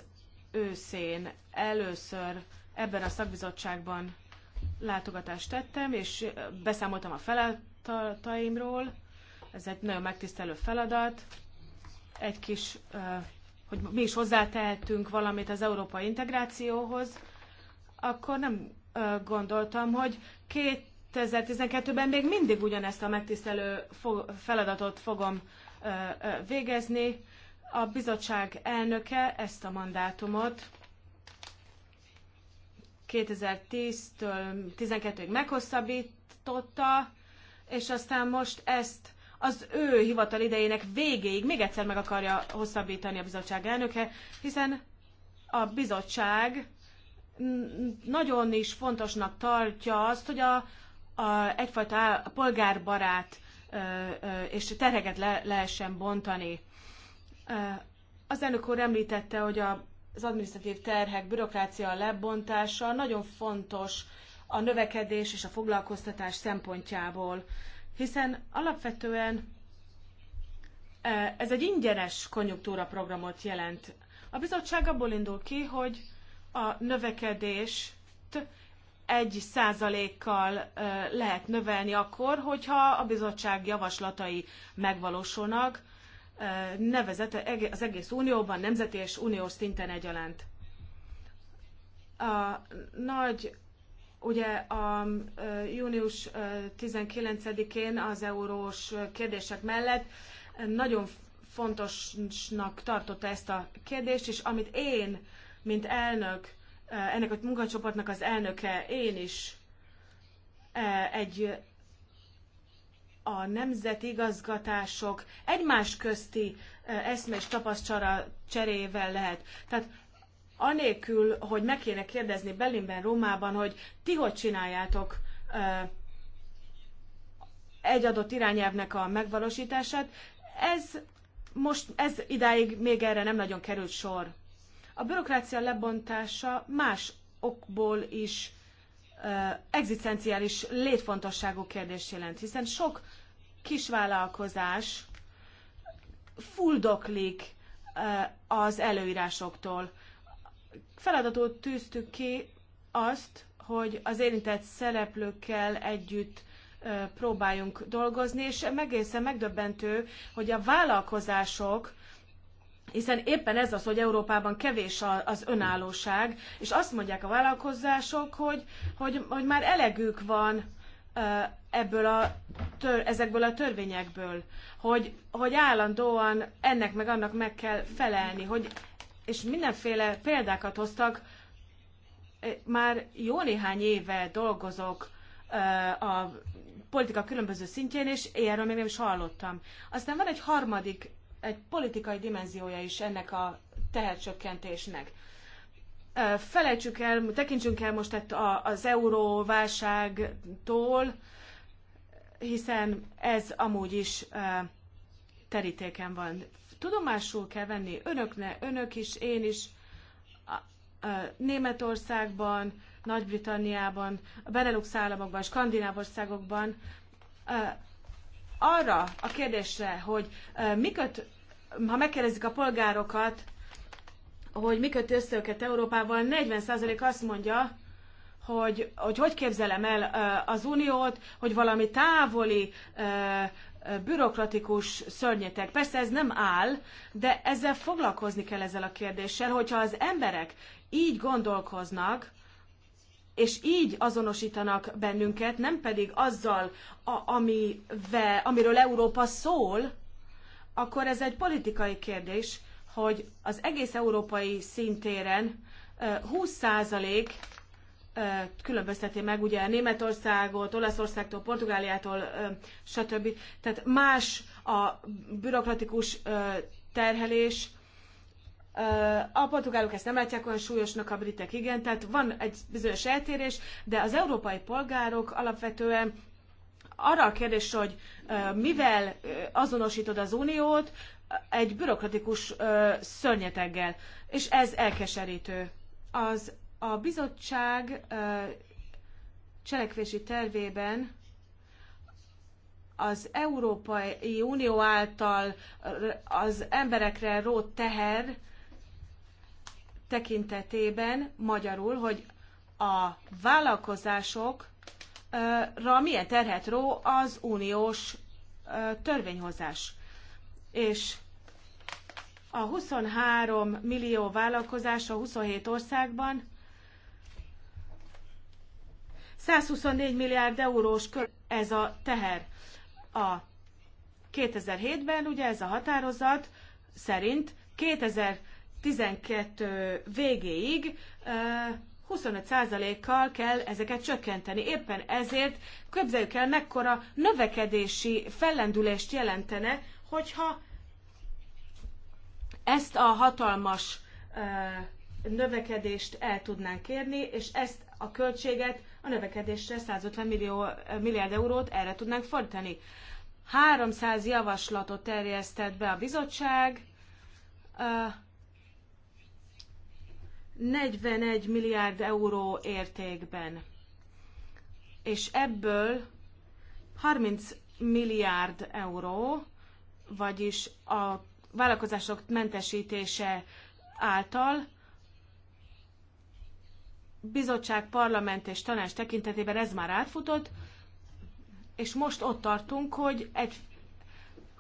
őszén először ebben a szakbizottságban látogatást tettem, és beszámoltam a feladataimról, ez egy nagyon megtisztelő feladat, egy kis, hogy mi is hozzátehetünk valamit az európai integrációhoz, akkor nem gondoltam, hogy 2012-ben még mindig ugyanezt a megtisztelő feladatot fogom végezni. A bizottság elnöke ezt a mandátumot 2010-től 12-ig meghosszabbította, és aztán most ezt az ő hivatal idejének végéig még egyszer meg akarja hosszabbítani a bizottság elnöke, hiszen a bizottság nagyon is fontosnak tartja azt, hogy a, a egyfajta polgárbarát és terheket le, lehessen bontani. Az elnök úr említette, hogy a, az adminisztratív terhek, bürokrácia lebontása nagyon fontos a növekedés és a foglalkoztatás szempontjából, hiszen alapvetően ez egy ingyenes konjunktúra programot jelent. A bizottság abból indul ki, hogy a növekedést egy százalékkal lehet növelni akkor, hogyha a bizottság javaslatai megvalósulnak, nevezete az egész unióban, nemzeti és uniós szinten egyaránt. A nagy, ugye a június 19-én az eurós kérdések mellett nagyon fontosnak tartotta ezt a kérdést, és amit én mint elnök, eh, ennek a munkacsoportnak az elnöke, én is eh, egy a nemzeti igazgatások egymás közti eh, eszme és tapasztalat cserével lehet. Tehát anélkül, hogy meg kéne kérdezni Berlinben, Rómában, hogy ti hogy csináljátok egy adott irányelvnek a megvalósítását, ez most, ez idáig még erre nem nagyon került sor. A bürokrácia lebontása más okból is uh, egzisztenciális létfontosságú kérdés jelent, hiszen sok kisvállalkozás fuldoklik uh, az előírásoktól. Feladatot tűztük ki azt, hogy az érintett szereplőkkel együtt próbáljunk dolgozni, és egészen megdöbbentő, hogy a vállalkozások hiszen éppen ez az, hogy Európában kevés az önállóság, és azt mondják a vállalkozások, hogy, hogy, hogy már elegük van ebből a tör, ezekből a törvényekből, hogy, hogy állandóan ennek meg annak meg kell felelni, hogy, és mindenféle példákat hoztak, már jó néhány éve dolgozok a politika különböző szintjén, és ilyenről még nem is hallottam. Aztán van egy harmadik egy politikai dimenziója is ennek a tehercsökkentésnek. Felejtsük el, tekintsünk el most az euró válságtól, hiszen ez amúgy is terítéken van. Tudomásul kell venni önökne, önök is, én is, Németországban, Nagy-Britanniában, a Benelux államokban, Skandináv országokban arra a kérdésre, hogy miköt, ha megkérdezik a polgárokat, hogy miköt össze őket Európával, 40% azt mondja, hogy, hogy hogy képzelem el az uniót, hogy valami távoli, bürokratikus szörnyeteg. Persze ez nem áll, de ezzel foglalkozni kell ezzel a kérdéssel, hogyha az emberek így gondolkoznak, és így azonosítanak bennünket, nem pedig azzal, a, ami ve, amiről Európa szól, akkor ez egy politikai kérdés, hogy az egész európai szintéren 20% különbözteti meg ugye Németországot, Olaszországtól, Portugáliától, stb. Tehát más a bürokratikus terhelés, a portugálok ezt nem látják olyan súlyosnak, a britek igen, tehát van egy bizonyos eltérés, de az európai polgárok alapvetően arra a kérdés, hogy mivel azonosítod az uniót, egy bürokratikus szörnyeteggel, és ez elkeserítő. Az a bizottság cselekvési tervében az Európai Unió által az emberekre rót teher, tekintetében magyarul, hogy a vállalkozásokra milyen terhet ró az uniós törvényhozás. És a 23 millió vállalkozás a 27 országban 124 milliárd eurós kör ez a teher. A 2007-ben ugye ez a határozat szerint 2000 12 végéig 25%-kal kell ezeket csökkenteni. Éppen ezért képzeljük el, mekkora növekedési fellendülést jelentene, hogyha ezt a hatalmas növekedést el tudnánk érni, és ezt a költséget a növekedésre 150 millió, milliárd eurót erre tudnánk fordítani. 300 javaslatot terjesztett be a bizottság, 41 milliárd euró értékben. És ebből 30 milliárd euró, vagyis a vállalkozások mentesítése által bizottság, parlament és tanács tekintetében ez már átfutott, és most ott tartunk, hogy egy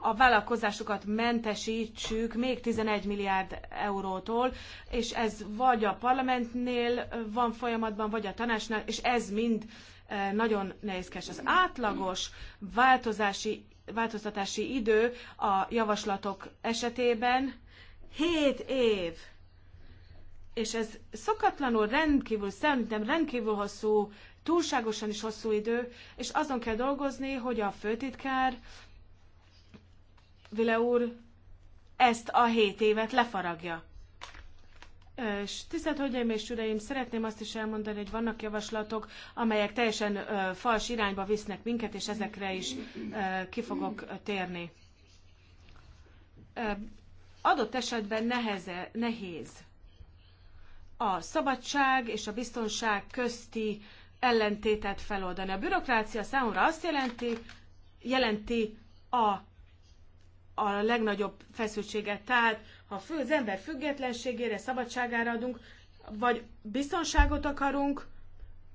a vállalkozásokat mentesítsük még 11 milliárd eurótól, és ez vagy a parlamentnél van folyamatban, vagy a tanácsnál, és ez mind e, nagyon nehézkes. Az átlagos változási, változtatási idő a javaslatok esetében 7 év. És ez szokatlanul rendkívül, szerintem rendkívül hosszú túlságosan is hosszú idő, és azon kell dolgozni, hogy a főtitkár Vile úr ezt a hét évet lefaragja. És tisztelt Hölgyeim és Uraim, szeretném azt is elmondani, hogy vannak javaslatok, amelyek teljesen ö, fals irányba visznek minket, és ezekre is ö, ki fogok térni. Ö, adott esetben neheze, nehéz a szabadság és a biztonság közti ellentétet feloldani. A bürokrácia számomra azt jelenti, jelenti a a legnagyobb feszültséget. Tehát, ha az ember függetlenségére, szabadságára adunk, vagy biztonságot akarunk,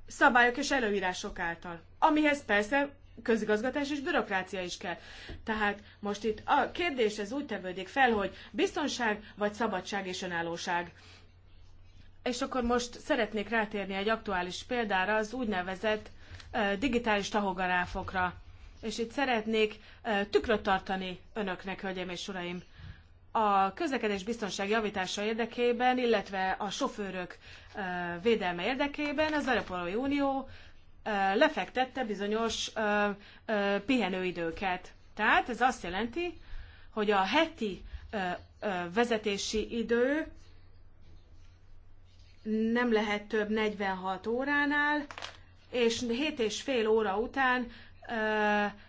szabályok és előírások által. Amihez persze közigazgatás és bürokrácia is kell. Tehát most itt a kérdés ez úgy tevődik fel, hogy biztonság vagy szabadság és önállóság. És akkor most szeretnék rátérni egy aktuális példára, az úgynevezett digitális tahogaráfokra és itt szeretnék tükröt tartani önöknek, hölgyeim és uraim. A közlekedés biztonság javítása érdekében, illetve a sofőrök védelme érdekében az Európai Unió lefektette bizonyos pihenőidőket. Tehát ez azt jelenti, hogy a heti vezetési idő nem lehet több 46 óránál, és 7 és fél óra után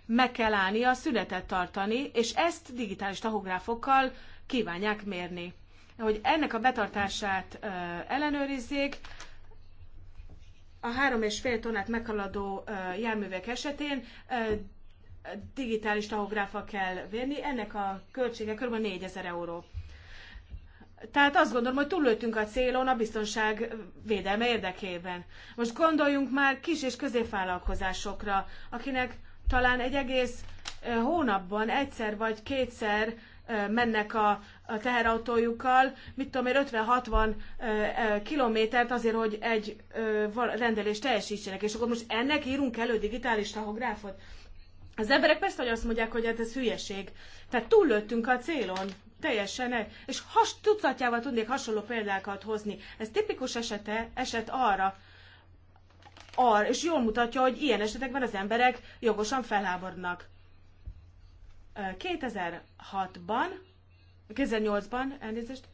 meg kell állni a szünetet tartani, és ezt digitális tahográfokkal kívánják mérni. Hogy ennek a betartását ellenőrizzék, a három és fél tonát meghaladó járművek esetén digitális tahográfa kell vérni, ennek a költsége kb. 4000 euró. Tehát azt gondolom, hogy túllőttünk a célon a biztonság védelme érdekében. Most gondoljunk már kis és középvállalkozásokra, akinek talán egy egész hónapban egyszer vagy kétszer mennek a, a teherautójukkal, mit tudom én, 50-60 kilométert azért, hogy egy rendelést teljesítsenek. És akkor most ennek írunk elő digitális tahográfot. Az emberek persze, hogy azt mondják, hogy hát ez hülyeség. Tehát túllőttünk a célon teljesen el, és has, tucatjával tudnék hasonló példákat hozni. Ez tipikus esete, eset arra, ar, és jól mutatja, hogy ilyen esetekben az emberek jogosan felháborodnak. 2006-ban, 2008-ban, elnézést,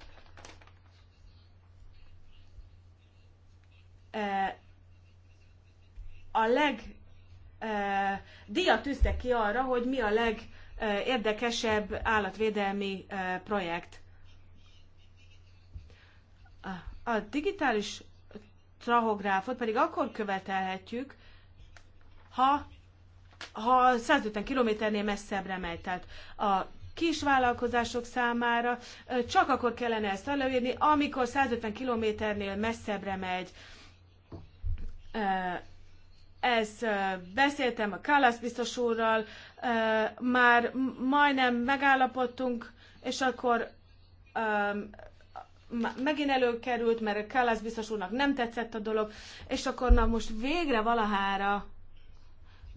a leg díjat tűztek ki arra, hogy mi a leg érdekesebb állatvédelmi projekt. A digitális trahográfot pedig akkor követelhetjük, ha, ha 150 kilométernél messzebbre megy. Tehát a kis vállalkozások számára csak akkor kellene ezt előírni, amikor 150 kilométernél messzebbre megy ezt beszéltem a Kálasz biztos úrral, már majdnem megállapodtunk, és akkor megint előkerült, mert Kálasz biztos úrnak nem tetszett a dolog, és akkor na most végre valahára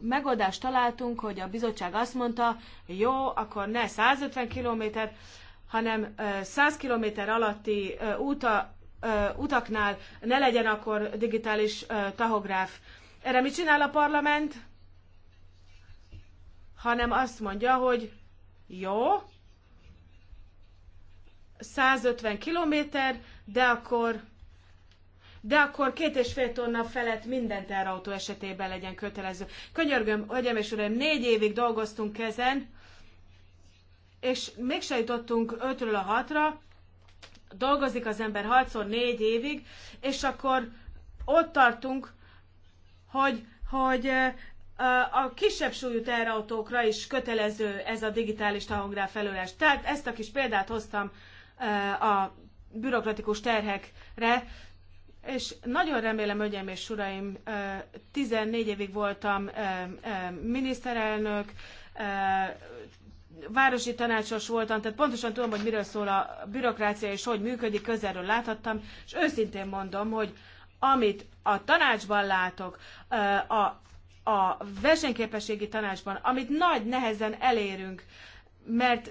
megoldást találtunk, hogy a bizottság azt mondta, jó, akkor ne 150 km, hanem 100 km alatti úta, utaknál ne legyen akkor digitális tahográf erre mit csinál a parlament? Hanem azt mondja, hogy jó, 150 kilométer, de akkor de akkor két és fél tonna felett minden terrautó esetében legyen kötelező. Könyörgöm, hölgyem és uraim, négy évig dolgoztunk ezen, és mégse jutottunk ötről a hatra, dolgozik az ember hatszor négy évig, és akkor ott tartunk, hogy, hogy a kisebb súlyú teherautókra is kötelező ez a digitális tahográf felülés. Tehát ezt a kis példát hoztam a bürokratikus terhekre, és nagyon remélem, ögyem és uraim, 14 évig voltam miniszterelnök, városi tanácsos voltam, tehát pontosan tudom, hogy miről szól a bürokrácia és hogy működik, közelről láthattam, és őszintén mondom, hogy amit a tanácsban látok, a, a versenyképességi tanácsban, amit nagy nehezen elérünk, mert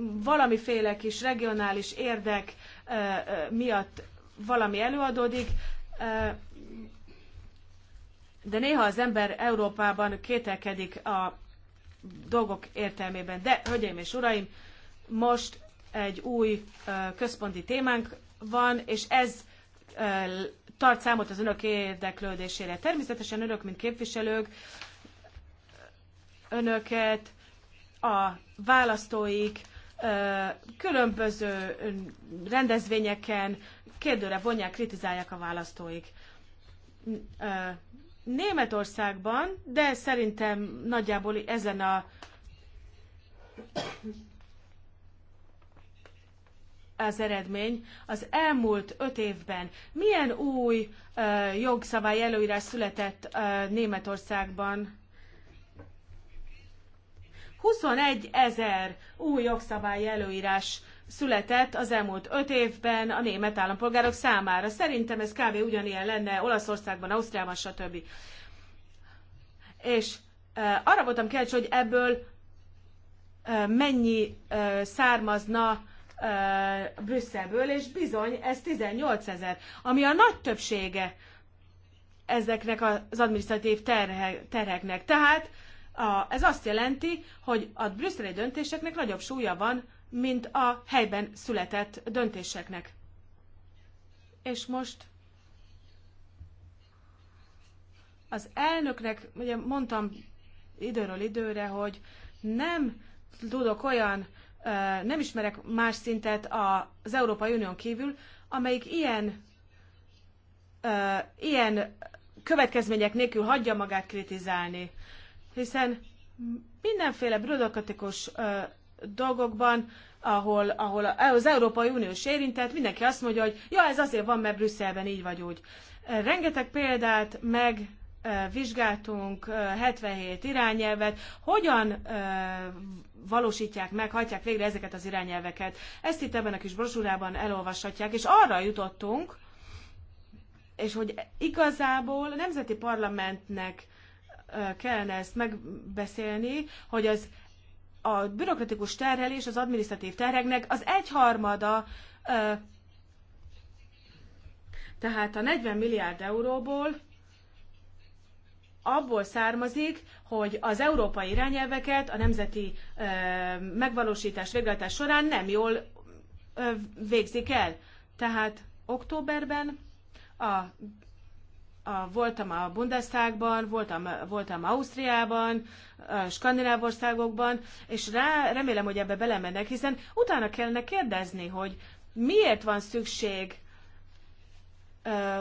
valamiféle kis regionális érdek miatt valami előadódik, de néha az ember Európában kételkedik a dolgok értelmében. De, hölgyeim és uraim, most egy új központi témánk van, és ez tart számot az önök érdeklődésére. Természetesen önök, mint képviselők, önöket a választóik különböző rendezvényeken kérdőre vonják, kritizálják a választóik. Németországban, de szerintem nagyjából ezen a az eredmény. Az elmúlt öt évben milyen új uh, jogszabály előírás született uh, Németországban? 21 ezer új jogszabály előírás született az elmúlt öt évben a német állampolgárok számára. Szerintem ez kb. ugyanilyen lenne Olaszországban, Ausztriában, stb. És arra voltam kérdés, hogy ebből mennyi származna Brüsszelből, és bizony ez 18 ezer, ami a nagy többsége ezeknek az administratív terhe, terheknek. Tehát a, ez azt jelenti, hogy a brüsszeli döntéseknek nagyobb súlya van, mint a helyben született döntéseknek. És most az elnöknek, ugye mondtam időről időre, hogy nem tudok olyan nem ismerek más szintet az Európai Unión kívül, amelyik ilyen, ilyen következmények nélkül hagyja magát kritizálni. Hiszen mindenféle bürokratikus dolgokban, ahol, ahol az Európai Unió érintett, mindenki azt mondja, hogy ja, ez azért van, mert Brüsszelben így vagy úgy. Rengeteg példát meg vizsgáltunk 77 irányelvet, hogyan valósítják meg, hajtják végre ezeket az irányelveket. Ezt itt ebben a kis brosúrában elolvashatják, és arra jutottunk, és hogy igazából a Nemzeti Parlamentnek kellene ezt megbeszélni, hogy az a bürokratikus terhelés, az adminisztratív terheknek az egyharmada, tehát a 40 milliárd euróból abból származik, hogy az európai irányelveket a nemzeti ö, megvalósítás, végrehajtás során nem jól ö, végzik el. Tehát októberben a a, voltam a Bundestagban, voltam, voltam Ausztriában, Skandináv országokban, és rá, remélem, hogy ebbe belemennek, hiszen utána kellene kérdezni, hogy miért van szükség ö,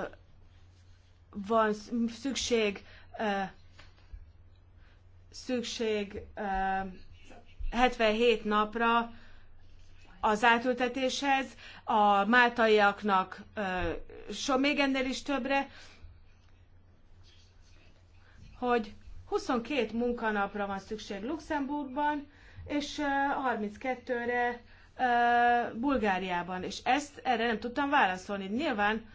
van szükség szükség 77 napra az átültetéshez, a máltaiaknak so, még ennél is többre, hogy 22 munkanapra van szükség Luxemburgban, és 32-re Bulgáriában, és ezt erre nem tudtam válaszolni. Nyilván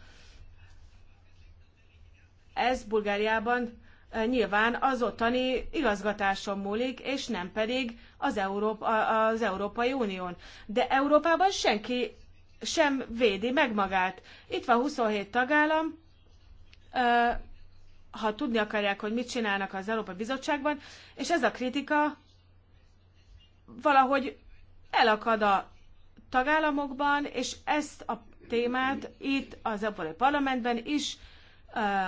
ez Bulgáriában nyilván az ottani igazgatáson múlik, és nem pedig az, Európa, az Európai Unión. De Európában senki sem védi meg magát. Itt van 27 tagállam, ha tudni akarják, hogy mit csinálnak az Európai Bizottságban, és ez a kritika valahogy elakad a tagállamokban, és ezt a témát itt az Európai Parlamentben is,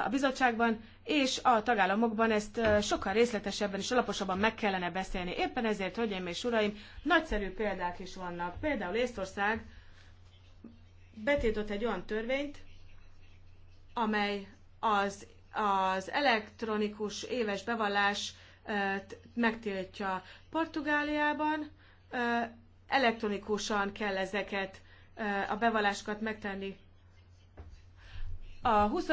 a bizottságban és a tagállamokban ezt sokkal részletesebben és alaposabban meg kellene beszélni. Éppen ezért, hölgyeim és uraim, nagyszerű példák is vannak. Például Észtország betiltott egy olyan törvényt, amely az, az elektronikus éves bevallás megtiltja Portugáliában, elektronikusan kell ezeket a bevallásokat megtenni a 20,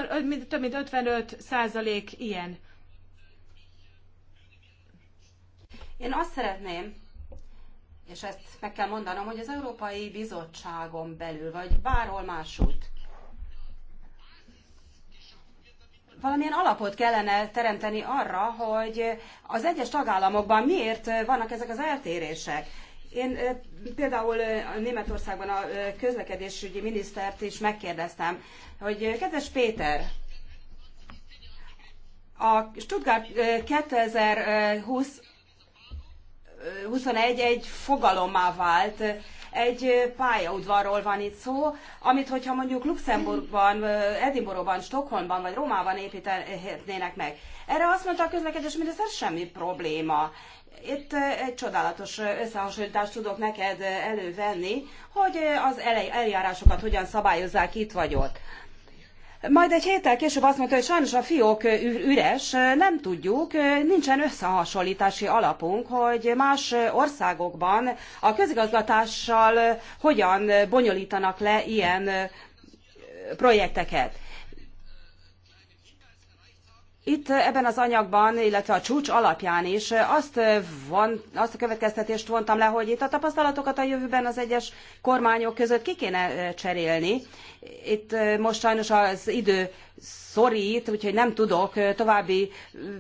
több mint 55 százalék ilyen. Én azt szeretném, és ezt meg kell mondanom, hogy az Európai Bizottságon belül, vagy bárhol másút, valamilyen alapot kellene teremteni arra, hogy az egyes tagállamokban miért vannak ezek az eltérések. Én például Németországban a közlekedésügyi minisztert is megkérdeztem, hogy kedves Péter, a Stuttgart 2020 21 egy fogalommá vált, egy pályaudvarról van itt szó, amit hogyha mondjuk Luxemburgban, Edinburghban, Stockholmban vagy Rómában építenének meg. Erre azt mondta a közlekedés miniszter, semmi probléma. Itt egy csodálatos összehasonlítást tudok neked elővenni, hogy az eljárásokat hogyan szabályozzák itt vagy ott. Majd egy héttel később azt mondta, hogy sajnos a fiók üres, nem tudjuk, nincsen összehasonlítási alapunk, hogy más országokban a közigazgatással hogyan bonyolítanak le ilyen projekteket. Itt eh, ebben az anyagban, illetve a csúcs alapján is eh, azt, eh, van, azt a következtetést vontam le, hogy itt a tapasztalatokat a jövőben az egyes kormányok között ki kéne cserélni. Itt most sajnos az idő szorít, úgyhogy nem tudok további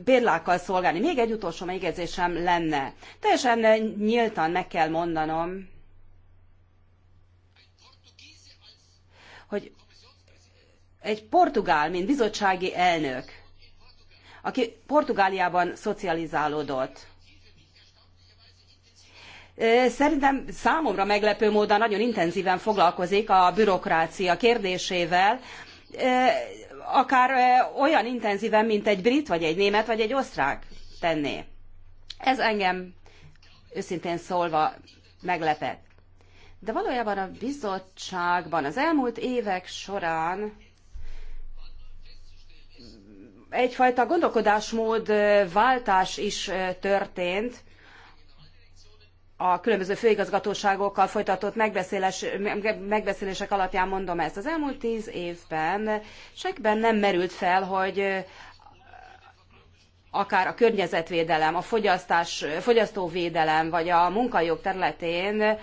bérlákkal szolgálni. Még egy utolsó megjegyzésem lenne. Teljesen nyíltan meg kell mondanom, hogy egy portugál, mint bizottsági elnök, aki Portugáliában szocializálódott. Szerintem számomra meglepő módon nagyon intenzíven foglalkozik a bürokrácia kérdésével, akár olyan intenzíven, mint egy brit, vagy egy német, vagy egy osztrák tenné. Ez engem őszintén szólva meglepet. De valójában a bizottságban az elmúlt évek során egyfajta gondolkodásmód váltás is történt a különböző főigazgatóságokkal folytatott megbeszélés, megbeszélések alapján mondom ezt. Az elmúlt tíz évben senkben nem merült fel, hogy akár a környezetvédelem, a fogyasztás, fogyasztóvédelem vagy a munkajog területén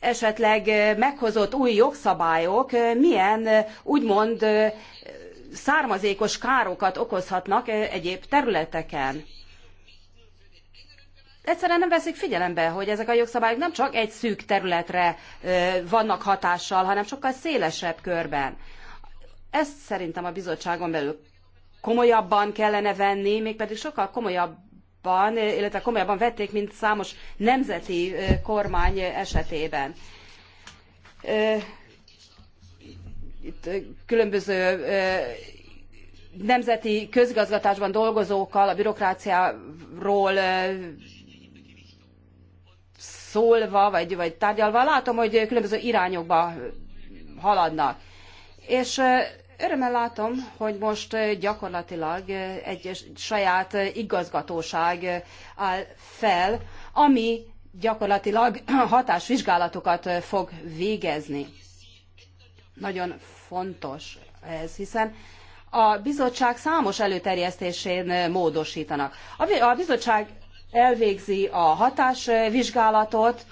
esetleg meghozott új jogszabályok milyen úgymond származékos károkat okozhatnak eh, egyéb területeken. Egyszerűen nem veszik figyelembe, hogy ezek a jogszabályok nem csak egy szűk területre eh, vannak hatással, hanem sokkal szélesebb körben. Ezt szerintem a bizottságon belül komolyabban kellene venni, mégpedig sokkal komolyabban, eh, illetve komolyabban vették, mint számos nemzeti kormány esetében itt különböző nemzeti közigazgatásban dolgozókkal, a bürokráciáról szólva, vagy, vagy tárgyalva látom, hogy különböző irányokba haladnak. És örömmel látom, hogy most gyakorlatilag egy saját igazgatóság áll fel, ami gyakorlatilag hatásvizsgálatokat fog végezni nagyon fontos ez, hiszen a bizottság számos előterjesztésén eh, módosítanak. A bizottság elvégzi a hatásvizsgálatot,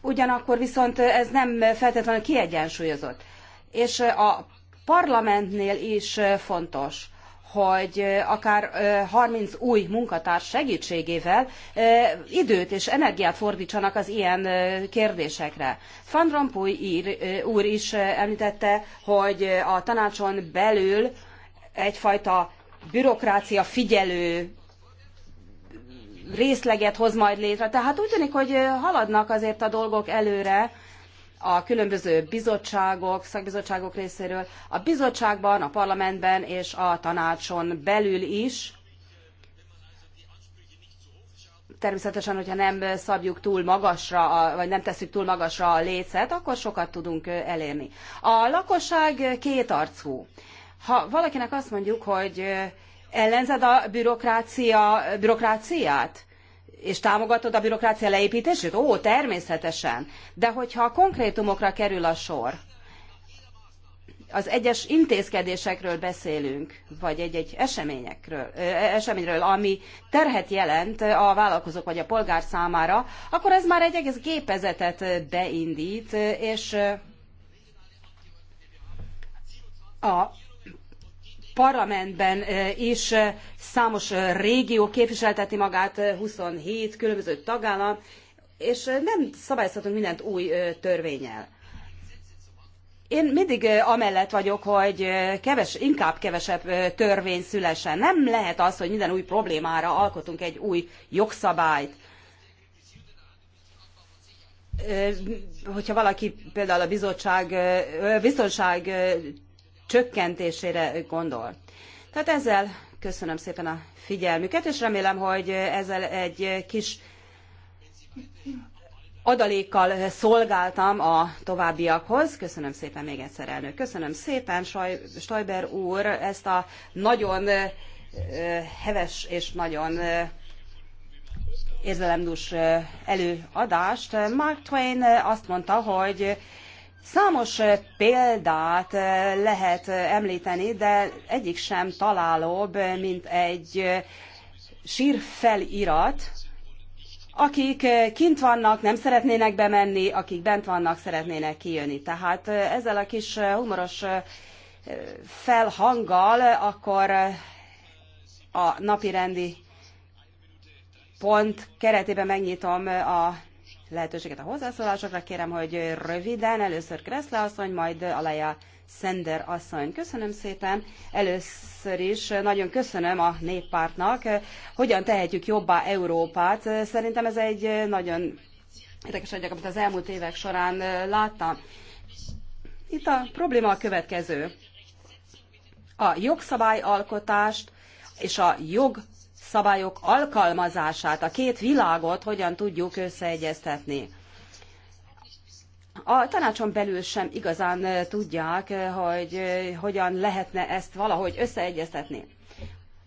ugyanakkor viszont ez nem feltétlenül kiegyensúlyozott. És eh, a parlamentnél is eh, fontos, hogy akár 30 új munkatárs segítségével időt és energiát fordítsanak az ilyen kérdésekre. Van Rompuy úr is említette, hogy a tanácson belül egyfajta bürokrácia figyelő részleget hoz majd létre. Tehát úgy tűnik, hogy haladnak azért a dolgok előre, a különböző bizottságok, szakbizottságok részéről, a bizottságban, a parlamentben és a tanácson belül is. Természetesen, hogyha nem szabjuk túl magasra, vagy nem tesszük túl magasra a lécet, akkor sokat tudunk elérni. A lakosság kétarcú. Ha valakinek azt mondjuk, hogy ellenzed a bürokrácia, bürokráciát, és támogatod a bürokrácia leépítését? Ó, természetesen. De hogyha a konkrétumokra kerül a sor, az egyes intézkedésekről beszélünk, vagy egy-egy eseményekről, e, eseményről, ami terhet jelent a vállalkozók vagy a polgár számára, akkor ez már egy egész gépezetet beindít, és a parlamentben is számos régió képviselteti magát, 27 különböző tagállam, és nem szabályozhatunk mindent új törvényel. Én mindig amellett vagyok, hogy keves, inkább kevesebb törvény szülessen. Nem lehet az, hogy minden új problémára alkotunk egy új jogszabályt. Hogyha valaki például a bizottság, biztonság csökkentésére gondol. Tehát ezzel köszönöm szépen a figyelmüket, és remélem, hogy ezzel egy kis adalékkal szolgáltam a továbbiakhoz. Köszönöm szépen még egyszer, elnök. Köszönöm szépen, Stajber úr, ezt a nagyon heves és nagyon érzelemdús előadást. Mark Twain azt mondta, hogy Számos eh, példát eh, lehet eh, említeni, de egyik sem találóbb, mint egy sírfelirat, akik kint vannak, nem szeretnének bemenni, akik bent vannak, szeretnének kijönni. Tehát ezzel a kis humoros felhanggal akkor a napirendi pont keretében megnyitom a lehetőséget a hozzászólásokra. Kérem, hogy röviden, először Kreszle asszony, majd Alaja Szender asszony. Köszönöm szépen. Először is nagyon köszönöm a néppártnak. Hogyan tehetjük jobbá Európát? Szerintem ez egy nagyon érdekes egyek, amit az elmúlt évek során láttam. Itt a probléma a következő. A jogszabályalkotást és a jog szabályok alkalmazását, a két világot hogyan tudjuk összeegyeztetni. A tanácson belül sem igazán tudják, hogy hogyan lehetne ezt valahogy összeegyeztetni.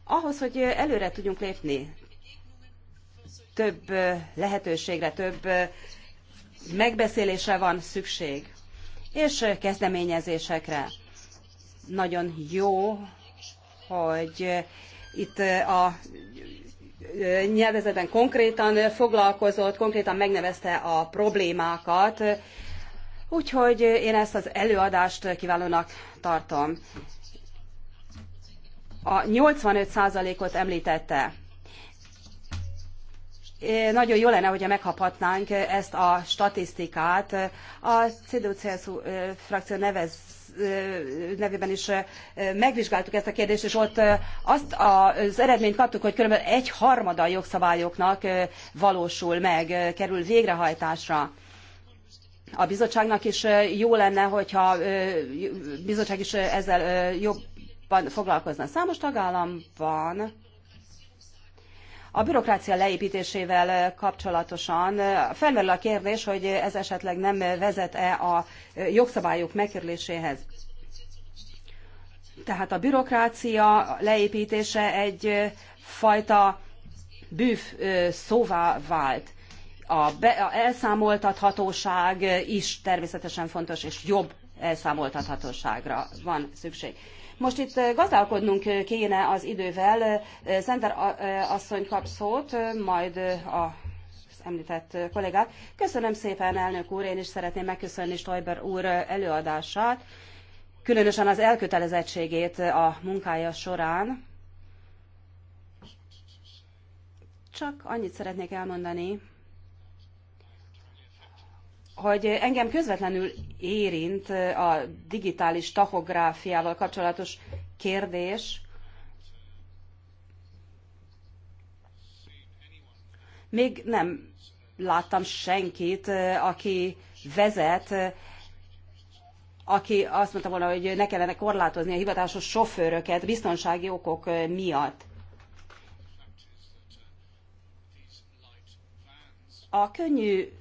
Ahhoz, hogy előre tudjunk lépni, több lehetőségre, több megbeszélésre van szükség, és kezdeményezésekre. Nagyon jó, hogy itt a nyelvezetben konkrétan foglalkozott, konkrétan megnevezte a problémákat, úgyhogy én ezt az előadást kiválónak tartom. A 85%-ot említette. Nagyon jó lenne, hogyha meghaphatnánk ezt a statisztikát. A CDU-CSU frakció nevez nevében is megvizsgáltuk ezt a kérdést, és ott azt az eredményt kaptuk, hogy körülbelül egy harmada jogszabályoknak valósul meg, kerül végrehajtásra. A bizottságnak is jó lenne, hogyha a bizottság is ezzel jobban foglalkozna. Számos tagállamban a bürokrácia leépítésével kapcsolatosan felmerül a kérdés, hogy ez esetleg nem vezet-e a jogszabályok megkerüléséhez. Tehát a bürokrácia leépítése egy fajta bűv szóvá vált. A, be, a elszámoltathatóság is természetesen fontos, és jobb elszámoltathatóságra van szükség. Most itt gazdálkodnunk kéne az idővel. Szenter asszony kap szót, majd a említett kollégát. Köszönöm szépen, elnök úr, én is szeretném megköszönni Stoiber úr előadását, különösen az elkötelezettségét a munkája során. Csak annyit szeretnék elmondani, hogy engem közvetlenül érint a digitális tachográfiával kapcsolatos kérdés. Még nem láttam senkit, aki vezet, aki azt mondta volna, hogy ne kellene korlátozni a hivatásos sofőröket biztonsági okok miatt. A könnyű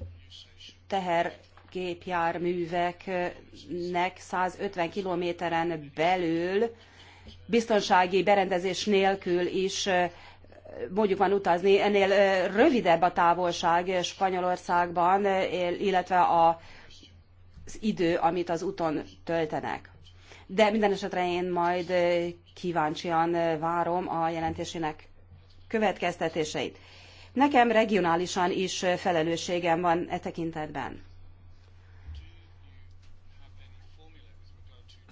tehergépjárműveknek 150 kilométeren belül biztonsági berendezés nélkül is mondjuk van utazni, ennél rövidebb a távolság Spanyolországban, illetve a az idő, amit az úton töltenek. De minden esetre én majd kíváncsian várom a jelentésének következtetéseit. Nekem regionálisan is felelősségem van e tekintetben.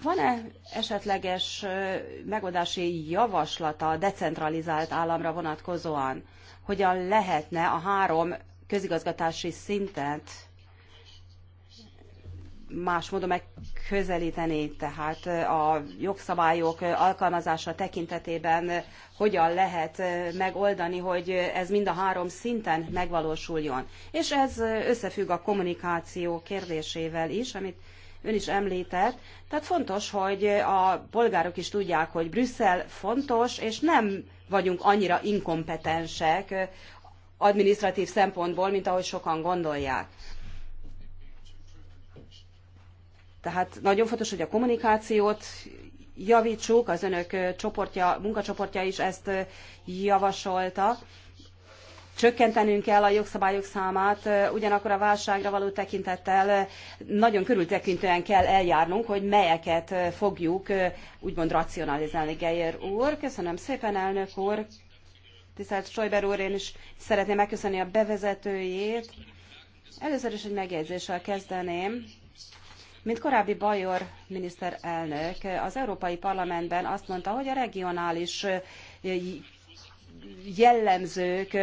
Van-e esetleges megoldási javaslata a decentralizált államra vonatkozóan? Hogyan lehetne a három közigazgatási szintet más módon megközelíteni, tehát a jogszabályok alkalmazása tekintetében hogyan lehet megoldani, hogy ez mind a három szinten megvalósuljon. És ez összefügg a kommunikáció kérdésével is, amit ön is említett. Tehát fontos, hogy a polgárok is tudják, hogy Brüsszel fontos, és nem vagyunk annyira inkompetensek administratív szempontból, mint ahogy sokan gondolják. Tehát nagyon fontos, hogy a kommunikációt javítsuk, az önök csoportja, munkacsoportja is ezt javasolta. Csökkentenünk kell a jogszabályok számát, ugyanakkor a válságra való tekintettel nagyon körültekintően kell eljárnunk, hogy melyeket fogjuk úgymond racionalizálni, Geyer úr. Köszönöm szépen, elnök úr. Tisztelt Stoiber úr, én is szeretném megköszönni a bevezetőjét. Először is egy megjegyzéssel kezdeném. Mint korábbi Bajor miniszterelnök az Európai Parlamentben azt mondta, hogy a regionális jellemzők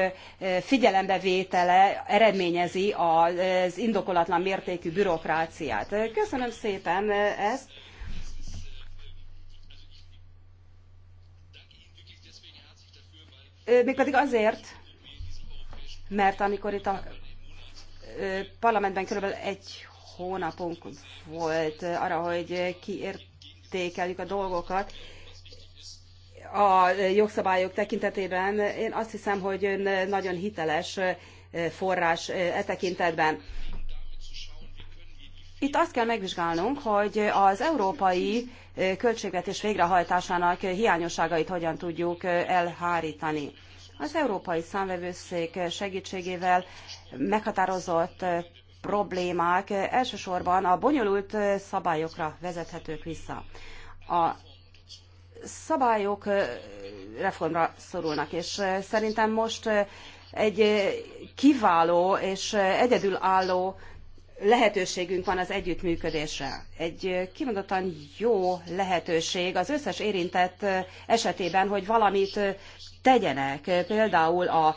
figyelembevétele eredményezi az indokolatlan mértékű bürokráciát. Köszönöm szépen ezt. Mégpedig azért, mert amikor itt a parlamentben körülbelül egy hónapunk volt arra, hogy kiértékeljük a dolgokat a jogszabályok tekintetében. Én azt hiszem, hogy ön nagyon hiteles forrás e tekintetben. Itt azt kell megvizsgálnunk, hogy az európai költségvetés végrehajtásának hiányosságait hogyan tudjuk elhárítani. Az Európai Számvevőszék segítségével meghatározott problémák elsősorban a bonyolult szabályokra vezethetők vissza. A szabályok reformra szorulnak, és szerintem most egy kiváló és egyedülálló lehetőségünk van az együttműködésre. Egy kimondottan jó lehetőség az összes érintett esetében, hogy valamit tegyenek, például a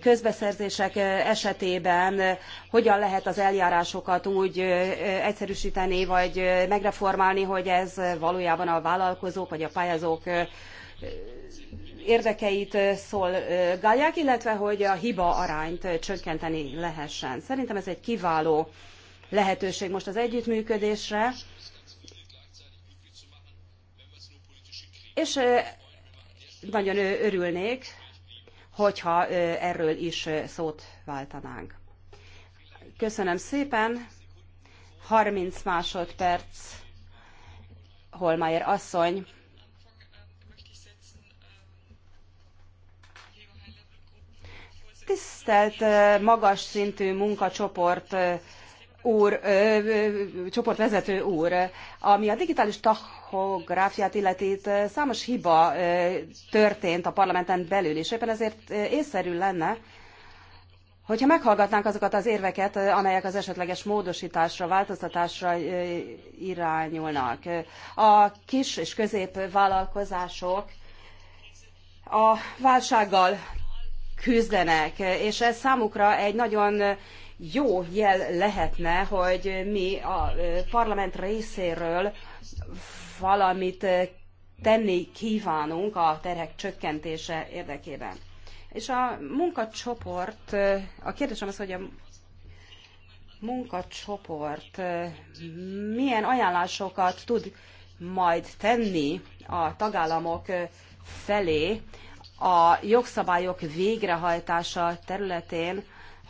közbeszerzések esetében hogyan lehet az eljárásokat úgy egyszerűsíteni, vagy megreformálni, hogy ez valójában a vállalkozók vagy a pályázók érdekeit szolgálják, illetve hogy a hiba arányt csökkenteni lehessen. Szerintem ez egy kiváló lehetőség most az együttműködésre, és nagyon örülnék, hogyha erről is szót váltanánk. Köszönöm szépen. 30 másodperc Holmeier asszony. Tisztelt magas szintű munkacsoport úr, ö, ö, csoportvezető úr, ami a digitális tachográfiát illeti, számos hiba ö, történt a parlamenten belül, és éppen ezért észszerű lenne, hogyha meghallgatnánk azokat az érveket, amelyek az esetleges módosításra, változtatásra irányulnak. A kis és középvállalkozások a válsággal küzdenek, és ez számukra egy nagyon jó jel lehetne, hogy mi a parlament részéről valamit tenni kívánunk a terhek csökkentése érdekében. És a munkacsoport, a kérdésem az, hogy a munkacsoport milyen ajánlásokat tud majd tenni a tagállamok felé a jogszabályok végrehajtása területén,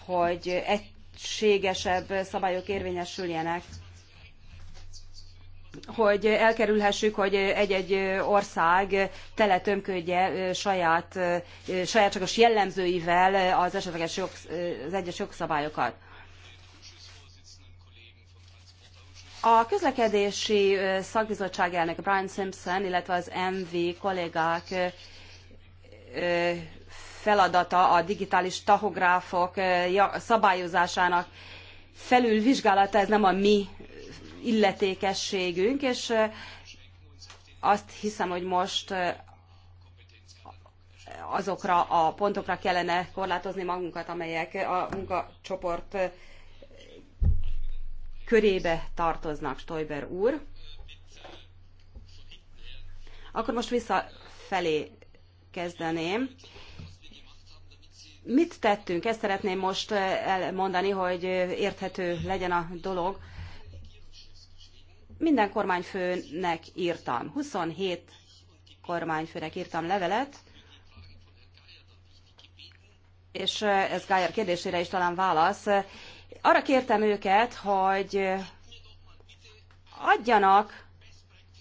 hogy egy egységesebb szabályok érvényesüljenek, hogy elkerülhessük, hogy egy-egy ország tele tömködje saját, saját csakos jellemzőivel az esetleges jog, az egyes jogszabályokat. A közlekedési szakbizottság elnök Brian Simpson, illetve az MV kollégák feladata a digitális tahográfok eh, szabályozásának felülvizsgálata, ez nem a mi illetékességünk, és eh, azt hiszem, hogy most eh, azokra a pontokra kellene korlátozni magunkat, amelyek a munkacsoport körébe tartoznak, Stoiber úr. Akkor most visszafelé kezdeném. Mit tettünk? Ezt szeretném most eh, elmondani, hogy eh, érthető legyen a dolog. Minden kormányfőnek írtam, 27 kormányfőnek írtam levelet, és eh, ez Gájer kérdésére is talán válasz. Arra kértem őket, hogy adjanak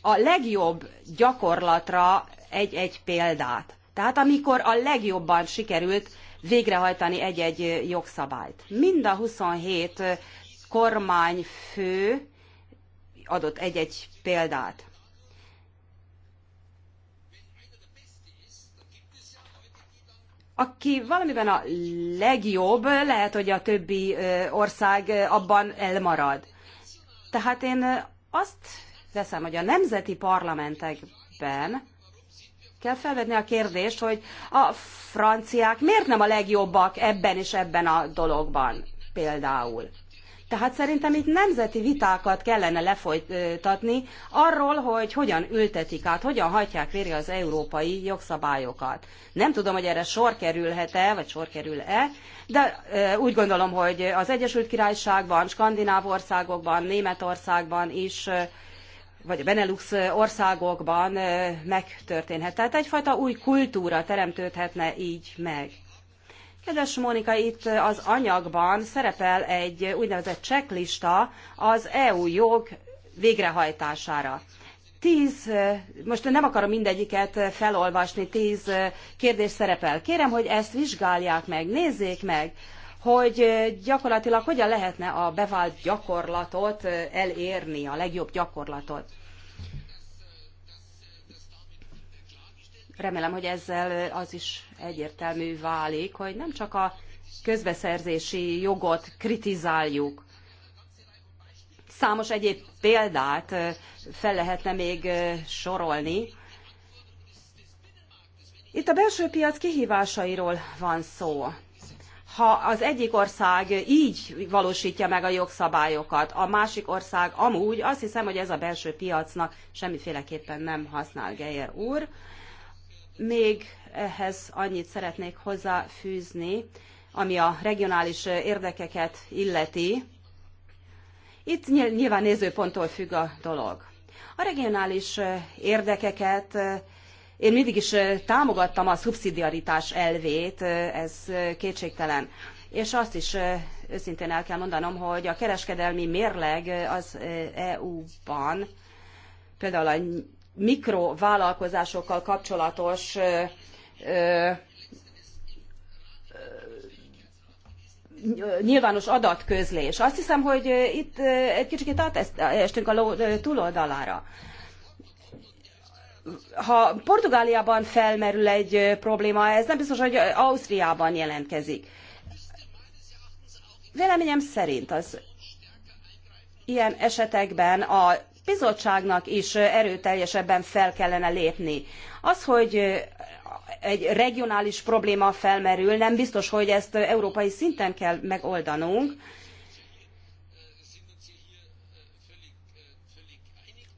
a legjobb gyakorlatra egy-egy példát. Tehát amikor a legjobban sikerült végrehajtani egy-egy jogszabályt. Mind a 27 kormányfő adott egy-egy példát. Aki valamiben a legjobb, lehet, hogy a többi ország abban elmarad. Tehát én azt veszem, hogy a nemzeti parlamentekben kell felvetni a kérdést, hogy a franciák miért nem a legjobbak ebben és ebben a dologban például. Tehát szerintem itt nemzeti vitákat kellene lefolytatni arról, hogy hogyan ültetik át, hogyan hagyják végre az európai jogszabályokat. Nem tudom, hogy erre sor kerülhet-e, vagy sor kerül-e, de úgy gondolom, hogy az Egyesült Királyságban, Skandináv országokban, Németországban is vagy a Benelux országokban megtörténhet. Tehát egyfajta új kultúra teremtődhetne így meg. Kedves Mónika, itt az anyagban szerepel egy úgynevezett cseklista az EU jog végrehajtására. Tíz, most nem akarom mindegyiket felolvasni, tíz kérdés szerepel. Kérem, hogy ezt vizsgálják meg, nézzék meg, hogy gyakorlatilag hogyan lehetne a bevált gyakorlatot elérni, a legjobb gyakorlatot. Remélem, hogy ezzel az is egyértelmű válik, hogy nem csak a közbeszerzési jogot kritizáljuk. Számos egyéb példát fel lehetne még sorolni. Itt a belső piac kihívásairól van szó ha az egyik ország így valósítja meg a jogszabályokat, a másik ország amúgy, azt hiszem, hogy ez a belső piacnak semmiféleképpen nem használ Geyer úr. Még ehhez annyit szeretnék hozzáfűzni, ami a regionális érdekeket illeti. Itt nyilván nézőponttól függ a dolog. A regionális érdekeket én mindig is támogattam a szubszidiaritás elvét, ez kétségtelen. És azt is őszintén el kell mondanom, hogy a kereskedelmi mérleg az EU-ban, például a mikrovállalkozásokkal kapcsolatos nyilvános adatközlés. Azt hiszem, hogy itt egy kicsit átestünk a ló túloldalára ha Portugáliában felmerül egy probléma, ez nem biztos, hogy Ausztriában jelentkezik. Véleményem szerint az ilyen esetekben a bizottságnak is erőteljesebben fel kellene lépni. Az, hogy egy regionális probléma felmerül, nem biztos, hogy ezt európai szinten kell megoldanunk.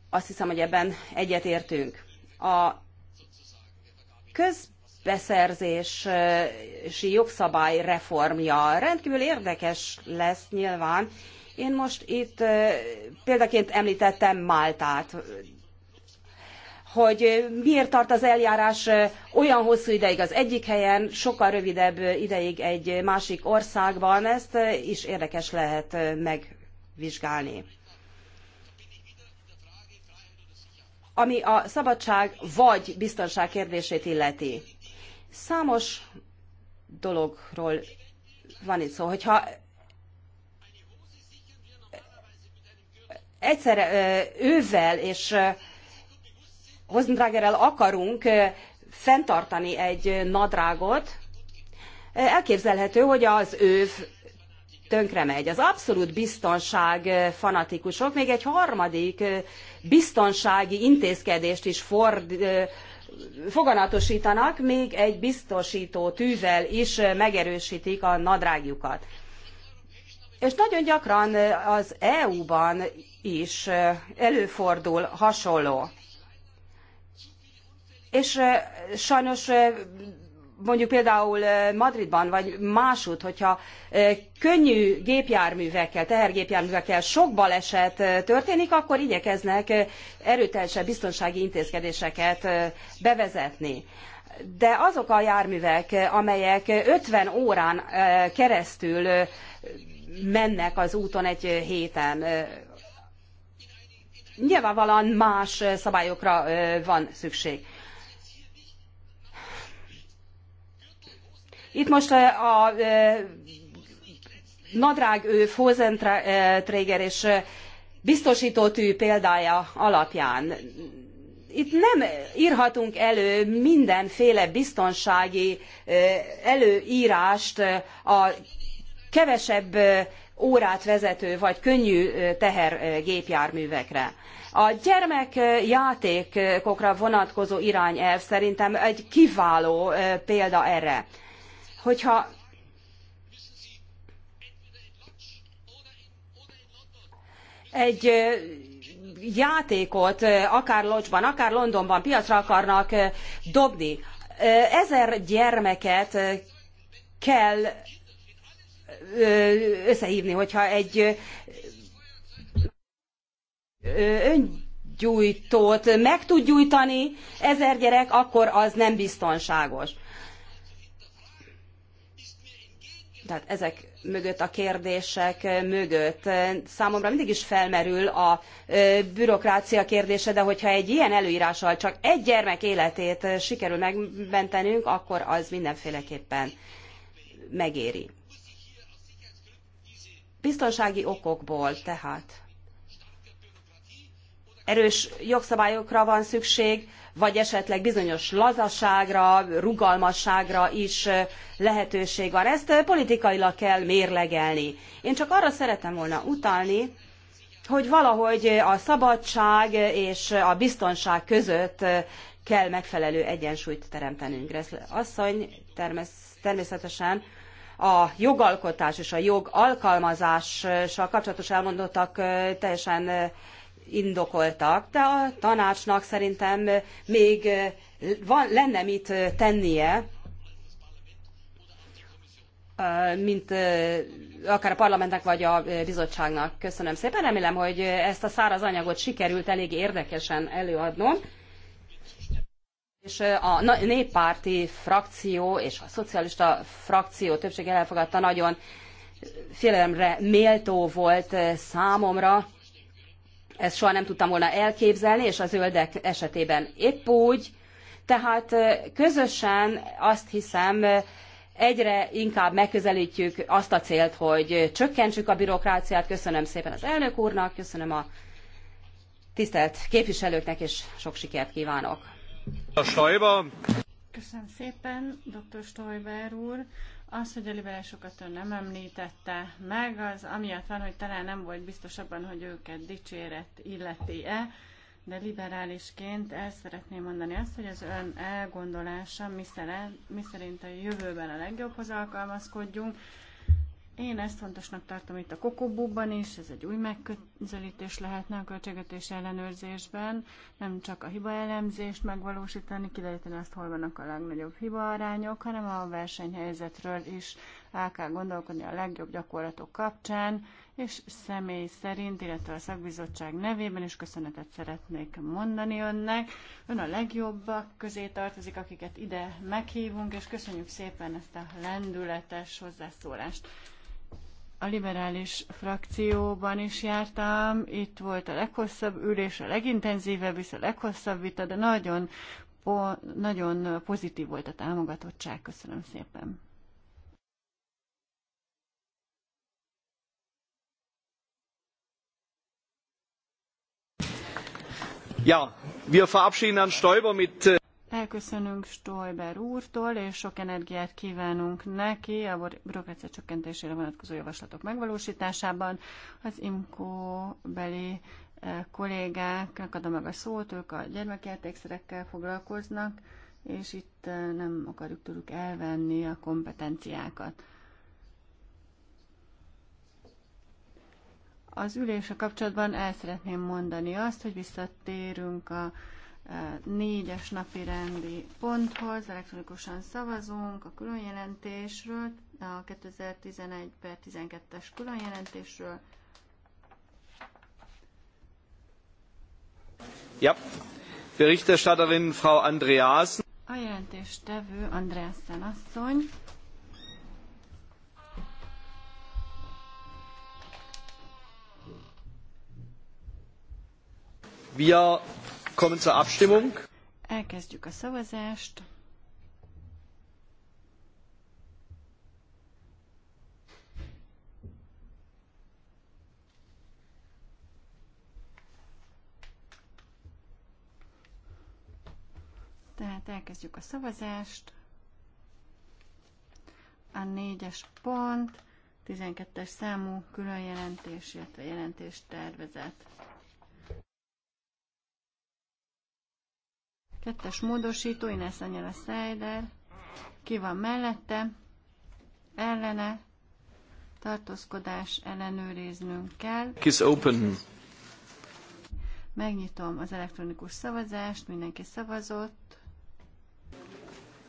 Azt hiszem, hogy ebben egyetértünk. A közbeszerzési jogszabály reformja rendkívül érdekes lesz nyilván. Én most itt példaként említettem Máltát, hogy miért tart az eljárás olyan hosszú ideig az egyik helyen, sokkal rövidebb ideig egy másik országban, ezt is érdekes lehet megvizsgálni. ami a szabadság vagy biztonság kérdését illeti. Számos dologról van itt szó, hogyha egyszerre ővel és Hozendragerrel akarunk fenntartani egy nadrágot, elképzelhető, hogy az őv tönkre megy. Az abszolút biztonság eh, fanatikusok még egy harmadik eh, biztonsági intézkedést is ford, eh, foganatosítanak, még egy biztosító tűvel is megerősítik a nadrágjukat. És nagyon gyakran az EU-ban is előfordul hasonló. És sajnos mondjuk például Madridban, vagy máshogy, hogyha könnyű gépjárművekkel, tehergépjárművekkel sok baleset történik, akkor igyekeznek erőteljesebb biztonsági intézkedéseket bevezetni. De azok a járművek, amelyek 50 órán keresztül mennek az úton egy héten, nyilvánvalóan más szabályokra van szükség. Itt most a e, nadrág ő Fozentréger e, és e, biztosítótű példája alapján itt nem írhatunk elő mindenféle biztonsági előírást a kevesebb órát vezető vagy könnyű tehergépjárművekre. A gyermekjátékokra vonatkozó irányelv szerintem egy kiváló példa erre hogyha egy játékot akár Lodzsban, akár Londonban piacra akarnak dobni, ezer gyermeket kell összehívni, hogyha egy öngyújtót meg tud gyújtani ezer gyerek, akkor az nem biztonságos. tehát ezek mögött, a kérdések mögött. Számomra mindig is felmerül a bürokrácia kérdése, de hogyha egy ilyen előírással csak egy gyermek életét sikerül megmentenünk, akkor az mindenféleképpen megéri. Biztonsági okokból tehát erős jogszabályokra van szükség, vagy esetleg bizonyos lazaságra, rugalmasságra is lehetőség van. Ezt politikailag kell mérlegelni. Én csak arra szeretem volna utalni, hogy valahogy a szabadság és a biztonság között kell megfelelő egyensúlyt teremtenünk. Ez asszony természetesen a jogalkotás és a jogalkalmazással kapcsolatos elmondottak teljesen indokoltak, de a tanácsnak szerintem még eh, van, lenne mit eh, tennie, eh, mint akár a parlamentnek vagy a bizottságnak. Köszönöm szépen, remélem, hogy ezt a száraz anyagot sikerült elég érdekesen előadnom. És a néppárti frakció és a szocialista frakció többsége elfogadta nagyon félelemre méltó volt számomra. Ezt soha nem tudtam volna elképzelni, és a zöldek esetében épp úgy. Tehát közösen azt hiszem, egyre inkább megközelítjük azt a célt, hogy csökkentsük a bürokráciát. Köszönöm szépen az elnök úrnak, köszönöm a tisztelt képviselőknek, és sok sikert kívánok. A Köszönöm szépen, dr. Stoiber úr. Az, hogy a liberálisokat ő nem említette meg, az amiatt van, hogy talán nem volt biztos abban, hogy őket dicséret illeti-e, de liberálisként el szeretném mondani azt, hogy az ön elgondolása, mi szerint a jövőben a legjobbhoz alkalmazkodjunk, én ezt fontosnak tartom itt a kokobúban is, ez egy új megközelítés lehetne a költségetés ellenőrzésben, nem csak a hiba elemzést megvalósítani, kideríteni azt, hol vannak a legnagyobb arányok, hanem a versenyhelyzetről is el kell gondolkodni a legjobb gyakorlatok kapcsán, és személy szerint, illetve a szakbizottság nevében is köszönetet szeretnék mondani önnek. Ön a legjobbak közé tartozik, akiket ide meghívunk, és köszönjük szépen ezt a lendületes hozzászólást a liberális frakcióban is jártam, itt volt a leghosszabb ülés, a legintenzívebb és a leghosszabb vita, de nagyon, po, nagyon pozitív volt a támogatottság. Köszönöm szépen. Ja, wir verabschieden Herrn Stoiber mit äh, Elköszönünk Stolber úrtól, és sok energiát kívánunk neki a bürokrácia csökkentésére vonatkozó javaslatok megvalósításában. Az IMCO beli eh, kollégáknak adom meg a szót, ők a gyermekjátékszerekkel foglalkoznak, és itt eh, nem akarjuk tőlük elvenni a kompetenciákat. Az ülésre kapcsolatban el szeretném mondani azt, hogy visszatérünk a négyes napi rendi ponthoz. Elektronikusan szavazunk a különjelentésről, a 2011 per 12-es különjelentésről. Ja, Berichterstatterin Frau Andreasen. A jelentéstevő Andreasen asszony. Wir Elkezdjük a szavazást. Tehát elkezdjük a szavazást. A négyes pont, 12-es számú különjelentés, illetve jelentés tervezet. Kettes módosító, Ines a Seider. Ki van mellette? Ellene. Tartózkodás ellenőriznünk kell. Kiss open. Megnyitom az elektronikus szavazást, mindenki szavazott.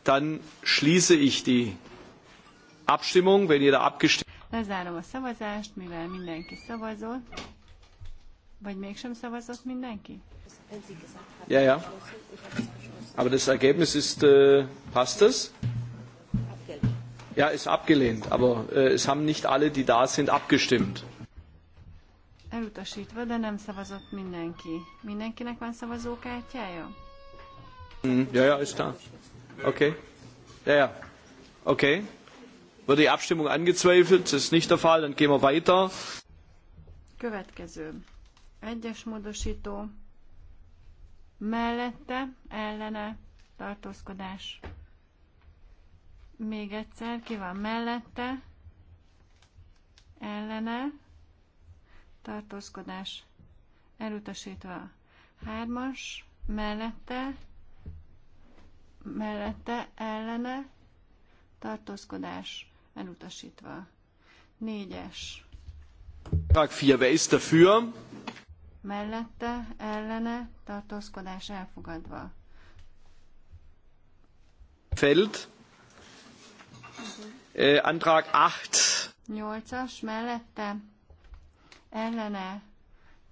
Dann schließe ich die Abstimmung, wenn jeder abgestimmt. Lezárom a szavazást, mivel mindenki szavazott. Vagy mégsem szavazott mindenki? Ja, ja. Aber das Ergebnis ist, äh, passt das? Ja, ist abgelehnt, aber äh, es haben nicht alle, die da sind, abgestimmt. Elutasítva, de nem szavazott mindenki. Mindenkinek van szavazókártyája? Mm, ja, ja, ist da. Okay. Ja, ja. Okay. Wird die Abstimmung angezweifelt? Das ist nicht der Fall. Dann gehen wir weiter. Következő. Egyes módosító mellette, ellene, tartózkodás. Még egyszer, ki van mellette, ellene, tartózkodás, elutasítva. Hármas, mellette, mellette, ellene, tartózkodás, elutasítva. Négyes. Tag 4, wer ist dafür? mellette, ellene, tartózkodás elfogadva. Feld. Äh, Antrag 8. 8 mellette, ellene,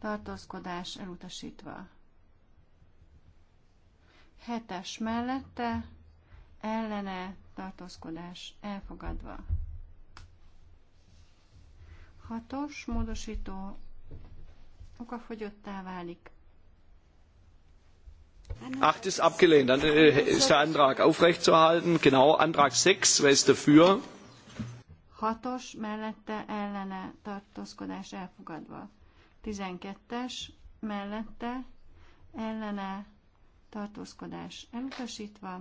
tartózkodás elutasítva. 7 mellette, ellene, tartózkodás elfogadva. 6 módosító okafogyottá válik. Acht ist abgelehnt. Dann äh, ist der Antrag aufrechtzuerhalten. Genau, Antrag 6. Wer ist dafür? Hatos mellette ellene tartózkodás elfogadva. 12-es mellette ellene tartózkodás elutasítva.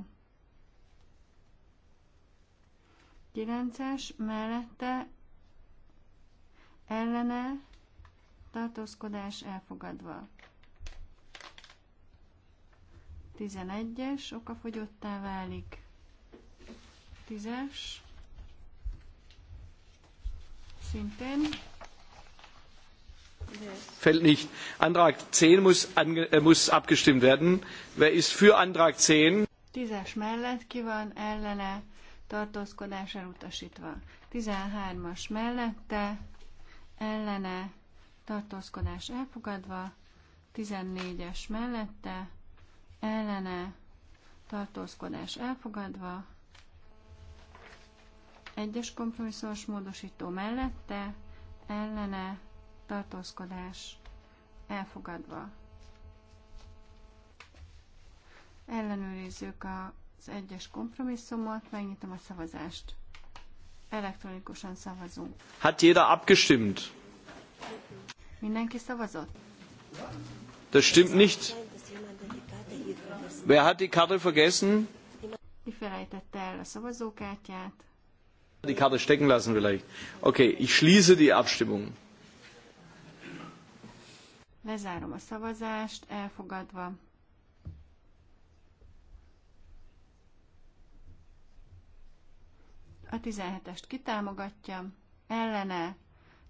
9-es mellette ellene tartózkodás elfogadva. 11-es okafogyottá válik. 10-es szintén. Fällt nicht. Antrag 10 muss, ange, äh, muss abgestimmt werden. Wer ist für Antrag 10? 10-es mellett ki van ellene tartózkodás elutasítva. 13-as mellette ellene tartózkodás elfogadva, 14-es mellette, ellene, tartózkodás elfogadva, egyes kompromisszós módosító mellette, ellene, tartózkodás elfogadva. Ellenőrizzük az egyes kompromisszumot, megnyitom a szavazást. Elektronikusan szavazunk. Hát jeder abgestimmt. Mindenki szavazott? Das stimmt nicht. Wer hat die Karte vergessen? Ki felejtette el a szavazókártyát? Die Karte stecken lassen vielleicht. Okay, ich schließe die Abstimmung. Lezárom a szavazást, elfogadva. A 17-est kitámogatja, ellene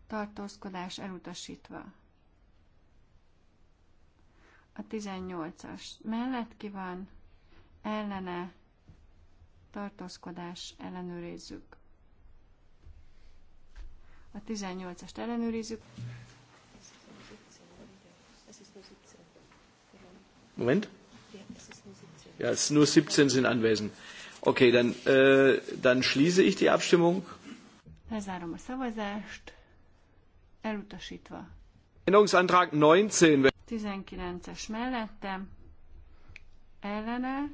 tartózkodás elutasítva. A 18-as mellett ki van, ellene, tartózkodás ellenőrizzük. A 18-ast ellenőrizzük. Moment. Ja, es nur 17 sind anwesend. Okay, dann, äh, dann schließe ich die Abstimmung. Lezárom a szavazást. Elutasítva. Änderungsantrag 19. 19-es mellette. Ellene.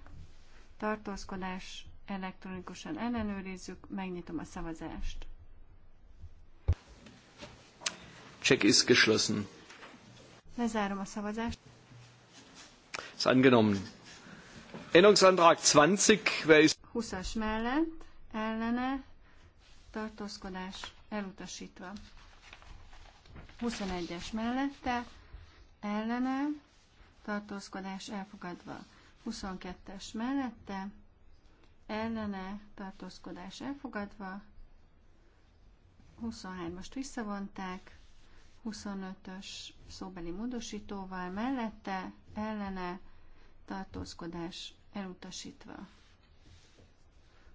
Tartózkodás elektronikusan ellenőrizzük. Megnyitom a szavazást. Check is geschlossen. Lezárom a szavazást. Ist angenommen. Änderungsantrag 20. Wer ist 20-as mellett ellene tartózkodás elutasítva. 21-es mellette, ellene, tartózkodás elfogadva. 22-es mellette, ellene, tartózkodás elfogadva. 23-ast visszavonták, 25-ös szóbeli módosítóval mellette, ellene, tartózkodás elutasítva.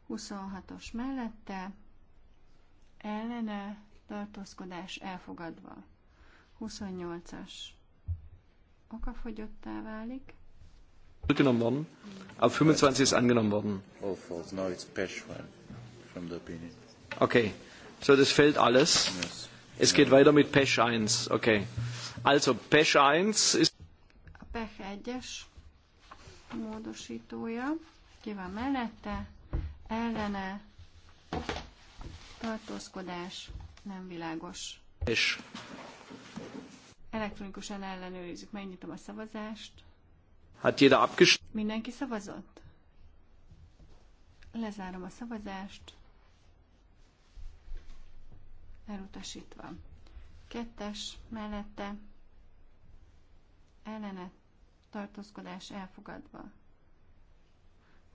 26-os mellette, ellene, tartózkodás elfogadva. 28-as okafogyottá válik. Zurückgenommen worden. Auf 25 ist angenommen worden. Oh, false. Now it's Peshwan from the opinion. Okay. So, das fällt alles. Yes. Es geht weiter mit Pesh 1. Okay. Also, Pesh 1 ist... A Pesh 1-es módosítója. Ki van mellette? Ellene? Tartózkodás? Nem világos. Pesh. Elektronikusan ellenőrizzük, megnyitom a szavazást. Hát jeder abgest... Mindenki szavazott? Lezárom a szavazást. Elutasítva. Kettes mellette ellene tartózkodás elfogadva.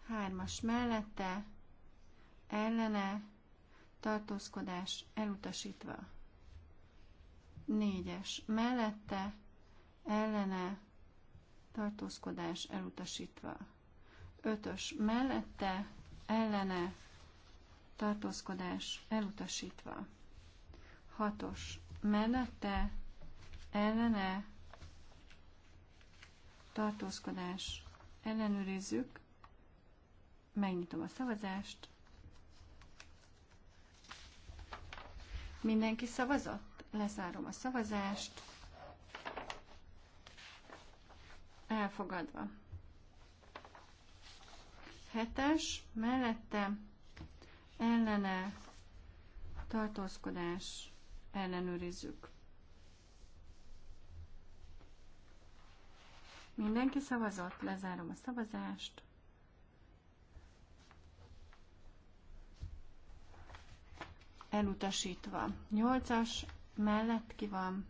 Hármas mellette ellene tartózkodás elutasítva. Négyes mellette ellene tartózkodás elutasítva. Ötös mellette ellene tartózkodás elutasítva. Hatos mellette ellene tartózkodás ellenőrizzük. Megnyitom a szavazást. Mindenki szavazott? Lezárom a szavazást. Elfogadva. Hetes, mellette ellene tartózkodás ellenőrizzük. Mindenki szavazott, lezárom a szavazást. Elutasítva. Nyolcas mellett ki van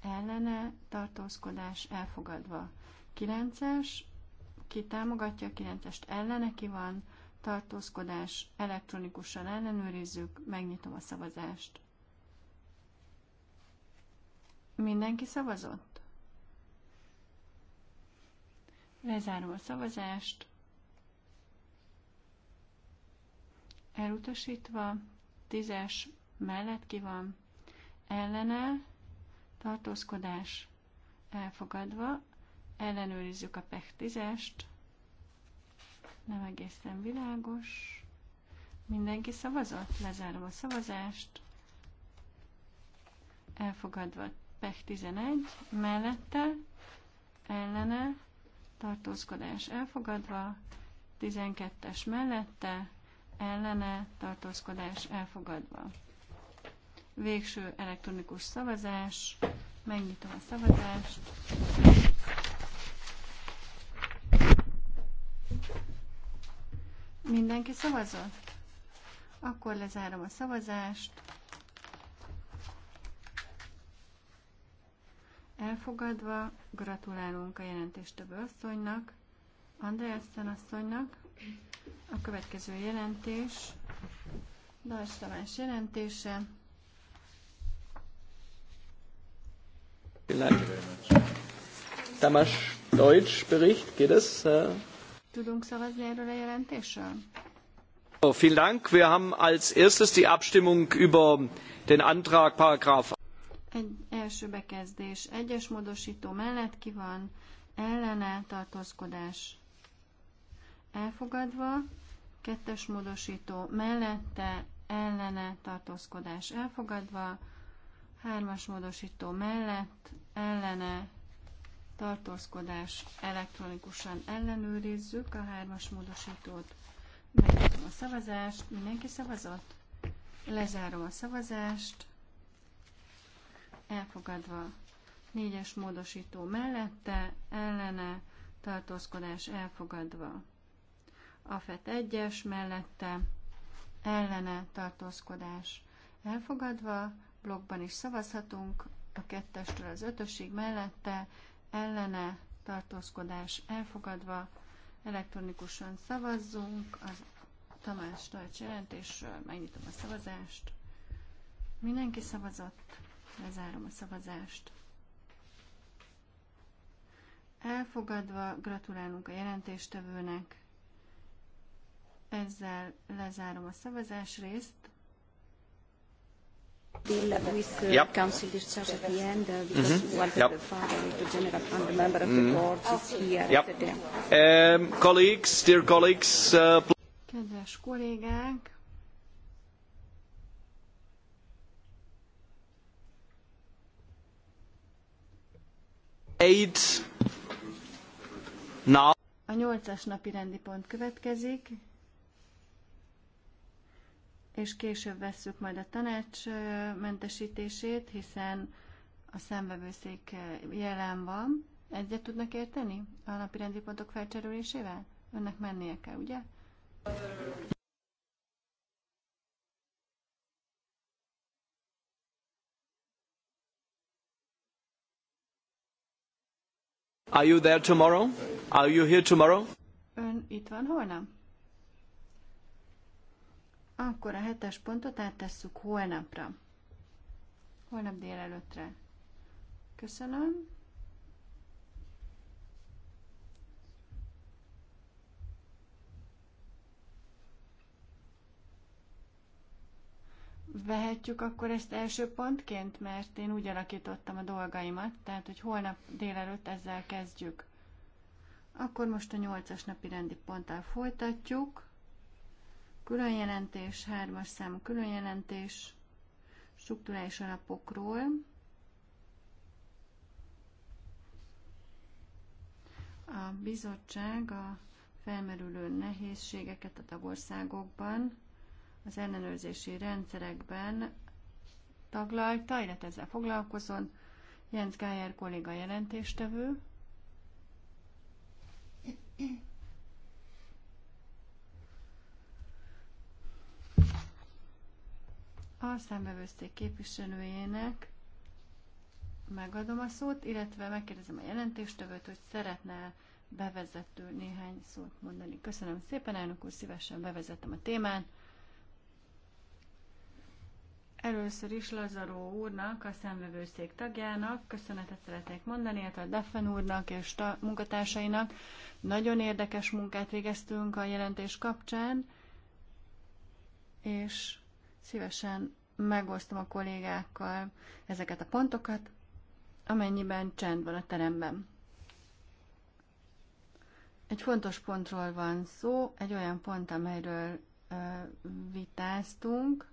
ellene tartózkodás elfogadva. 9-es, ki támogatja a 9-est ellene, ki van tartózkodás, elektronikusan ellenőrizzük, megnyitom a szavazást. Mindenki szavazott? Lezárom a szavazást. Elutasítva, tízes mellett ki van, ellene, tartózkodás elfogadva, ellenőrizzük a PEC 10-est, nem egészen világos. Mindenki szavazott? Lezárom a szavazást. Elfogadva PEC 11, mellette, ellene, tartózkodás elfogadva, 12-es mellette, ellene, tartózkodás elfogadva. Végső elektronikus szavazás. Megnyitom a szavazást. Mindenki szavazott? Akkor lezárom a szavazást. Elfogadva gratulálunk a több asszonynak, Andreasen asszonynak. A következő jelentés, Dajs Tamás jelentése. Vielen Dank. Tamás Deutsch Bericht, geht es? Äh? Tudunk a Oh, vielen Dank. Wir haben als erstes die Abstimmung über den Antrag Paragraph. Egy első bekezdés. Egyes módosító mellett ki van ellene tartózkodás. Elfogadva. Kettes módosító mellette ellene tartózkodás elfogadva Hármas módosító mellett ellene tartózkodás elektronikusan ellenőrizzük a hármas módosítót. Megnyitom a szavazást. Mindenki szavazott? Lezárom a szavazást. Elfogadva. Négyes módosító mellette, ellene, tartózkodás elfogadva. A FET 1-es mellette, ellene, tartózkodás elfogadva blogban is szavazhatunk, a kettestől az ötösig mellette, ellene, tartózkodás elfogadva, elektronikusan szavazzunk, az Tamás Tajcs jelentésről megnyitom a szavazást. Mindenki szavazott, lezárom a szavazást. Elfogadva gratulálunk a jelentéstevőnek. Ezzel lezárom a szavazás részt deal with uh, yep. council discharge at the mm-hmm. end uh, because mm-hmm. one yep. of the father, the general the member of mm-hmm. board is here yep. at the Um, colleagues, dear colleagues, uh, Kedves kollégák, Eight. Now. A nyolcas napi rendi pont következik és később vesszük majd a tanács mentesítését, hiszen a szembevőszék jelen van. Egyet tudnak érteni a napi rendi pontok felcserülésével? Önnek mennie kell, ugye? Are you there tomorrow? Are you here tomorrow? Ön itt van holnap? Akkor a hetes pontot áttesszük holnapra. Holnap délelőttre. Köszönöm. Vehetjük akkor ezt első pontként, mert én úgy alakítottam a dolgaimat, tehát hogy holnap délelőtt ezzel kezdjük. Akkor most a nyolcas napi rendi ponttal folytatjuk különjelentés, hármas számú különjelentés strukturális alapokról. A bizottság a felmerülő nehézségeket a tagországokban, az ellenőrzési rendszerekben taglalta, illetve ezzel foglalkozon Jens Gájer kolléga jelentéstevő. A számbevőszék képviselőjének megadom a szót, illetve megkérdezem a jelentéstevőt, hogy szeretne bevezető néhány szót mondani. Köszönöm szépen, elnök úr, szívesen bevezettem a témát. Először is Lazaró úrnak, a számvevőszék tagjának köszönetet szeretnék mondani, illetve a Defen úrnak és a munkatársainak. Nagyon érdekes munkát végeztünk a jelentés kapcsán, és Szívesen megosztom a kollégákkal ezeket a pontokat, amennyiben csend van a teremben. Egy fontos pontról van szó, egy olyan pont, amelyről ö, vitáztunk.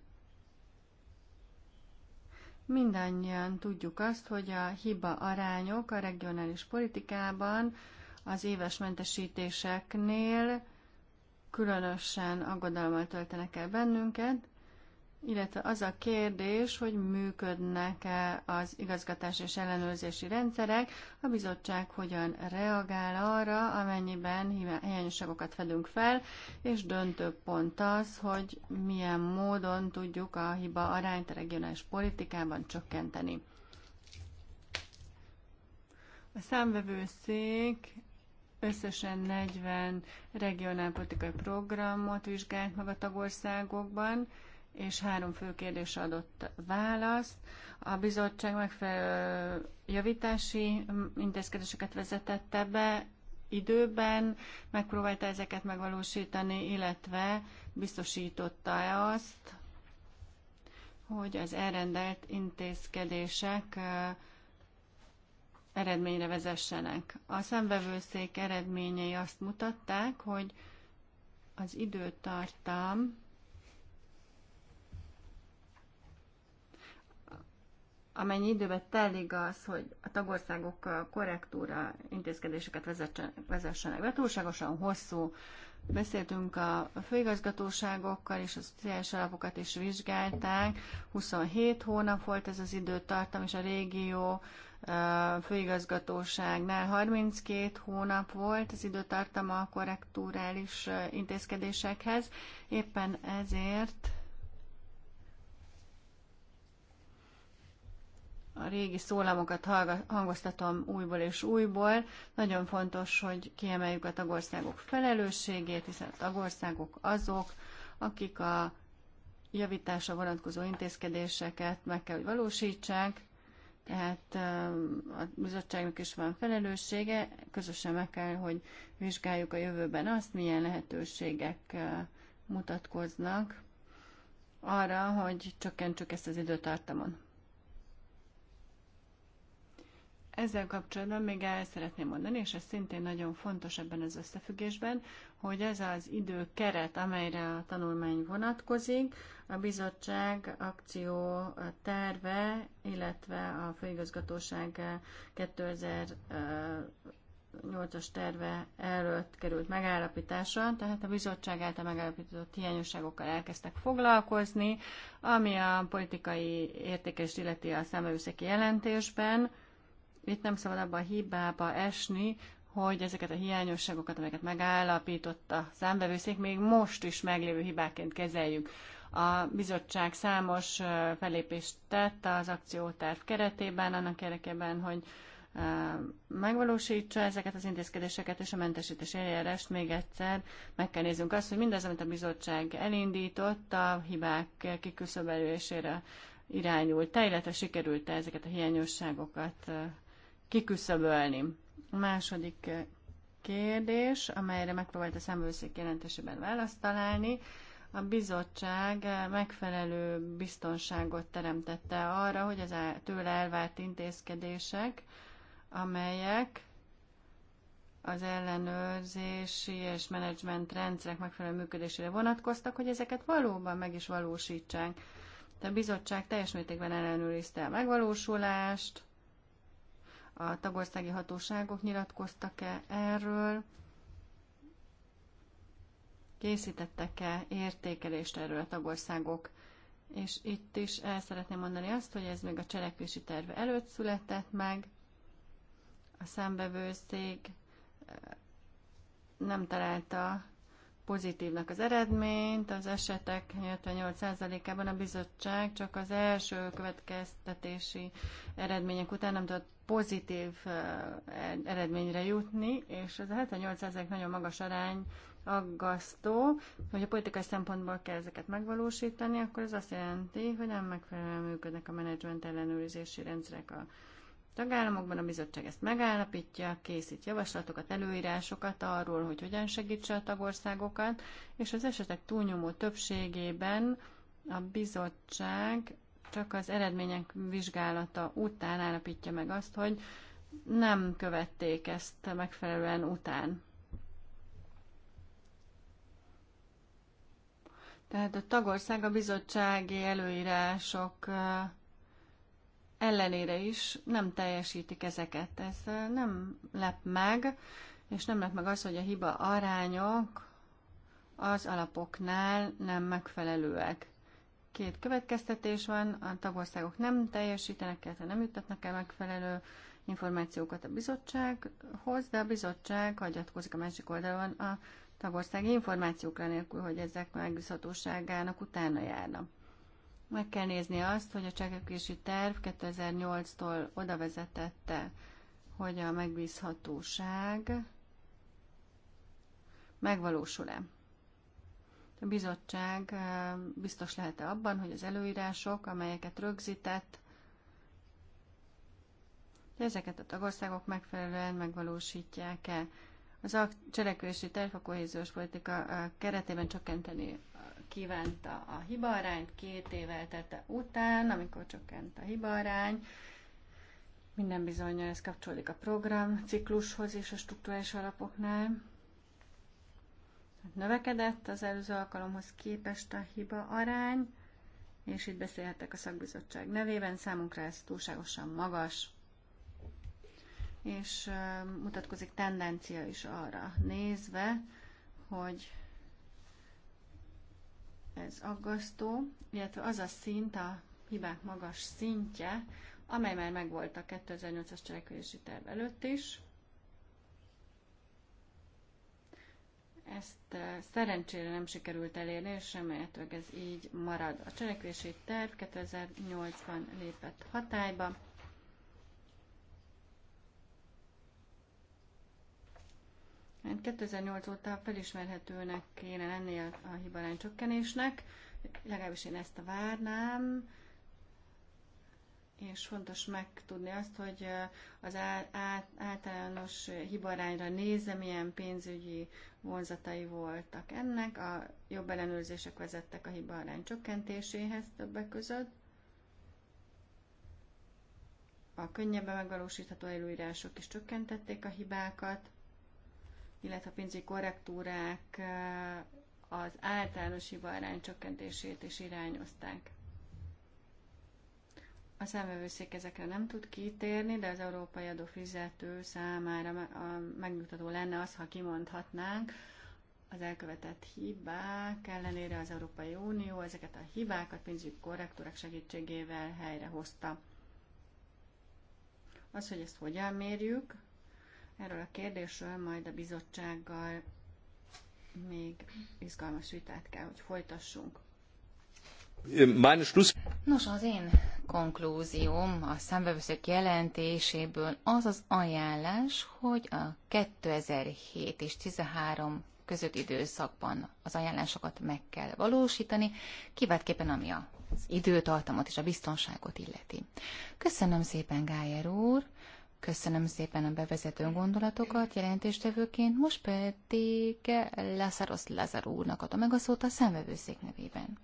Mindannyian tudjuk azt, hogy a hiba arányok a regionális politikában az éves mentesítéseknél különösen aggodalommal töltenek el bennünket, illetve az a kérdés, hogy működnek-e az igazgatás és ellenőrzési rendszerek, a bizottság hogyan reagál arra, amennyiben hiányosságokat fedünk fel, és döntő pont az, hogy milyen módon tudjuk a hiba arányt a regionális politikában csökkenteni. A számvevőszék összesen 40 regionálpolitikai programot vizsgált meg a tagországokban, és három fő kérdés adott választ. A bizottság megfelelő javítási intézkedéseket vezetette be időben, megpróbálta ezeket megvalósítani, illetve biztosította -e azt, hogy az elrendelt intézkedések eredményre vezessenek. A szembevőszék eredményei azt mutatták, hogy az időtartam amennyi időbe telik az, hogy a tagországok korrektúra intézkedéseket vezessenek be. Túlságosan hosszú. Beszéltünk a főigazgatóságokkal, és a szociális alapokat is vizsgálták. 27 hónap volt ez az időtartam, és a régió főigazgatóságnál 32 hónap volt az időtartama a korrektúrális intézkedésekhez. Éppen ezért a régi szólamokat hangoztatom újból és újból. Nagyon fontos, hogy kiemeljük a tagországok felelősségét, hiszen a tagországok azok, akik a javításra vonatkozó intézkedéseket meg kell, hogy valósítsák, tehát a bizottságnak is van felelőssége, közösen meg kell, hogy vizsgáljuk a jövőben azt, milyen lehetőségek mutatkoznak arra, hogy csökkentsük ezt az időtartamon. Ezzel kapcsolatban még el szeretném mondani, és ez szintén nagyon fontos ebben az összefüggésben, hogy ez az időkeret, amelyre a tanulmány vonatkozik, a bizottság akció terve, illetve a főigazgatóság 2008-as terve előtt került megállapítása, tehát a bizottság által megállapított hiányosságokkal elkezdtek foglalkozni, ami a politikai értékes illeti a számövőszeki jelentésben, itt nem szabad abba a hibába esni, hogy ezeket a hiányosságokat, amelyeket megállapított a számbevőszék, még most is meglévő hibáként kezeljük. A bizottság számos felépést tett az akcióterv keretében, annak érdekében, hogy megvalósítsa ezeket az intézkedéseket és a mentesítés eljárást még egyszer meg kell néznünk azt, hogy mindaz, amit a bizottság elindított, a hibák kiküszöbölésére irányult, illetve sikerült -e ezeket a hiányosságokat kiküszöbölni. A második eh, kérdés, amelyre megpróbált a számbőszék jelentésében választ találni, a bizottság eh, megfelelő biztonságot teremtette arra, hogy az tőle elvárt intézkedések, amelyek az ellenőrzési és menedzsment rendszerek megfelelő működésére vonatkoztak, hogy ezeket valóban meg is valósítsák. De a bizottság teljes mértékben ellenőrizte a megvalósulást, a tagországi hatóságok nyilatkoztak-e erről? Készítettek-e értékelést erről a tagországok? És itt is el szeretném mondani azt, hogy ez még a cselekvési terve előtt született meg. A számbevőszék eh, nem találta pozitívnak az eredményt. Az esetek 78%-ában a bizottság csak az első következtetési eredmények után nem tudott pozitív eh, eredményre jutni, és ez a 78% nagyon magas arány aggasztó, hogy a politikai szempontból kell ezeket megvalósítani, akkor ez azt jelenti, hogy nem megfelelően működnek a menedzsment ellenőrizési rendszerek a tagállamokban. A bizottság ezt megállapítja, készít javaslatokat, előírásokat arról, hogy hogyan segítse a tagországokat, és az esetek túlnyomó többségében a bizottság csak az eredmények vizsgálata után állapítja meg azt, hogy nem követték ezt megfelelően után. Tehát a tagország a bizottsági előírások ellenére is nem teljesítik ezeket. Ez nem lep meg, és nem lep meg az, hogy a hiba arányok az alapoknál nem megfelelőek. Két következtetés van, a tagországok nem teljesítenek, illetve nem jutatnak el megfelelő információkat a bizottsághoz, de a bizottság hagyatkozik a másik oldalon a tagországi információkra nélkül, hogy ezek megbízhatóságának utána járnak. Meg kell nézni azt, hogy a cselekvési terv 2008-tól oda vezetette, hogy a megbízhatóság megvalósul-e. A bizottság biztos lehet-e abban, hogy az előírások, amelyeket rögzített, de ezeket a tagországok megfelelően megvalósítják-e. Az a cselekvési terv a kohéziós politika keretében csökkenteni kívánta a hibarányt két év eltelte után, amikor csökkent a hibarány. Minden bizonyal ez kapcsolódik a ciklushoz és a struktúrális alapoknál. Hát növekedett az előző alkalomhoz képest a hiba arány, és itt beszélhetek a szakbizottság nevében, számunkra ez túlságosan magas és mutatkozik tendencia is arra nézve, hogy ez aggasztó, illetve az a szint, a hibák magas szintje, amely már megvolt a 2008-as cselekvési terv előtt is. Ezt szerencsére nem sikerült elérni, és remélhetőleg ez így marad. A cselekvési terv 2008-ban lépett hatályba Mert 2008 óta felismerhetőnek kéne lennie a hibarány csökkenésnek, legalábbis én ezt várnám, és fontos megtudni azt, hogy az általános hibarányra nézve milyen pénzügyi vonzatai voltak ennek. A jobb ellenőrzések vezettek a hibarány csökkentéséhez többek között. A könnyebben megvalósítható előírások is csökkentették a hibákat illetve a pénzügyi korrektúrák az általános hibaarány csökkentését is irányozták. A számvevőszék ezekre nem tud kitérni, de az európai adófizető számára megnyugtató lenne az, ha kimondhatnánk, az elkövetett hibák ellenére az Európai Unió ezeket a hibákat pénzügyi korrektúrák segítségével helyrehozta. Az, hogy ezt hogyan mérjük, Erről a kérdésről majd a bizottsággal még izgalmas vitát kell, hogy folytassunk. Nos, az én konklúzióm a számbevőszök jelentéséből az az ajánlás, hogy a 2007 és 13 között időszakban az ajánlásokat meg kell valósítani, kiváltképpen ami az időtartamot és a biztonságot illeti. Köszönöm szépen, Gájer úr! Köszönöm szépen a bevezető gondolatokat jelentéstevőként, most pedig Lászáros Lázár úrnak adom meg a szót a szemvevőszék nevében.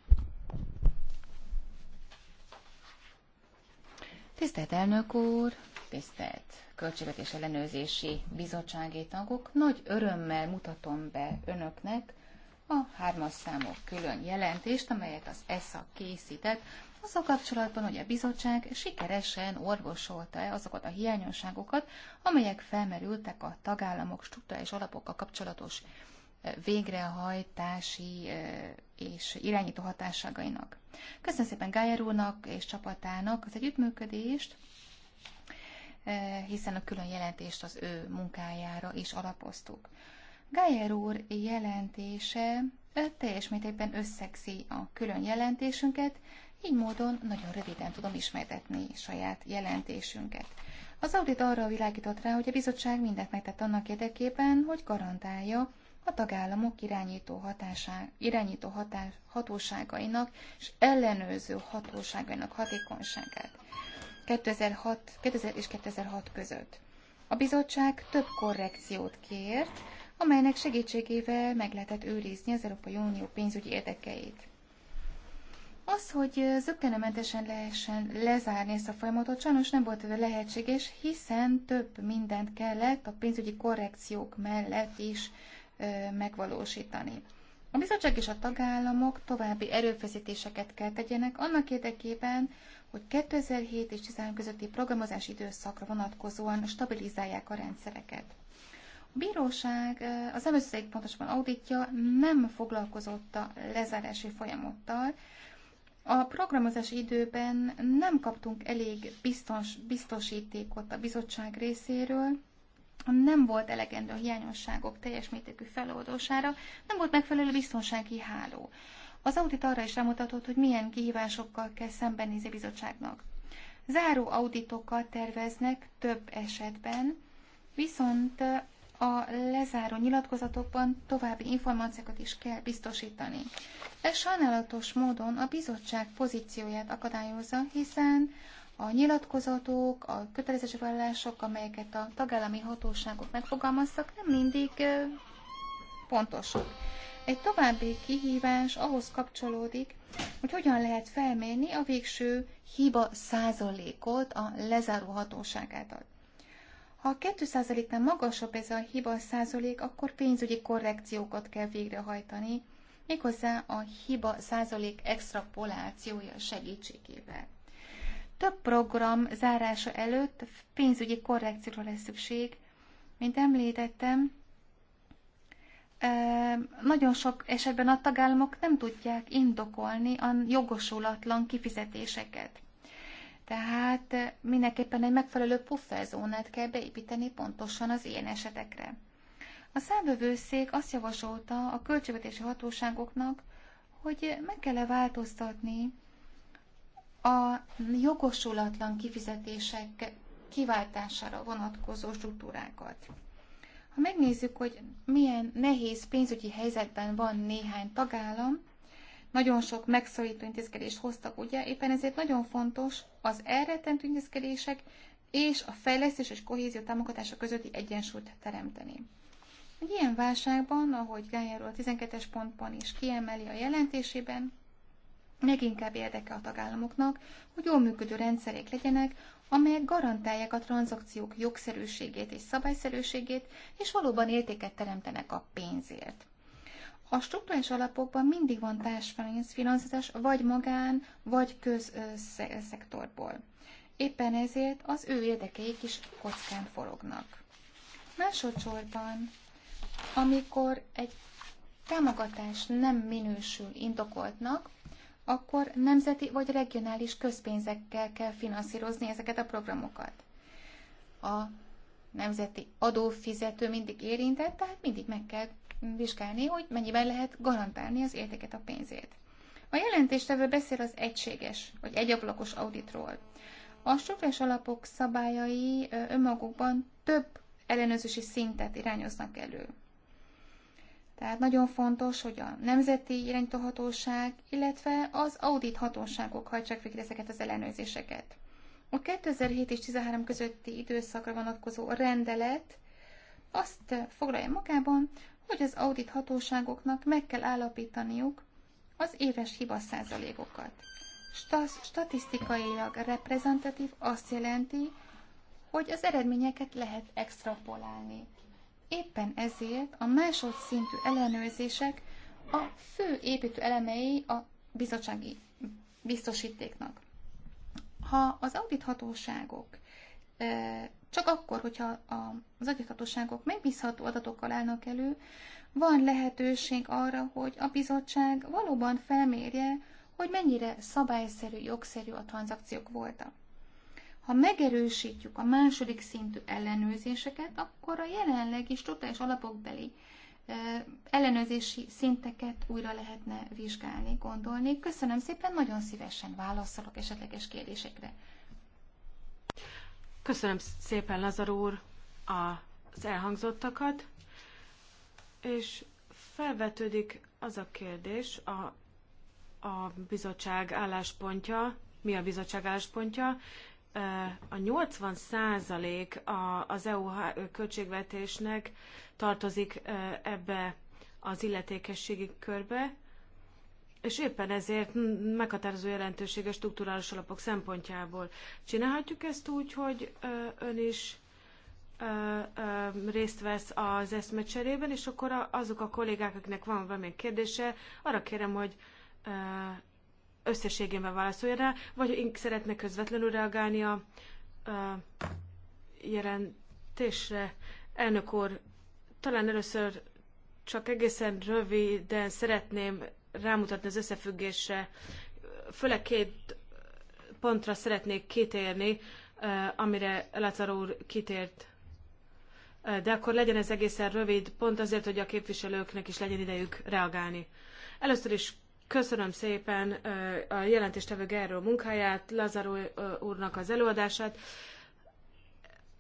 Tisztelt elnök úr, tisztelt Költségvetés Ellenőrzési Bizottsági tagok, nagy örömmel mutatom be önöknek a hármas számok külön jelentést, amelyet az ESA készített azzal kapcsolatban, hogy a bizottság sikeresen orvosolta-e azokat a hiányosságokat, amelyek felmerültek a tagállamok struktúrális alapokkal kapcsolatos e, végrehajtási e, és irányító hatásságainak. Köszönöm szépen Gájer úrnak és csapatának az együttműködést, e, hiszen a külön jelentést az ő munkájára is alapoztuk. Gájer úr jelentése teljes mértékben összegzi a külön jelentésünket, így módon nagyon röviden tudom ismertetni saját jelentésünket. Az audit arra világított rá, hogy a bizottság mindent megtett annak érdekében, hogy garantálja a tagállamok irányító, hatásá, irányító hatás, hatóságainak és ellenőrző hatóságainak hatékonyságát 2006, 2000 és 2006 között. A bizottság több korrekciót kért, amelynek segítségével meg lehetett őrizni az Európai Unió pénzügyi érdekeit. Az, hogy zöggenementesen lehessen lezárni ezt a folyamatot, sajnos nem volt lehetséges, hiszen több mindent kellett a pénzügyi korrekciók mellett is ö, megvalósítani. A bizottság és a tagállamok további erőfeszítéseket kell tegyenek annak érdekében, hogy 2007 és 2013 közötti programozási időszakra vonatkozóan stabilizálják a rendszereket. A bíróság az előzőik pontosabban auditja nem foglalkozott a lezárási folyamattal, a programozás időben nem kaptunk elég biztos, biztosítékot a bizottság részéről, nem volt elegendő a hiányosságok teljes mértékű feloldására, nem volt megfelelő biztonsági háló. Az audit arra is rámutatott, hogy milyen kihívásokkal kell szembenézni a bizottságnak. Záró auditokat terveznek több esetben, viszont a lezáró nyilatkozatokban további információkat is kell biztosítani. Ez sajnálatos módon a bizottság pozícióját akadályozza, hiszen a nyilatkozatok, a kötelezettségvállalások, amelyeket a tagállami hatóságok megfogalmaztak, nem mindig pontosak. Egy további kihívás ahhoz kapcsolódik, hogy hogyan lehet felmérni a végső hiba százalékot a lezáró hatóság által. Ha 2%-nál magasabb ez a hiba százalék, akkor pénzügyi korrekciókat kell végrehajtani, méghozzá a hiba százalék extrapolációja segítségével. Több program zárása előtt pénzügyi korrekcióra lesz szükség. Mint említettem, nagyon sok esetben a tagállamok nem tudják indokolni a jogosulatlan kifizetéseket. Tehát mindenképpen egy megfelelő pufferzónát kell beépíteni pontosan az ilyen esetekre. A számvevőszék azt javasolta a költségvetési hatóságoknak, hogy meg kell -e változtatni a jogosulatlan kifizetések kiváltására vonatkozó struktúrákat. Ha megnézzük, hogy milyen nehéz pénzügyi helyzetben van néhány tagállam, nagyon sok megszorító intézkedést hoztak, ugye? Éppen ezért nagyon fontos az elrettentő intézkedések és a fejlesztés és kohézió támogatása közötti egyensúlyt teremteni. Egy ilyen válságban, ahogy Gájáról a 12-es pontban is kiemeli a jelentésében, még inkább érdeke a tagállamoknak, hogy jól működő rendszerek legyenek, amelyek garantálják a tranzakciók jogszerűségét és szabályszerűségét, és valóban értéket teremtenek a pénzért. A struktúrás alapokban mindig van társfinanszírozás, vagy magán, vagy közszektorból. Éppen ezért az ő érdekeik is kockán forognak. Másodszorban, amikor egy támogatás nem minősül indokoltnak, akkor nemzeti vagy regionális közpénzekkel kell finanszírozni ezeket a programokat. A nemzeti adófizető mindig érintett, tehát mindig meg kell vizsgálni, hogy mennyiben lehet garantálni az értéket a pénzét. A jelentéstevő beszél az egységes, vagy egyablakos auditról. A struktúrás alapok szabályai önmagukban több ellenőrzési szintet irányoznak elő. Tehát nagyon fontos, hogy a Nemzeti Irányítóhatóság, illetve az audit hatóságok hajtsák végre ezeket az ellenőrzéseket. A 2007 és 2013 közötti időszakra vonatkozó rendelet azt foglalja magában, hogy az audit hatóságoknak meg kell állapítaniuk az éves hiba százalékokat. Statisztikailag reprezentatív azt jelenti, hogy az eredményeket lehet extrapolálni. Éppen ezért a másodszintű ellenőrzések a fő építő elemei a bizottsági biztosítéknak. Ha az audit hatóságok csak akkor, hogyha az adjuthatóságok megbízható adatokkal állnak elő, van lehetőség arra, hogy a bizottság valóban felmérje, hogy mennyire szabályszerű, jogszerű a tranzakciók voltak. Ha megerősítjük a második szintű ellenőrzéseket, akkor a jelenlegi totális alapokbeli ellenőrzési szinteket újra lehetne vizsgálni, gondolni. Köszönöm szépen, nagyon szívesen válaszolok esetleges kérdésekre. Köszönöm szépen, Lazar úr, az elhangzottakat, és felvetődik az a kérdés, a, a bizottság álláspontja, mi a bizottság álláspontja, a 80 százalék az EU költségvetésnek tartozik ebbe az illetékességi körbe, és éppen ezért meghatározó jelentősége a strukturális alapok szempontjából. Csinálhatjuk ezt úgy, hogy ön is részt vesz az eszmecserében, és akkor azok a kollégák, akiknek van valamilyen kérdése, arra kérem, hogy összességében válaszolja rá, vagy szeretne közvetlenül reagálni a jelentésre. Elnök úr, talán először csak egészen röviden szeretném rámutatni az összefüggésre. Főleg két pontra szeretnék kitérni, amire Lazaro úr kitért. De akkor legyen ez egészen rövid, pont azért, hogy a képviselőknek is legyen idejük reagálni. Először is köszönöm szépen a jelentéstevő Gerről munkáját, Lazaro úrnak az előadását,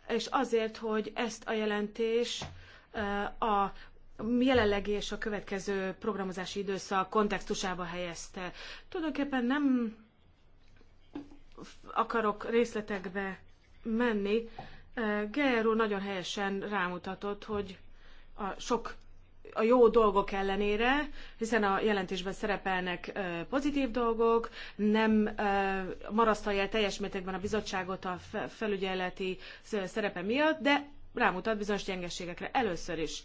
és azért, hogy ezt a jelentés a jelenlegi és a következő programozási időszak kontextusába helyezte. Tulajdonképpen nem akarok részletekbe menni. Eh, Geyer úr nagyon helyesen rámutatott, hogy a sok a jó dolgok ellenére, hiszen a jelentésben szerepelnek eh, pozitív dolgok, nem eh, marasztalja teljes mértékben a bizottságot a felügyeleti szerepe miatt, de rámutat bizonyos gyengeségekre először is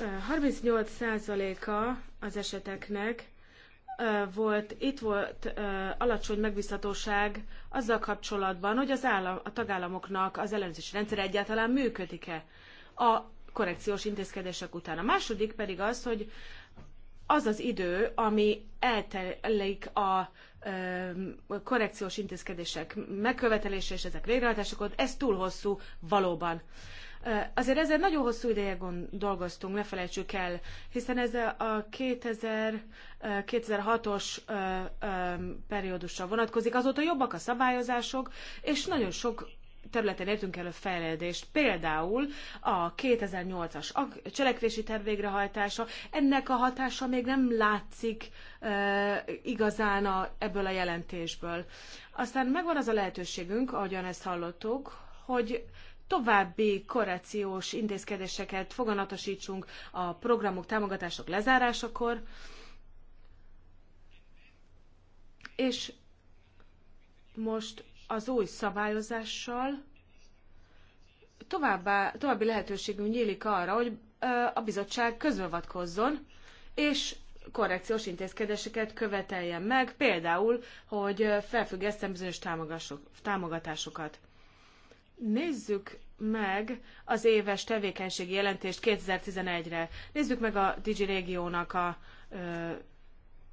38%-a az eseteknek volt, itt volt alacsony megbízhatóság azzal kapcsolatban, hogy az állam, a tagállamoknak az ellenőrzési rendszer egyáltalán működik-e a korrekciós intézkedések után. A második pedig az, hogy az az idő, ami eltelik a korrekciós intézkedések megkövetelése és ezek végrehajtásokat, ez túl hosszú valóban. Azért ezzel nagyon hosszú ideje dolgoztunk, ne felejtsük el, hiszen ez a 2000, 2006-os periódusra vonatkozik. Azóta jobbak a szabályozások, és nagyon sok területen értünk elő fejlődést. Például a 2008-as cselekvési terv végrehajtása, ennek a hatása még nem látszik e, igazán a, ebből a jelentésből. Aztán megvan az a lehetőségünk, ahogyan ezt hallottuk, hogy további korrekciós intézkedéseket foganatosítsunk a programok, támogatások lezárásakor, és most az új szabályozással továbbá, további lehetőségünk nyílik arra, hogy a bizottság közbeavatkozzon, és korrekciós intézkedéseket követeljen meg, például, hogy felfüggesztem bizonyos támogatásokat. Nézzük meg az éves tevékenységi jelentést 2011-re. Nézzük meg a Digi Régiónak a ö,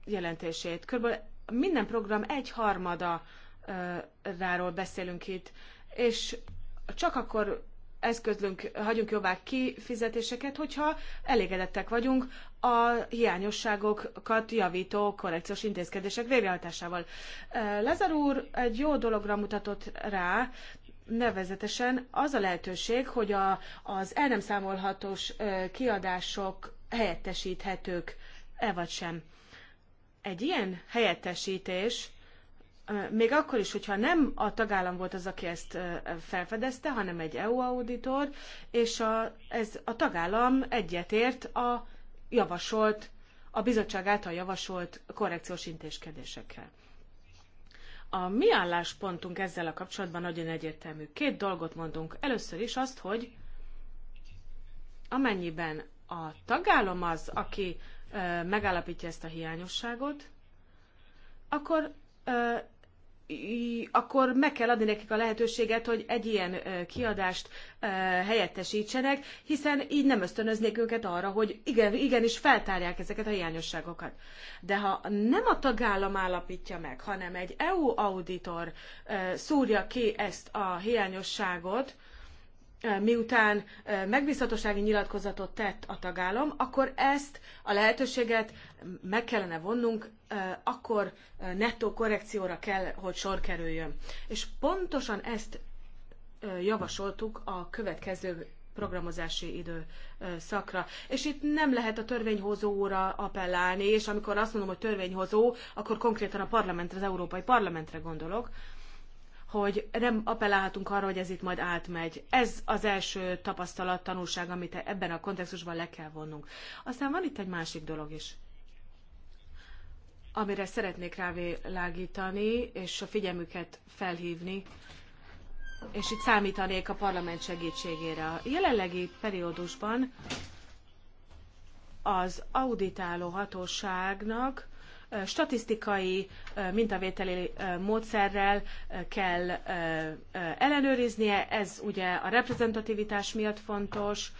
jelentését. Körülbelül minden program harmada ö, ráról beszélünk itt, és csak akkor eszközlünk, hagyunk jobbá kifizetéseket, hogyha elégedettek vagyunk a hiányosságokat javító korrekciós intézkedések végrehajtásával. Lezar úr egy jó dologra mutatott rá, nevezetesen az a lehetőség, hogy a, az el nem számolhatós kiadások helyettesíthetők, e vagy sem. Egy ilyen helyettesítés, még akkor is, hogyha nem a tagállam volt az, aki ezt felfedezte, hanem egy EU auditor, és a, ez a tagállam egyetért a javasolt, a bizottság által javasolt korrekciós intézkedésekkel. A mi álláspontunk ezzel a kapcsolatban nagyon egyértelmű. Két dolgot mondunk. Először is azt, hogy amennyiben a tagállam az, aki ö, megállapítja ezt a hiányosságot, akkor ö, akkor meg kell adni nekik a lehetőséget, hogy egy ilyen kiadást helyettesítsenek, hiszen így nem ösztönöznék őket arra, hogy igen, igenis feltárják ezeket a hiányosságokat. De ha nem a tagállam állapítja meg, hanem egy EU auditor szúrja ki ezt a hiányosságot, miután megbízhatósági nyilatkozatot tett a tagállam, akkor ezt a lehetőséget meg kellene vonnunk akkor nettó korrekcióra kell, hogy sor kerüljön. És pontosan ezt javasoltuk a következő programozási időszakra. És itt nem lehet a törvényhozóra appellálni, és amikor azt mondom, hogy törvényhozó, akkor konkrétan a parlamentre, az Európai Parlamentre gondolok, hogy nem appellálhatunk arra, hogy ez itt majd átmegy. Ez az első tapasztalat, tanulság, amit ebben a kontextusban le kell vonnunk. Aztán van itt egy másik dolog is amire szeretnék rávilágítani, és a figyelmüket felhívni, és itt számítanék a parlament segítségére. A jelenlegi periódusban az auditáló hatóságnak statisztikai mintavételi módszerrel kell ellenőriznie, ez ugye a reprezentativitás miatt fontos,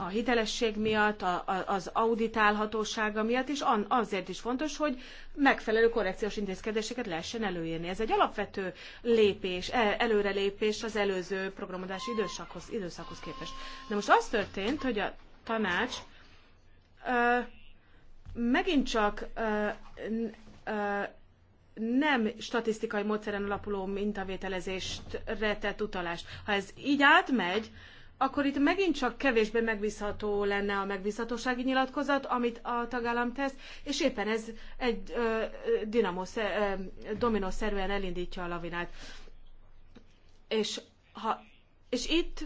a hitelesség miatt, a, a, az auditálhatósága miatt, és an, azért is fontos, hogy megfelelő korrekciós intézkedéseket lehessen előírni. Ez egy alapvető lépés, e, előrelépés az előző programozási időszakhoz, időszakhoz képest. De most az történt, hogy a tanács ö, megint csak ö, ö, nem statisztikai módszeren alapuló mintavételezést retett utalást. Ha ez így átmegy, ö, akkor itt megint csak kevésbé megbízható lenne a megbízhatósági nyilatkozat, amit a tagállam tesz, és éppen ez egy ö, dinamo, ö, dominószerűen elindítja a lavinát. És, ha, és itt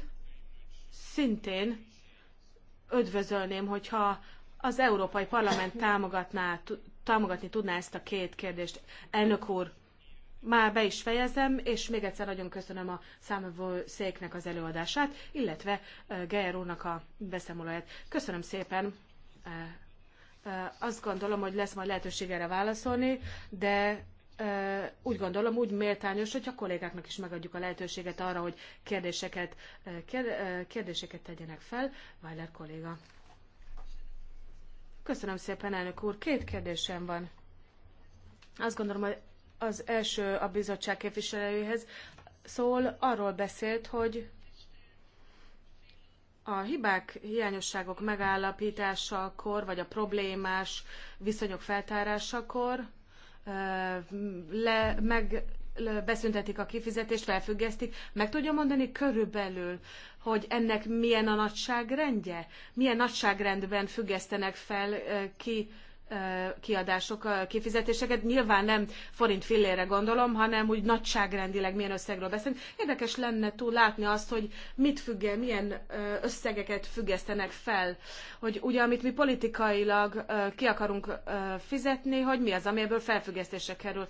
szintén ödvözölném, hogyha az Európai Parlament támogatná, támogatni tudná ezt a két kérdést. Elnök úr, már be is fejezem, és még egyszer nagyon köszönöm a számövő széknek az előadását, illetve Geyer úrnak a beszámolóját. Köszönöm szépen! Azt gondolom, hogy lesz majd lehetőség erre válaszolni, de úgy gondolom, úgy méltányos, hogy a kollégáknak is megadjuk a lehetőséget arra, hogy kérdéseket, kérdéseket tegyenek fel. Weiler kolléga. Köszönöm szépen, elnök úr. Két kérdésem van. Azt gondolom, hogy az első a bizottság képviselőjéhez szól, arról beszélt, hogy a hibák, hiányosságok megállapításakor, vagy a problémás viszonyok feltárásakor le, meg, le, beszüntetik a kifizetést, felfüggesztik. Meg tudja mondani körülbelül, hogy ennek milyen a nagyságrendje? Milyen nagyságrendben függesztenek fel ki kiadások, kifizetéseket. Nyilván nem forint fillére gondolom, hanem úgy nagyságrendileg milyen összegről beszélünk. Érdekes lenne túl látni azt, hogy mit függe, milyen összegeket függesztenek fel. Hogy ugye, amit mi politikailag ki akarunk fizetni, hogy mi az, amiből felfüggesztésre kerül.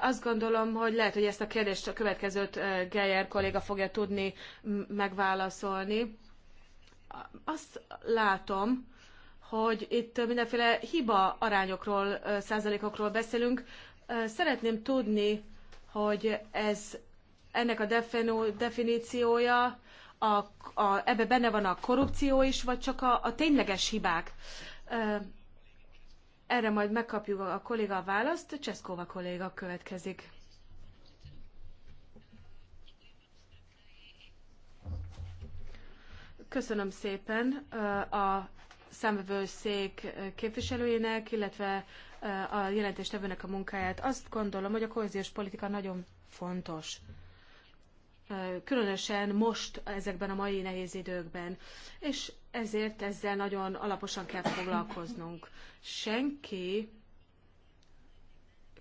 Azt gondolom, hogy lehet, hogy ezt a kérdést a következőt Geyer kolléga fogja tudni megválaszolni. Azt látom, hogy itt mindenféle hiba arányokról, százalékokról beszélünk. Szeretném tudni, hogy ez ennek a definíciója, a, a, ebbe benne van a korrupció is, vagy csak a, a tényleges hibák. Erre majd megkapjuk a kolléga a választ, Cseszkova kolléga következik. Köszönöm szépen a számvevőszék képviselőjének, illetve a jelentéstevőnek a munkáját. Azt gondolom, hogy a kohéziós politika nagyon fontos. Különösen most ezekben a mai nehéz időkben. És ezért ezzel nagyon alaposan kell foglalkoznunk. Senki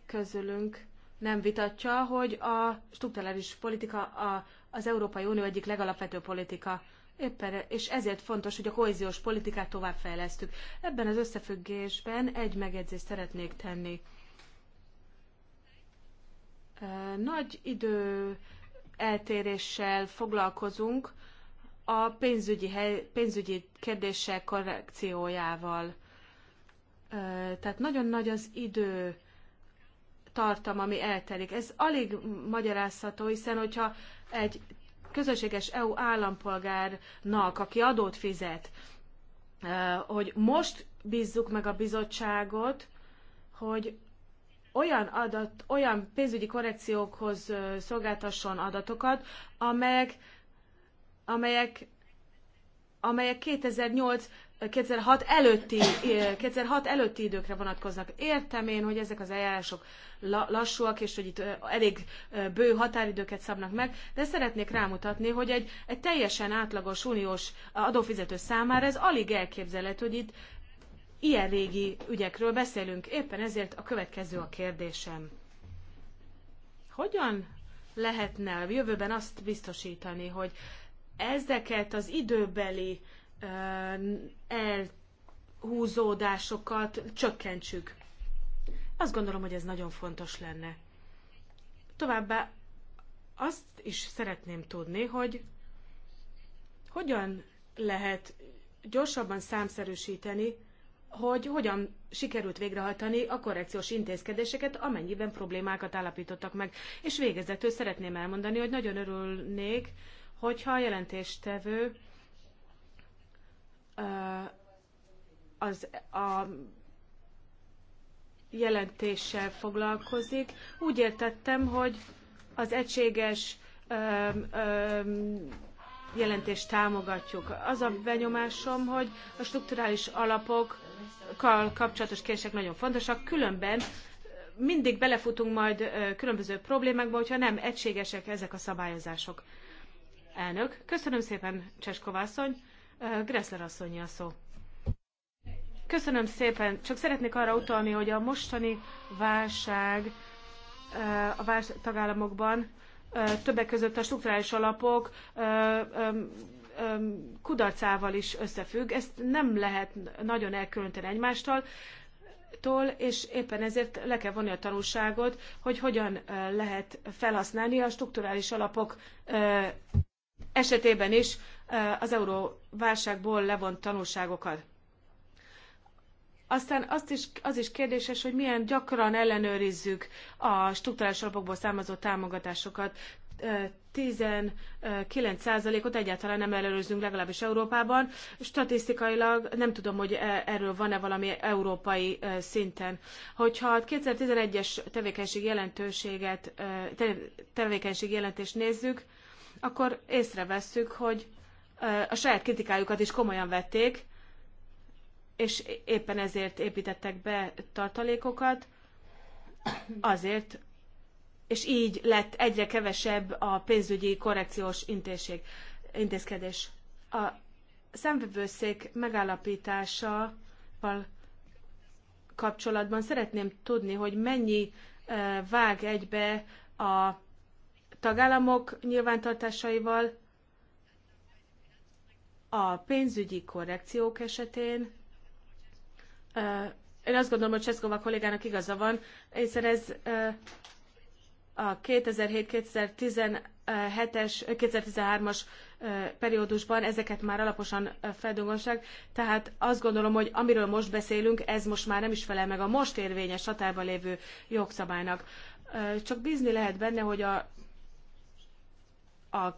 közülünk nem vitatja, hogy a struktúrális politika a, az Európai Unió egyik legalapvető politika Éppen, és ezért fontos, hogy a kohéziós politikát továbbfejlesztük. Ebben az összefüggésben egy megjegyzést szeretnék tenni. Nagy idő eltéréssel foglalkozunk a pénzügyi, hely, pénzügyi kérdések korrekciójával. Tehát nagyon nagy az idő tartam, ami eltelik. Ez alig magyarázható, hiszen hogyha egy közösséges EU állampolgárnak, aki adót fizet, hogy most bízzuk meg a bizottságot, hogy olyan, adat, olyan pénzügyi korrekciókhoz szolgáltasson adatokat, amelyek, amelyek, amelyek 2008 2006 előtti, 2006 előtti időkre vonatkoznak. Értem én, hogy ezek az eljárások lassúak, és hogy itt elég bő határidőket szabnak meg, de szeretnék rámutatni, hogy egy, egy teljesen átlagos uniós adófizető számára ez alig elképzelhető, hogy itt ilyen régi ügyekről beszélünk. Éppen ezért a következő a kérdésem. Hogyan lehetne a jövőben azt biztosítani, hogy ezeket az időbeli uh, elhúzódásokat csökkentsük. Azt gondolom, hogy ez nagyon fontos lenne. Továbbá azt is szeretném tudni, hogy hogyan lehet gyorsabban számszerűsíteni, hogy hogyan sikerült végrehajtani a korrekciós intézkedéseket, amennyiben problémákat állapítottak meg. És végezetül szeretném elmondani, hogy nagyon örülnék, hogyha a jelentéstevő az a jelentéssel foglalkozik. Úgy értettem, hogy az egységes jelentést támogatjuk. Az a benyomásom, hogy a strukturális alapokkal kapcsolatos kérdések nagyon fontosak, különben mindig belefutunk majd különböző problémákba, hogyha nem egységesek ezek a szabályozások. Elnök, köszönöm szépen, Cseskovászony. Gressler asszonyi a szó. Köszönöm szépen. Csak szeretnék arra utalni, hogy a mostani válság a válság tagállamokban többek között a strukturális alapok kudarcával is összefügg. Ezt nem lehet nagyon elkülöníteni egymástól, tól, és éppen ezért le kell vonni a tanulságot, hogy hogyan lehet felhasználni a strukturális alapok esetében is Eh, az euróválságból levont tanulságokat. Aztán azt is, az is kérdéses, hogy milyen gyakran ellenőrizzük a struktúrás alapokból származó támogatásokat. 19%-ot eh, egyáltalán nem ellenőrzünk, legalábbis Európában. Statisztikailag nem tudom, hogy e, erről van-e valami európai eh, szinten. Hogyha a 2011-es tevékenység jelentőséget, tevékenység jelentést nézzük, akkor észrevesszük, hogy a saját kritikájukat is komolyan vették, és éppen ezért építettek be tartalékokat, azért, és így lett egyre kevesebb a pénzügyi korrekciós intézség, intézkedés. A szemvevőszék megállapításával kapcsolatban szeretném tudni, hogy mennyi vág egybe a tagállamok nyilvántartásaival, a pénzügyi korrekciók esetén én azt gondolom, hogy Cseszkova kollégának igaza van, hiszen ez a 2007-2017-es, 2013-as periódusban ezeket már alaposan feldolgozták, tehát azt gondolom, hogy amiről most beszélünk, ez most már nem is felel meg a most érvényes hatályban lévő jogszabálynak. Csak bízni lehet benne, hogy a, a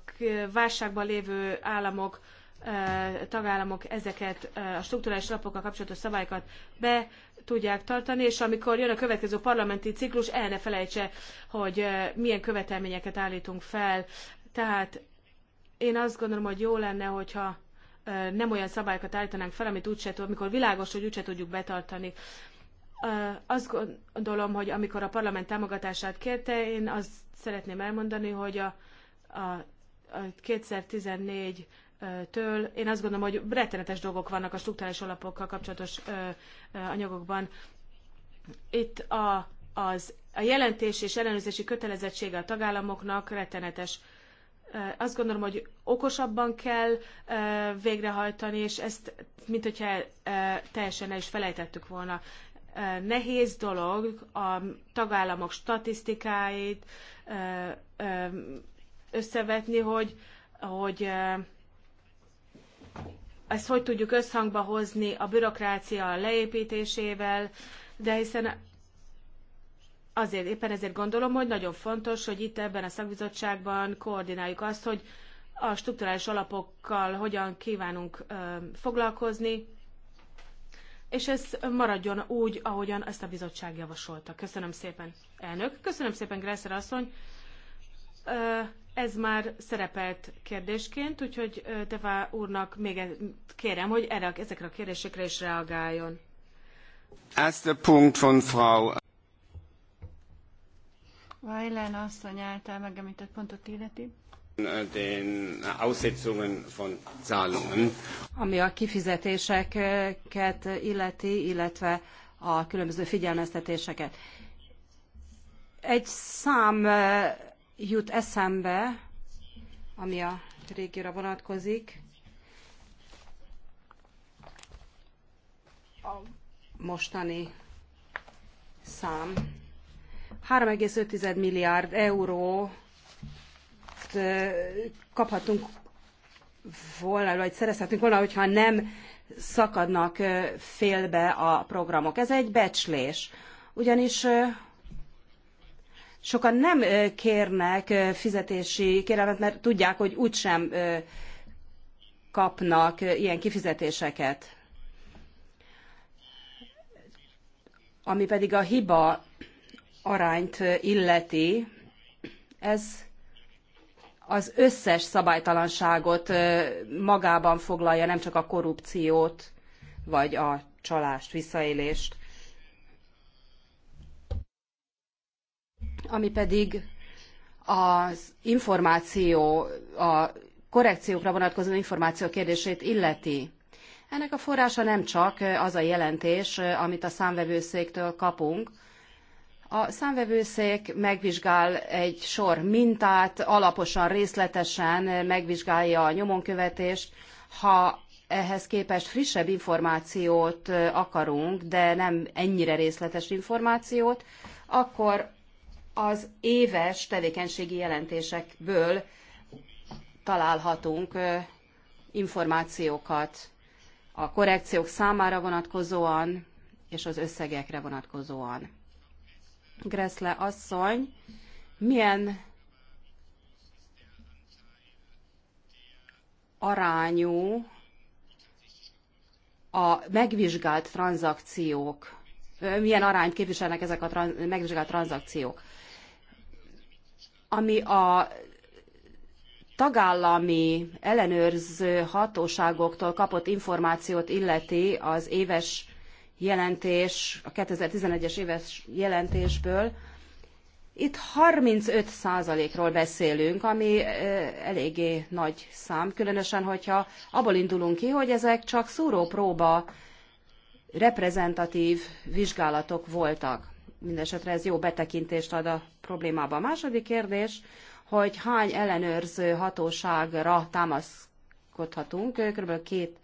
válságban lévő államok tagállamok ezeket a struktúrális alapokkal kapcsolatos szabályokat be tudják tartani, és amikor jön a következő parlamenti ciklus, el ne felejtse, hogy milyen követelményeket állítunk fel. Tehát én azt gondolom, hogy jó lenne, hogyha nem olyan szabályokat állítanánk fel, amit úgyse, amikor világos, hogy úgyse tudjuk betartani azt gondolom, hogy amikor a parlament támogatását kérte, én azt szeretném elmondani, hogy a, a, a 2014 től. Én azt gondolom, hogy rettenetes dolgok vannak a struktúrális alapokkal kapcsolatos anyagokban. Itt a, az, a jelentés és ellenőrzési kötelezettsége a tagállamoknak rettenetes. Azt gondolom, hogy okosabban kell végrehajtani, és ezt, mint hogyha teljesen el is felejtettük volna. Nehéz dolog a tagállamok statisztikáit összevetni, hogy, hogy ezt hogy tudjuk összhangba hozni a bürokrácia leépítésével, de hiszen azért, éppen ezért gondolom, hogy nagyon fontos, hogy itt ebben a szakbizottságban koordináljuk azt, hogy a strukturális alapokkal hogyan kívánunk ö, foglalkozni, és ez maradjon úgy, ahogyan ezt a bizottság javasolta. Köszönöm szépen, elnök. Köszönöm szépen, Gresszer asszony. Ö, ez már szerepelt kérdésként, úgyhogy Devá úrnak még kérem, hogy erre, ezekre a kérdésekre is reagáljon. Erster Punkt von Frau Weilen asszony által megemlített pontot illeti. Den Aussetzungen von Zahlungen. Ami a kifizetéseket illeti, illetve a különböző figyelmeztetéseket. Egy szám jut eszembe, ami a régióra vonatkozik. A mostani szám. 3,5 milliárd euró kaphatunk volna, vagy szerezhetünk volna, hogyha nem szakadnak félbe a programok. Ez egy becslés. Ugyanis sokan nem kérnek fizetési kérelmet, mert tudják, hogy úgysem kapnak ilyen kifizetéseket. Ami pedig a hiba arányt illeti, ez az összes szabálytalanságot magában foglalja, nem csak a korrupciót, vagy a csalást, visszaélést. ami pedig az információ, a korrekciókra vonatkozó információ kérdését illeti. Ennek a forrása nem csak az a jelentés, amit a számvevőszéktől kapunk. A számvevőszék megvizsgál egy sor mintát, alaposan, részletesen megvizsgálja a nyomonkövetést. Ha ehhez képest frissebb információt akarunk, de nem ennyire részletes információt, akkor az éves tevékenységi jelentésekből találhatunk információkat a korrekciók számára vonatkozóan és az összegekre vonatkozóan. Gressle asszony, milyen arányú a megvizsgált tranzakciók, milyen arányt képviselnek ezek a tranz, megvizsgált tranzakciók. Ami a tagállami ellenőrző hatóságoktól kapott információt illeti az éves jelentés, a 2011-es éves jelentésből, itt 35%-ról beszélünk, ami eléggé nagy szám, különösen, hogyha abból indulunk ki, hogy ezek csak szúrópróba reprezentatív vizsgálatok voltak mindesetre ez jó betekintést ad a problémába. A második kérdés, hogy hány ellenőrző hatóságra támaszkodhatunk, kb. két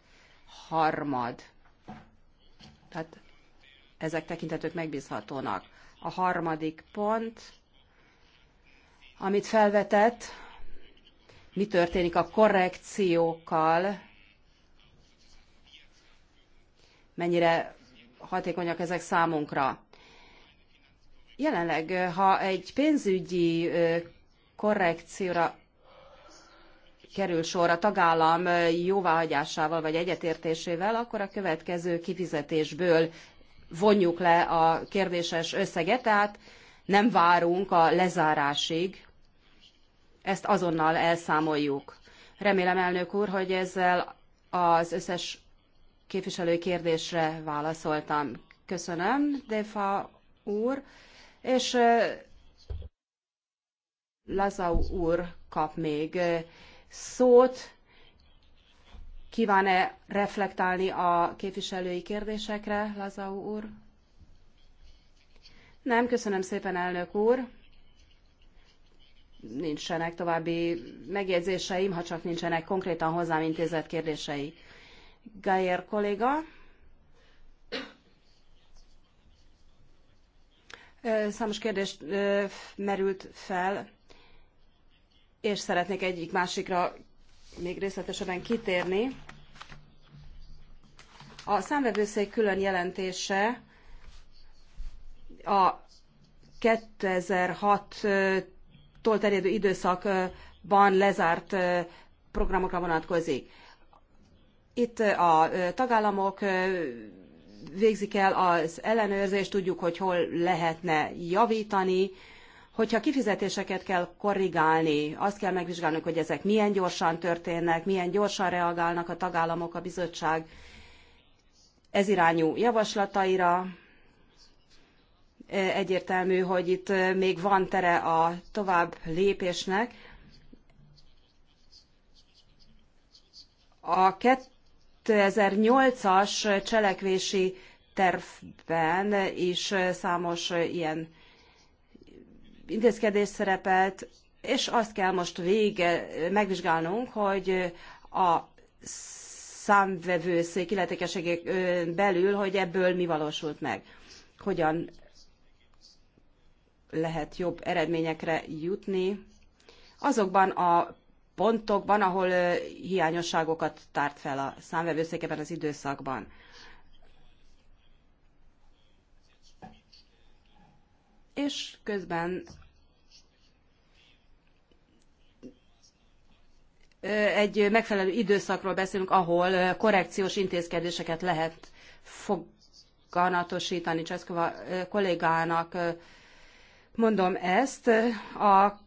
harmad. Tehát ezek tekintetők megbízhatónak. A harmadik pont, amit felvetett, mi történik a korrekciókkal, mennyire hatékonyak ezek számunkra. Jelenleg, ha egy pénzügyi korrekcióra kerül sor a tagállam jóváhagyásával vagy egyetértésével, akkor a következő kifizetésből vonjuk le a kérdéses összeget, tehát nem várunk a lezárásig, ezt azonnal elszámoljuk. Remélem, elnök úr, hogy ezzel az összes képviselői kérdésre válaszoltam. Köszönöm, Defa úr és Lazau úr kap még szót. Kíván-e reflektálni a képviselői kérdésekre, Lazau úr? Nem, köszönöm szépen, elnök úr. Nincsenek további megjegyzéseim, ha csak nincsenek konkrétan hozzám intézett kérdései. Gayer kolléga. Számos kérdés merült fel, és szeretnék egyik másikra még részletesebben kitérni. A számvevőszék külön jelentése a 2006-tól terjedő időszakban lezárt programokra vonatkozik. Itt a tagállamok végzik el az ellenőrzést, tudjuk, hogy hol lehetne javítani, hogyha kifizetéseket kell korrigálni, azt kell megvizsgálnunk, hogy ezek milyen gyorsan történnek, milyen gyorsan reagálnak a tagállamok, a bizottság ez irányú javaslataira. E, egyértelmű, hogy itt még van tere a tovább lépésnek. A 2008-as cselekvési tervben is számos ilyen intézkedés szerepelt, és azt kell most vége, megvizsgálnunk, hogy a számvevőszék illetékeségek belül, hogy ebből mi valósult meg. Hogyan lehet jobb eredményekre jutni azokban a pontokban, ahol hiányosságokat tárt fel a számvevőszékeben az időszakban. És közben egy megfelelő időszakról beszélünk, ahol korrekciós intézkedéseket lehet foganatosítani. Cseszkova kollégának mondom ezt. A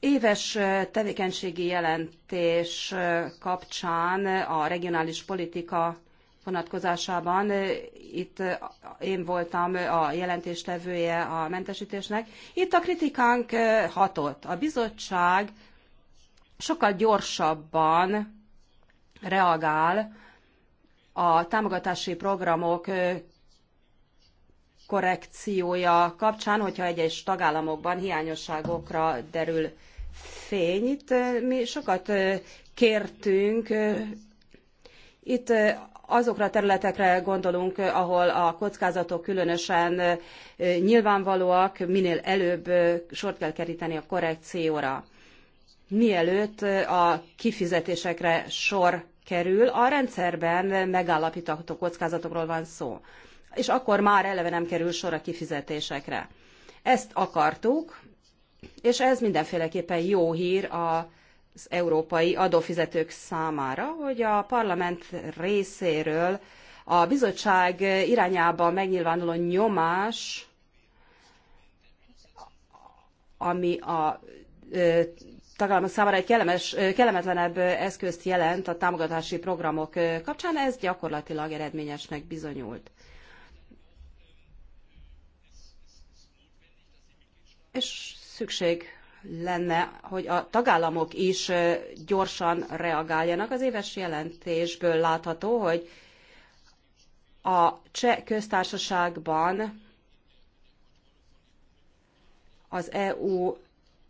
éves tevékenységi jelentés kapcsán a regionális politika vonatkozásában itt én voltam a jelentéstevője a mentesítésnek. Itt a kritikánk hatott. A bizottság sokkal gyorsabban reagál a támogatási programok korrekciója kapcsán, hogyha egyes tagállamokban hiányosságokra derül fény. Itt mi sokat kértünk, itt azokra a területekre gondolunk, ahol a kockázatok különösen nyilvánvalóak, minél előbb sort kell keríteni a korrekcióra. Mielőtt a kifizetésekre sor kerül, a rendszerben megállapítható kockázatokról van szó és akkor már eleve nem kerül sor a kifizetésekre. Ezt akartuk, és ez mindenféleképpen jó hír az európai adófizetők számára, hogy a parlament részéről a bizottság irányába megnyilvánuló nyomás, ami a tagállamok számára egy kellemes, kellemetlenebb eszközt jelent a támogatási programok kapcsán, ez gyakorlatilag eredményesnek bizonyult. és szükség lenne, hogy a tagállamok is gyorsan reagáljanak. Az éves jelentésből látható, hogy a cseh köztársaságban az EU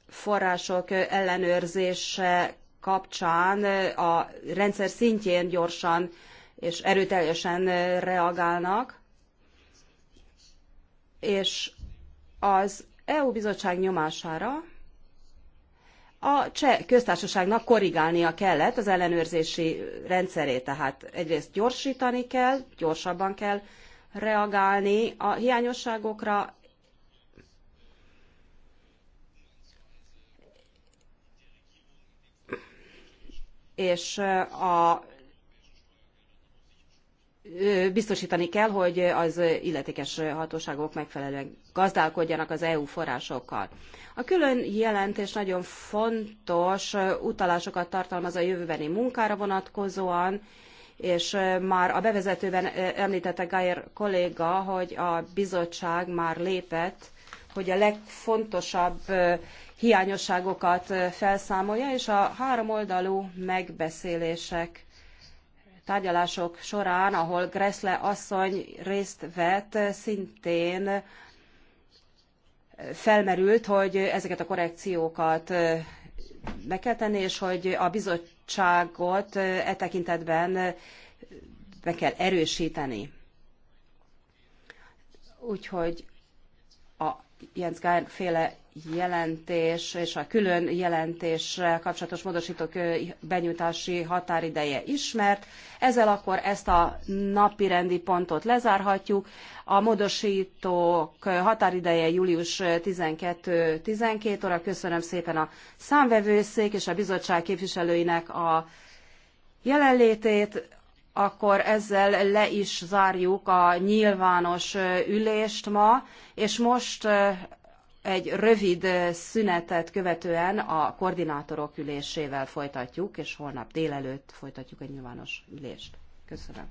források ellenőrzése kapcsán a rendszer szintjén gyorsan és erőteljesen reagálnak, és az EU bizottság nyomására a cseh köztársaságnak korrigálnia kellett az ellenőrzési rendszerét, tehát egyrészt gyorsítani kell, gyorsabban kell reagálni a hiányosságokra, és a biztosítani kell, hogy az illetékes hatóságok megfelelően gazdálkodjanak az EU forrásokkal. A külön jelentés nagyon fontos utalásokat tartalmaz a jövőbeni munkára vonatkozóan, és már a bevezetőben említette Geyer kolléga, hogy a bizottság már lépett, hogy a legfontosabb hiányosságokat felszámolja, és a háromoldalú megbeszélések tárgyalások során, ahol Gressle asszony részt vett, szintén felmerült, hogy ezeket a korrekciókat meg kell tenni, és hogy a bizottságot e tekintetben meg kell erősíteni. Úgyhogy a Jens Gár féle jelentés és a külön jelentéssel kapcsolatos módosítók benyújtási határideje ismert. Ezzel akkor ezt a napi rendi pontot lezárhatjuk. A módosítók határideje július 12-12 óra. Köszönöm szépen a számvevőszék és a bizottság képviselőinek a jelenlétét. Akkor ezzel le is zárjuk a nyilvános ülést ma, és most egy rövid szünetet követően a koordinátorok ülésével folytatjuk, és holnap délelőtt folytatjuk egy nyilvános ülést. Köszönöm.